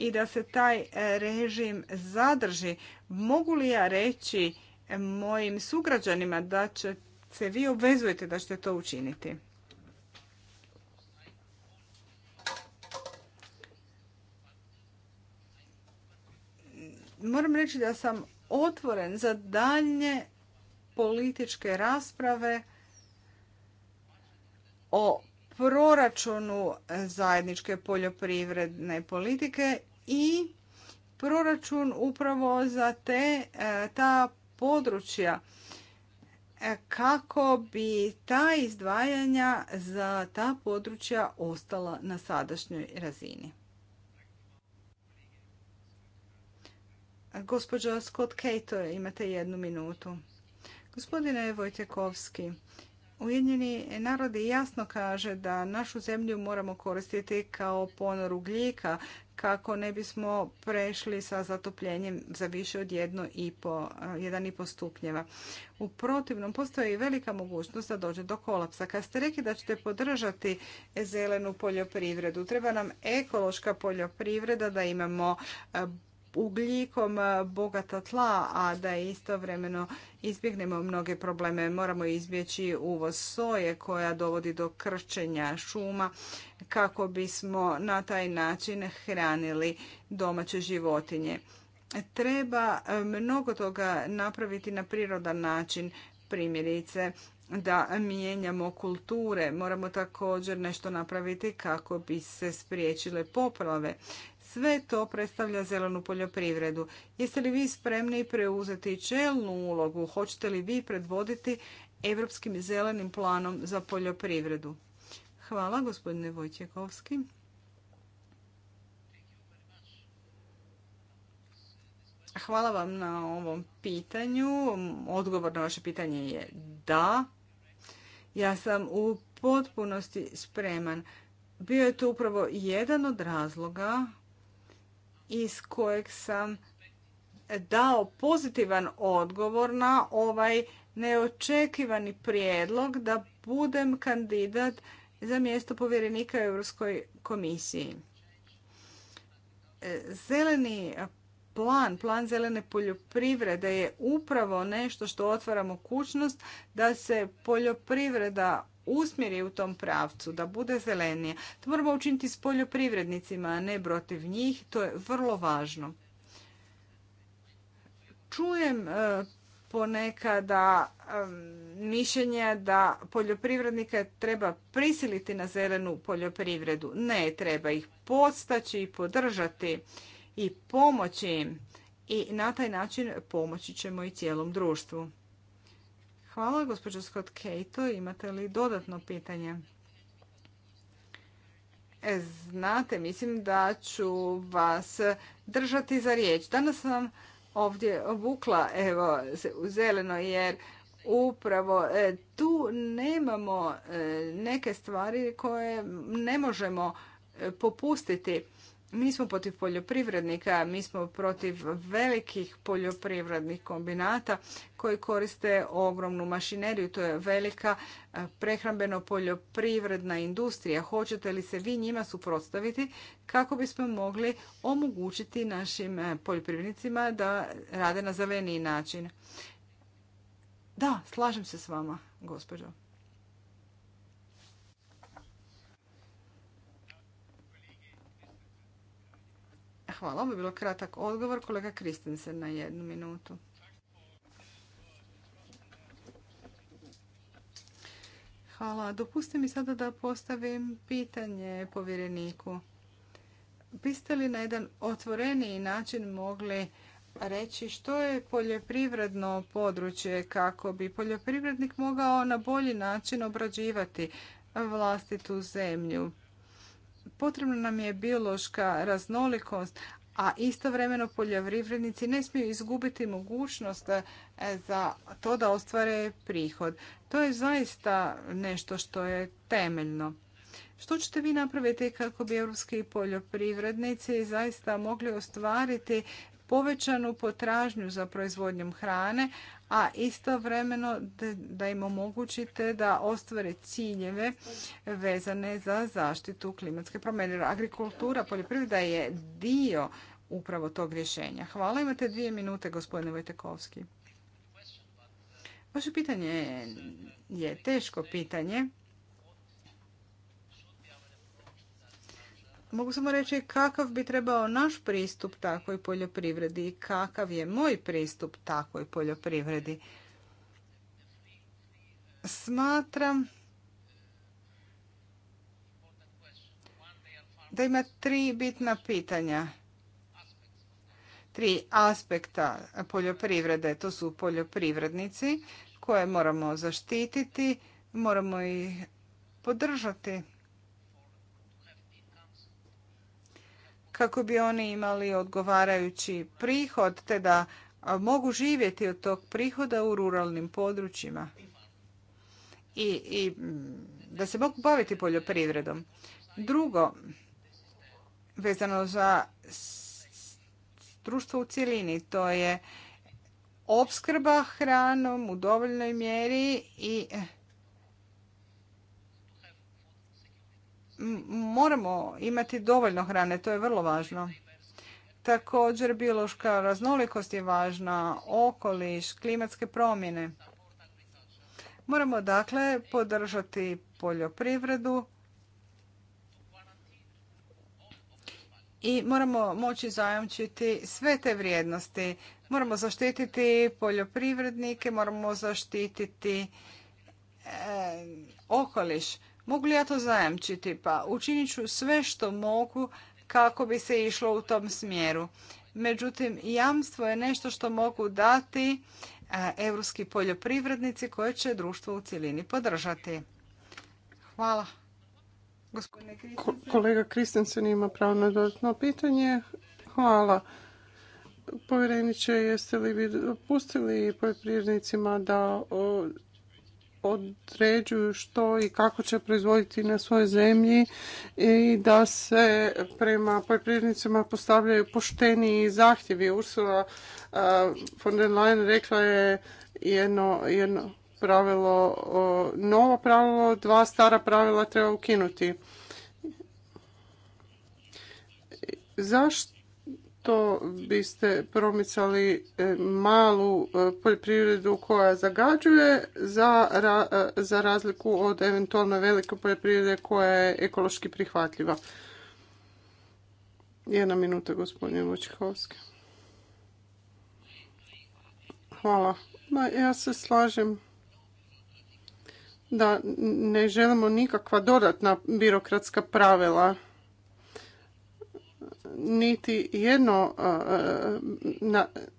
i da se taj e, režim zadrži. Mogu li ja reći e, mojim sugrađanima da će se vi obvezujete da ćete to učiniti? Moram reći da sam otvoren za dalje političke rasprave o proračunu e, zajedničke poljoprivredne politike i proračun upravo za te, e, ta područja e, kako bi ta izdvajanja za ta područja ostala na sadašnjoj razini. Gospođo Scott Cato, imate jednu minutu. Gospodine Vojtekovski, Ujedinjeni narodi jasno kaže da našu zemlju moramo koristiti kao ponor ugljika, kako ne bismo prešli sa zatopljenjem za više od 1,5 stupnjeva. U protivnom, postoji velika mogućnost da dođe do kolapsa. Kad ste rekli da ćete podržati zelenu poljoprivredu, treba nam ekološka poljoprivreda, da imamo ugljikom e, bogata tla, a da istovremeno izbjegnemo mnoge probleme. Moramo izbjeći uvoz soje koja dovodi do krčenja šuma kako bismo na taj način hranili domaće životinje. Treba e, mnogo toga napraviti na prirodan način, primjerice da mijenjamo kulture. Moramo također nešto napraviti kako bi se spriječile poprave sve to predstavlja zelenu poljoprivredu. Jeste li vi spremni preuzeti čelnu ulogu? Hoćete li vi predvoditi Europskim zelenim planom za poljoprivredu? Hvala, gospodine Vojčekovski. Hvala vam na ovom pitanju. Odgovor na vaše pitanje je da. Ja sam u potpunosti spreman. Bio je to upravo jedan od razloga iz kojeg sam dao pozitivan odgovor na ovaj neočekivani prijedlog da budem kandidat za mjesto povjerenika u Europskoj komisiji. Zeleni plan, plan zelene poljoprivrede je upravo nešto što otvara mogućnost da se poljoprivreda usmjeri u tom pravcu, da bude zelenije. To moramo učiniti s poljoprivrednicima, a ne protiv njih. To je vrlo važno. Čujem e, ponekada e, mišljenje da poljoprivrednike treba prisiliti na zelenu poljoprivredu. Ne, treba ih podstaći i podržati i pomoći im. I na taj način pomoći ćemo i cijelom društvu. Hvala, gospođo Scott Imate li dodatno pitanje? E, znate, mislim da ću vas držati za riječ. Danas sam ovdje obukla evo, u zeleno jer upravo e, tu nemamo e, neke stvari koje ne možemo popustiti. Mi smo protiv poljoprivrednika, mi smo protiv velikih poljoprivrednih kombinata koji koriste ogromnu mašineriju. To je velika eh, prehrambeno poljoprivredna industrija. Hoćete li se vi njima suprotstaviti kako bismo mogli omogućiti našim eh, poljoprivrednicima da eh, rade na zeleniji način? Da, slažem se s vama, gospođo. Hvala, ovo je bilo kratak odgovor. Kolega Kristensen na jednu minutu. Hvala. Dopusti mi sada da postavim pitanje povjereniku. Biste li na jedan otvoreniji način mogli reći što je poljoprivredno područje kako bi poljoprivrednik mogao na bolji način obrađivati vlastitu zemlju? Potrebna nam je biološka raznolikost, a istovremeno poljoprivrednici ne smiju izgubiti mogućnost e, za to da ostvare prihod. To je zaista nešto što je temeljno. Što ćete vi napraviti kako bi europski poljoprivrednici zaista mogli ostvariti povećanu potražnju za proizvodnjom hrane, a istovremeno da im omogućite da ostvare ciljeve vezane za zaštitu klimatske promjene. Agrikultura, poljoprivreda je dio upravo tog rješenja. Hvala, imate dvije minute, gospodine Vojtekovski. Vaše pitanje je teško pitanje, Mogu samo reći kakav bi trebao naš pristup takvoj poljoprivredi i kakav je moj pristup takvoj poljoprivredi. Smatram da ima tri bitna pitanja. Tri aspekta poljoprivrede. To su poljoprivrednici koje moramo zaštititi, moramo ih podržati. kako bi oni imali odgovarajući prihod te da mogu živjeti od tog prihoda u ruralnim područjima i, i mm, da se mogu baviti poljoprivredom. Drugo, vezano za društvo u cjelini, to je opskrba hranom u dovoljnoj mjeri i eh, moramo imati dovoljno hrane, to je vrlo važno. Također biološka raznolikost je važna, okoliš, klimatske promjene. Moramo dakle podržati poljoprivredu i moramo moći zajamčiti sve te vrijednosti. Moramo zaštititi poljoprivrednike, moramo zaštititi e, okoliš. Mogu li ja to zajamčiti? Pa učinit ću sve što mogu kako bi se išlo u tom smjeru. Međutim, jamstvo je nešto što mogu dati europski poljoprivrednici koje će društvo u cjelini podržati. Hvala. Kolega Kristensen ima pravo na dodatno pitanje. Hvala. Povjereniče, jeste li vi dopustili poljoprivrednicima da određuju što i kako će proizvoditi na svojoj zemlji i da se prema poljoprivrednicima postavljaju pošteniji zahtjevi. Ursula uh, von der Leyen rekla je jedno, jedno pravilo, novo pravilo, dva stara pravila treba ukinuti. Zašto to biste promicali e, malu e, poljoprivredu koja zagađuje za, e, za razliku od eventualno velike poljoprivrede koja je ekološki prihvatljiva. Jedna minuta, gospodine Hvala. ja se slažem da ne želimo nikakva dodatna birokratska pravila niti jedno,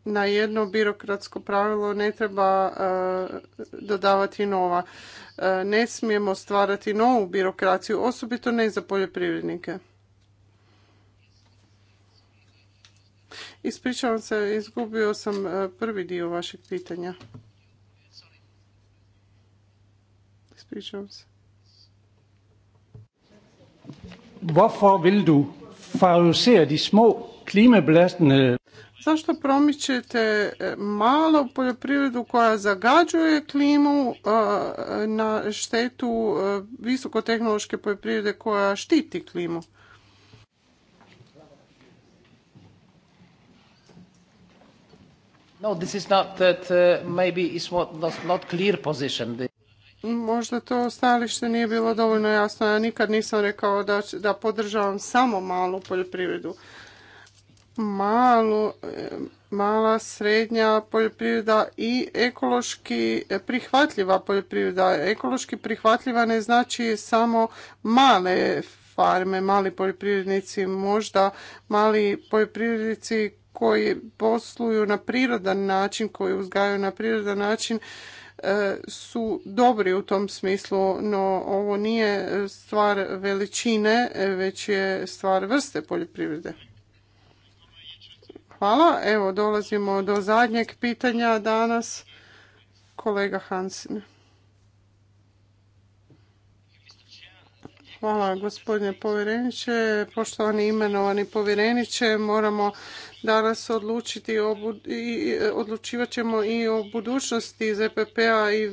na, jedno birokratsko pravilo ne treba dodavati nova. Ne smijemo stvarati novu birokraciju, osobito ne za poljoprivrednike. Ispričavam se, izgubio sam prvi dio vašeg pitanja. Ispričavam se. will du favorisere de små klimabelastende Zašto promičete e, malo poljoprivredu koja zagađuje klimu e, na štetu e, visokotehnološke poljoprivrede koja štiti klimu? No, this is not that uh, maybe it's not, not, not clear position možda to stajalište nije bilo dovoljno jasno. Ja nikad nisam rekao da, da podržavam samo malu poljoprivredu. Malu, e, mala, srednja poljoprivreda i ekološki prihvatljiva poljoprivreda. Ekološki prihvatljiva ne znači samo male farme, mali poljoprivrednici, možda mali poljoprivrednici koji posluju na prirodan način, koji uzgajaju na prirodan način, E, su dobri u tom smislu, no ovo nije stvar veličine, već je stvar vrste poljoprivrede. Hvala. Evo, dolazimo do zadnjeg pitanja danas. Kolega Hansin. Hvala gospodine povjereniče. Poštovani imenovani povjereniče, moramo danas odlučiti o, i odlučivat ćemo i o budućnosti ZPP-a i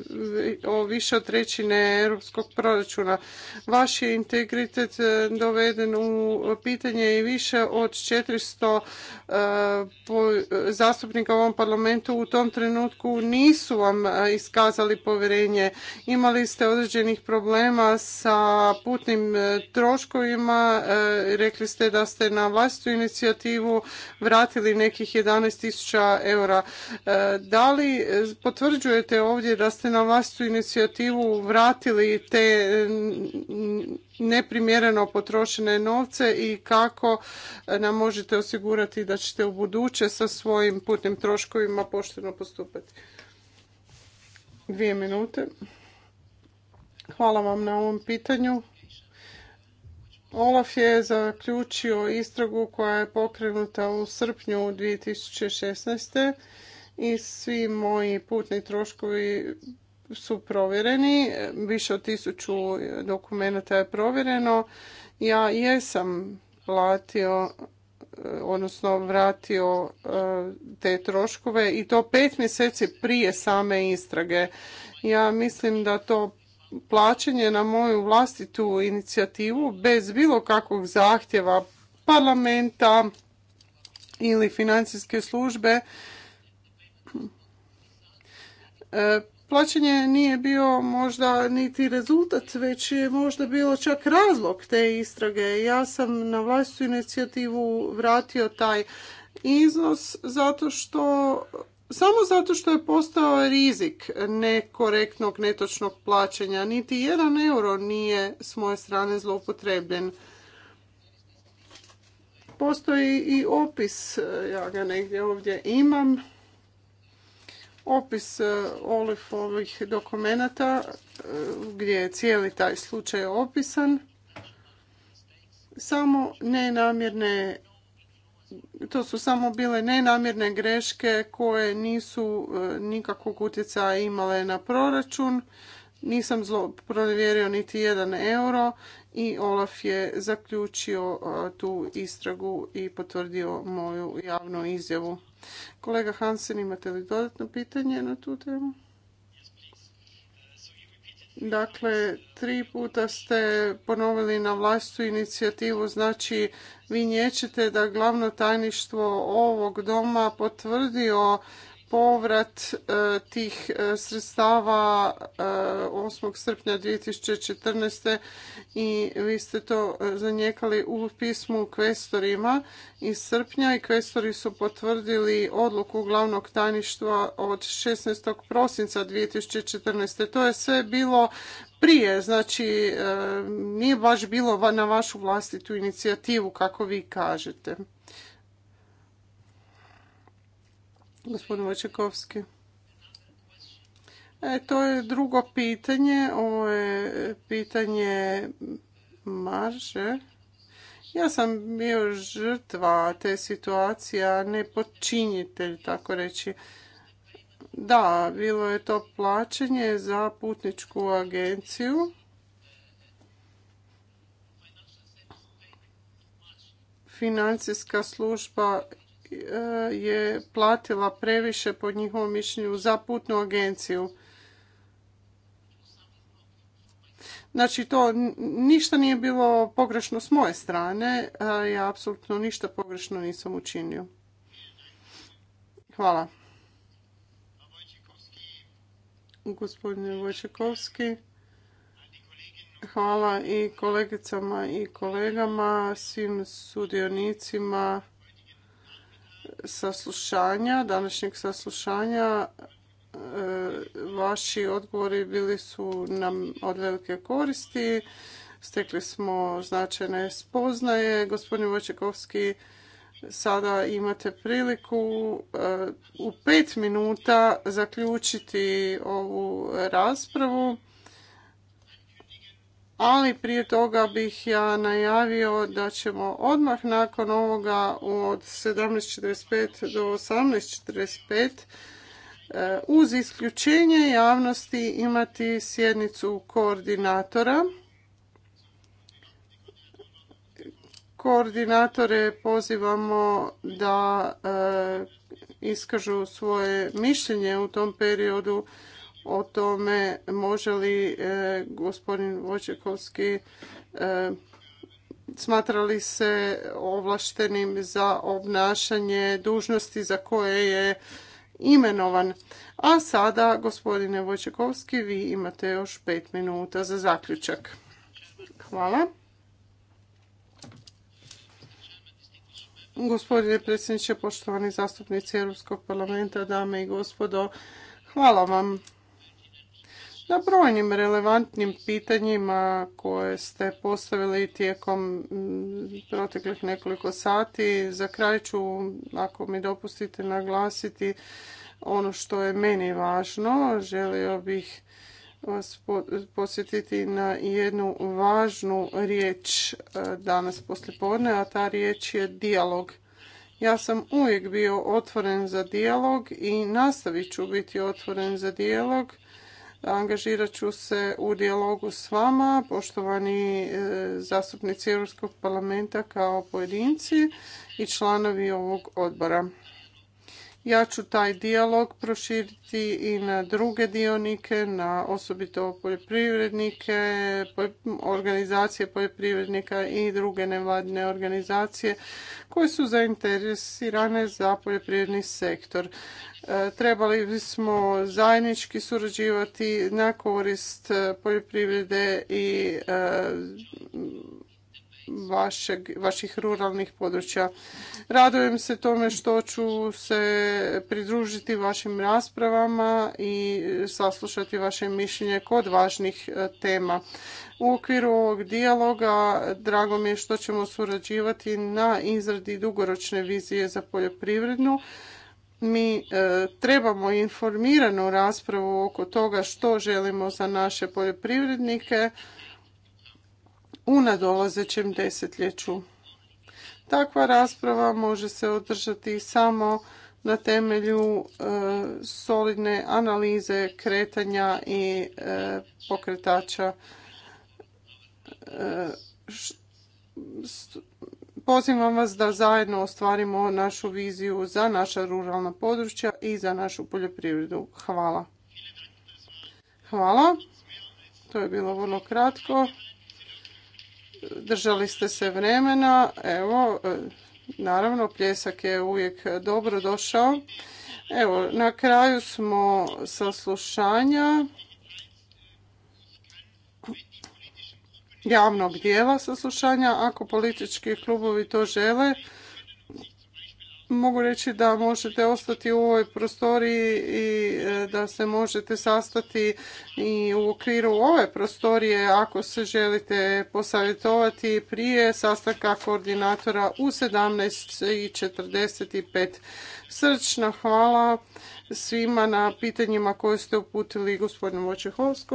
o više od trećine europskog proračuna. Vaš je integritet e, doveden u pitanje i više od 400 e, zastupnika u ovom parlamentu u tom trenutku nisu vam e, iskazali povjerenje. Imali ste određenih problema sa putnim troškovima, rekli ste da ste na vlastitu inicijativu vratili nekih 11.000 eura. E, da li e, potvrđujete ovdje da ste na vlastitu inicijativu vratili te neprimjereno potrošene novce i kako e, nam možete osigurati da ćete u buduće sa svojim putnim troškovima pošteno postupati? Dvije minute. Hvala vam na ovom pitanju. Olaf je zaključio istragu koja je pokrenuta u srpnju 2016. i svi moji putni troškovi su provjereni. Više od tisuću dokumenata je provjereno. Ja jesam platio odnosno vratio e, te troškove i to pet mjeseci prije same istrage. Ja mislim da to plaćanje na moju vlastitu inicijativu bez bilo kakvog zahtjeva parlamenta ili financijske službe. E, plaćanje nije bio možda niti rezultat, već je možda bilo čak razlog te istrage. Ja sam na vlastitu inicijativu vratio taj iznos zato što samo zato što je postao rizik nekorektnog, netočnog plaćanja. Niti jedan euro nije s moje strane zloupotrebljen. Postoji i opis, e, ja ga negdje ovdje imam, opis e, ovih dokumenata e, gdje je cijeli taj slučaj opisan. Samo nenamjerne to su samo bile nenamjerne greške koje nisu e, nikakvog utjecaja imale na proračun. Nisam zlo provjerio niti jedan euro i Olaf je zaključio e, tu istragu i potvrdio moju javnu izjavu. Kolega Hansen, imate li dodatno pitanje na tu temu? Dakle, tri puta ste ponovili na vlastu inicijativu, znači vi nječete da glavno tajništvo ovog doma potvrdio povrat e, tih e, sredstava 8. E, srpnja 2014. i vi ste to zanijekali u pismu kvestorima iz srpnja i kvestori su potvrdili odluku glavnog tajništva od 16. prosinca 2014. To je sve bilo prije, znači nije baš bilo na vašu vlastitu inicijativu kako vi kažete. gospodin Vojčekovski. E, to je drugo pitanje, ovo je pitanje marže. Ja sam bio žrtva te situacije, a ne počinitelj, tako reći. Da, bilo je to plaćanje za putničku agenciju. Financijska služba Eh, je platila previše po njihovom mišljenju za putnu agenciju. Znači to ništa nije bilo pogrešno s moje strane, eh, ja apsolutno ništa pogrešno nisam učinio. Hvala. Gospodine Vojčekovski. Hvala i kolegicama i kolegama, svim sudionicima saslušanja, današnjeg saslušanja, e, vaši odgovori bili su nam od velike koristi. Stekli smo značajne spoznaje. Gospodin Vojčekovski, sada imate priliku e, u pet minuta zaključiti ovu raspravu ali prije toga bih ja najavio da ćemo odmah nakon ovoga od 17.45 do 18.45 e, uz isključenje javnosti imati sjednicu koordinatora. Koordinatore pozivamo da e, iskažu svoje mišljenje u tom periodu o tome može li e, gospodin Vočekovski e, smatrali se ovlaštenim za obnašanje dužnosti za koje je imenovan. A sada, gospodine Vojčekovski, vi imate još pet minuta za zaključak. Hvala. Gospodine predsjedniče, poštovani zastupnici Europskog parlamenta, dame i gospodo, hvala vam na brojnim relevantnim pitanjima koje ste postavili tijekom mm, proteklih nekoliko sati. Za kraj ću, ako mi dopustite, naglasiti ono što je meni važno. Želio bih vas posjetiti na jednu važnu riječ e, danas podne, a ta riječ je dijalog. Ja sam uvijek bio otvoren za dijalog i nastavit ću biti otvoren za dijalog Angažirat ću se u dijalogu s vama, poštovani e, zastupnici Europskog parlamenta kao pojedinci i članovi ovog odbora. Ja ću taj dijalog proširiti i na druge dionike, na osobito poljoprivrednike, organizacije poljoprivrednika i druge nevladine organizacije koje su zainteresirane za poljoprivredni sektor. E, trebali bismo zajednički surađivati na korist poljoprivrede i e, vašeg, vaših ruralnih područja. Radujem se tome što ću se pridružiti vašim raspravama i saslušati vaše mišljenje kod važnih e, tema. U okviru ovog dijaloga drago mi je što ćemo surađivati na izradi dugoročne vizije za poljoprivrednu mi e, trebamo informiranu raspravu oko toga što želimo za naše poljoprivrednike u nadolazećem desetljeću. Takva rasprava može se održati samo na temelju e, solidne analize kretanja i e, pokretača e, Pozivam vas da zajedno ostvarimo našu viziju za naša ruralna područja i za našu poljoprivredu. Hvala. Hvala. To je bilo vrlo kratko držali ste se vremena. Evo, e, naravno, pljesak je uvijek dobro došao. Evo, na kraju smo saslušanja javnog dijela saslušanja. Ako politički klubovi to žele, mogu reći da možete ostati u ovoj prostoriji i e, da se možete sastati i u okviru ove prostorije ako se želite posavjetovati prije sastanka koordinatora u 17.45. Srčna hvala svima na pitanjima koje ste uputili gospodinu Vočehovskom.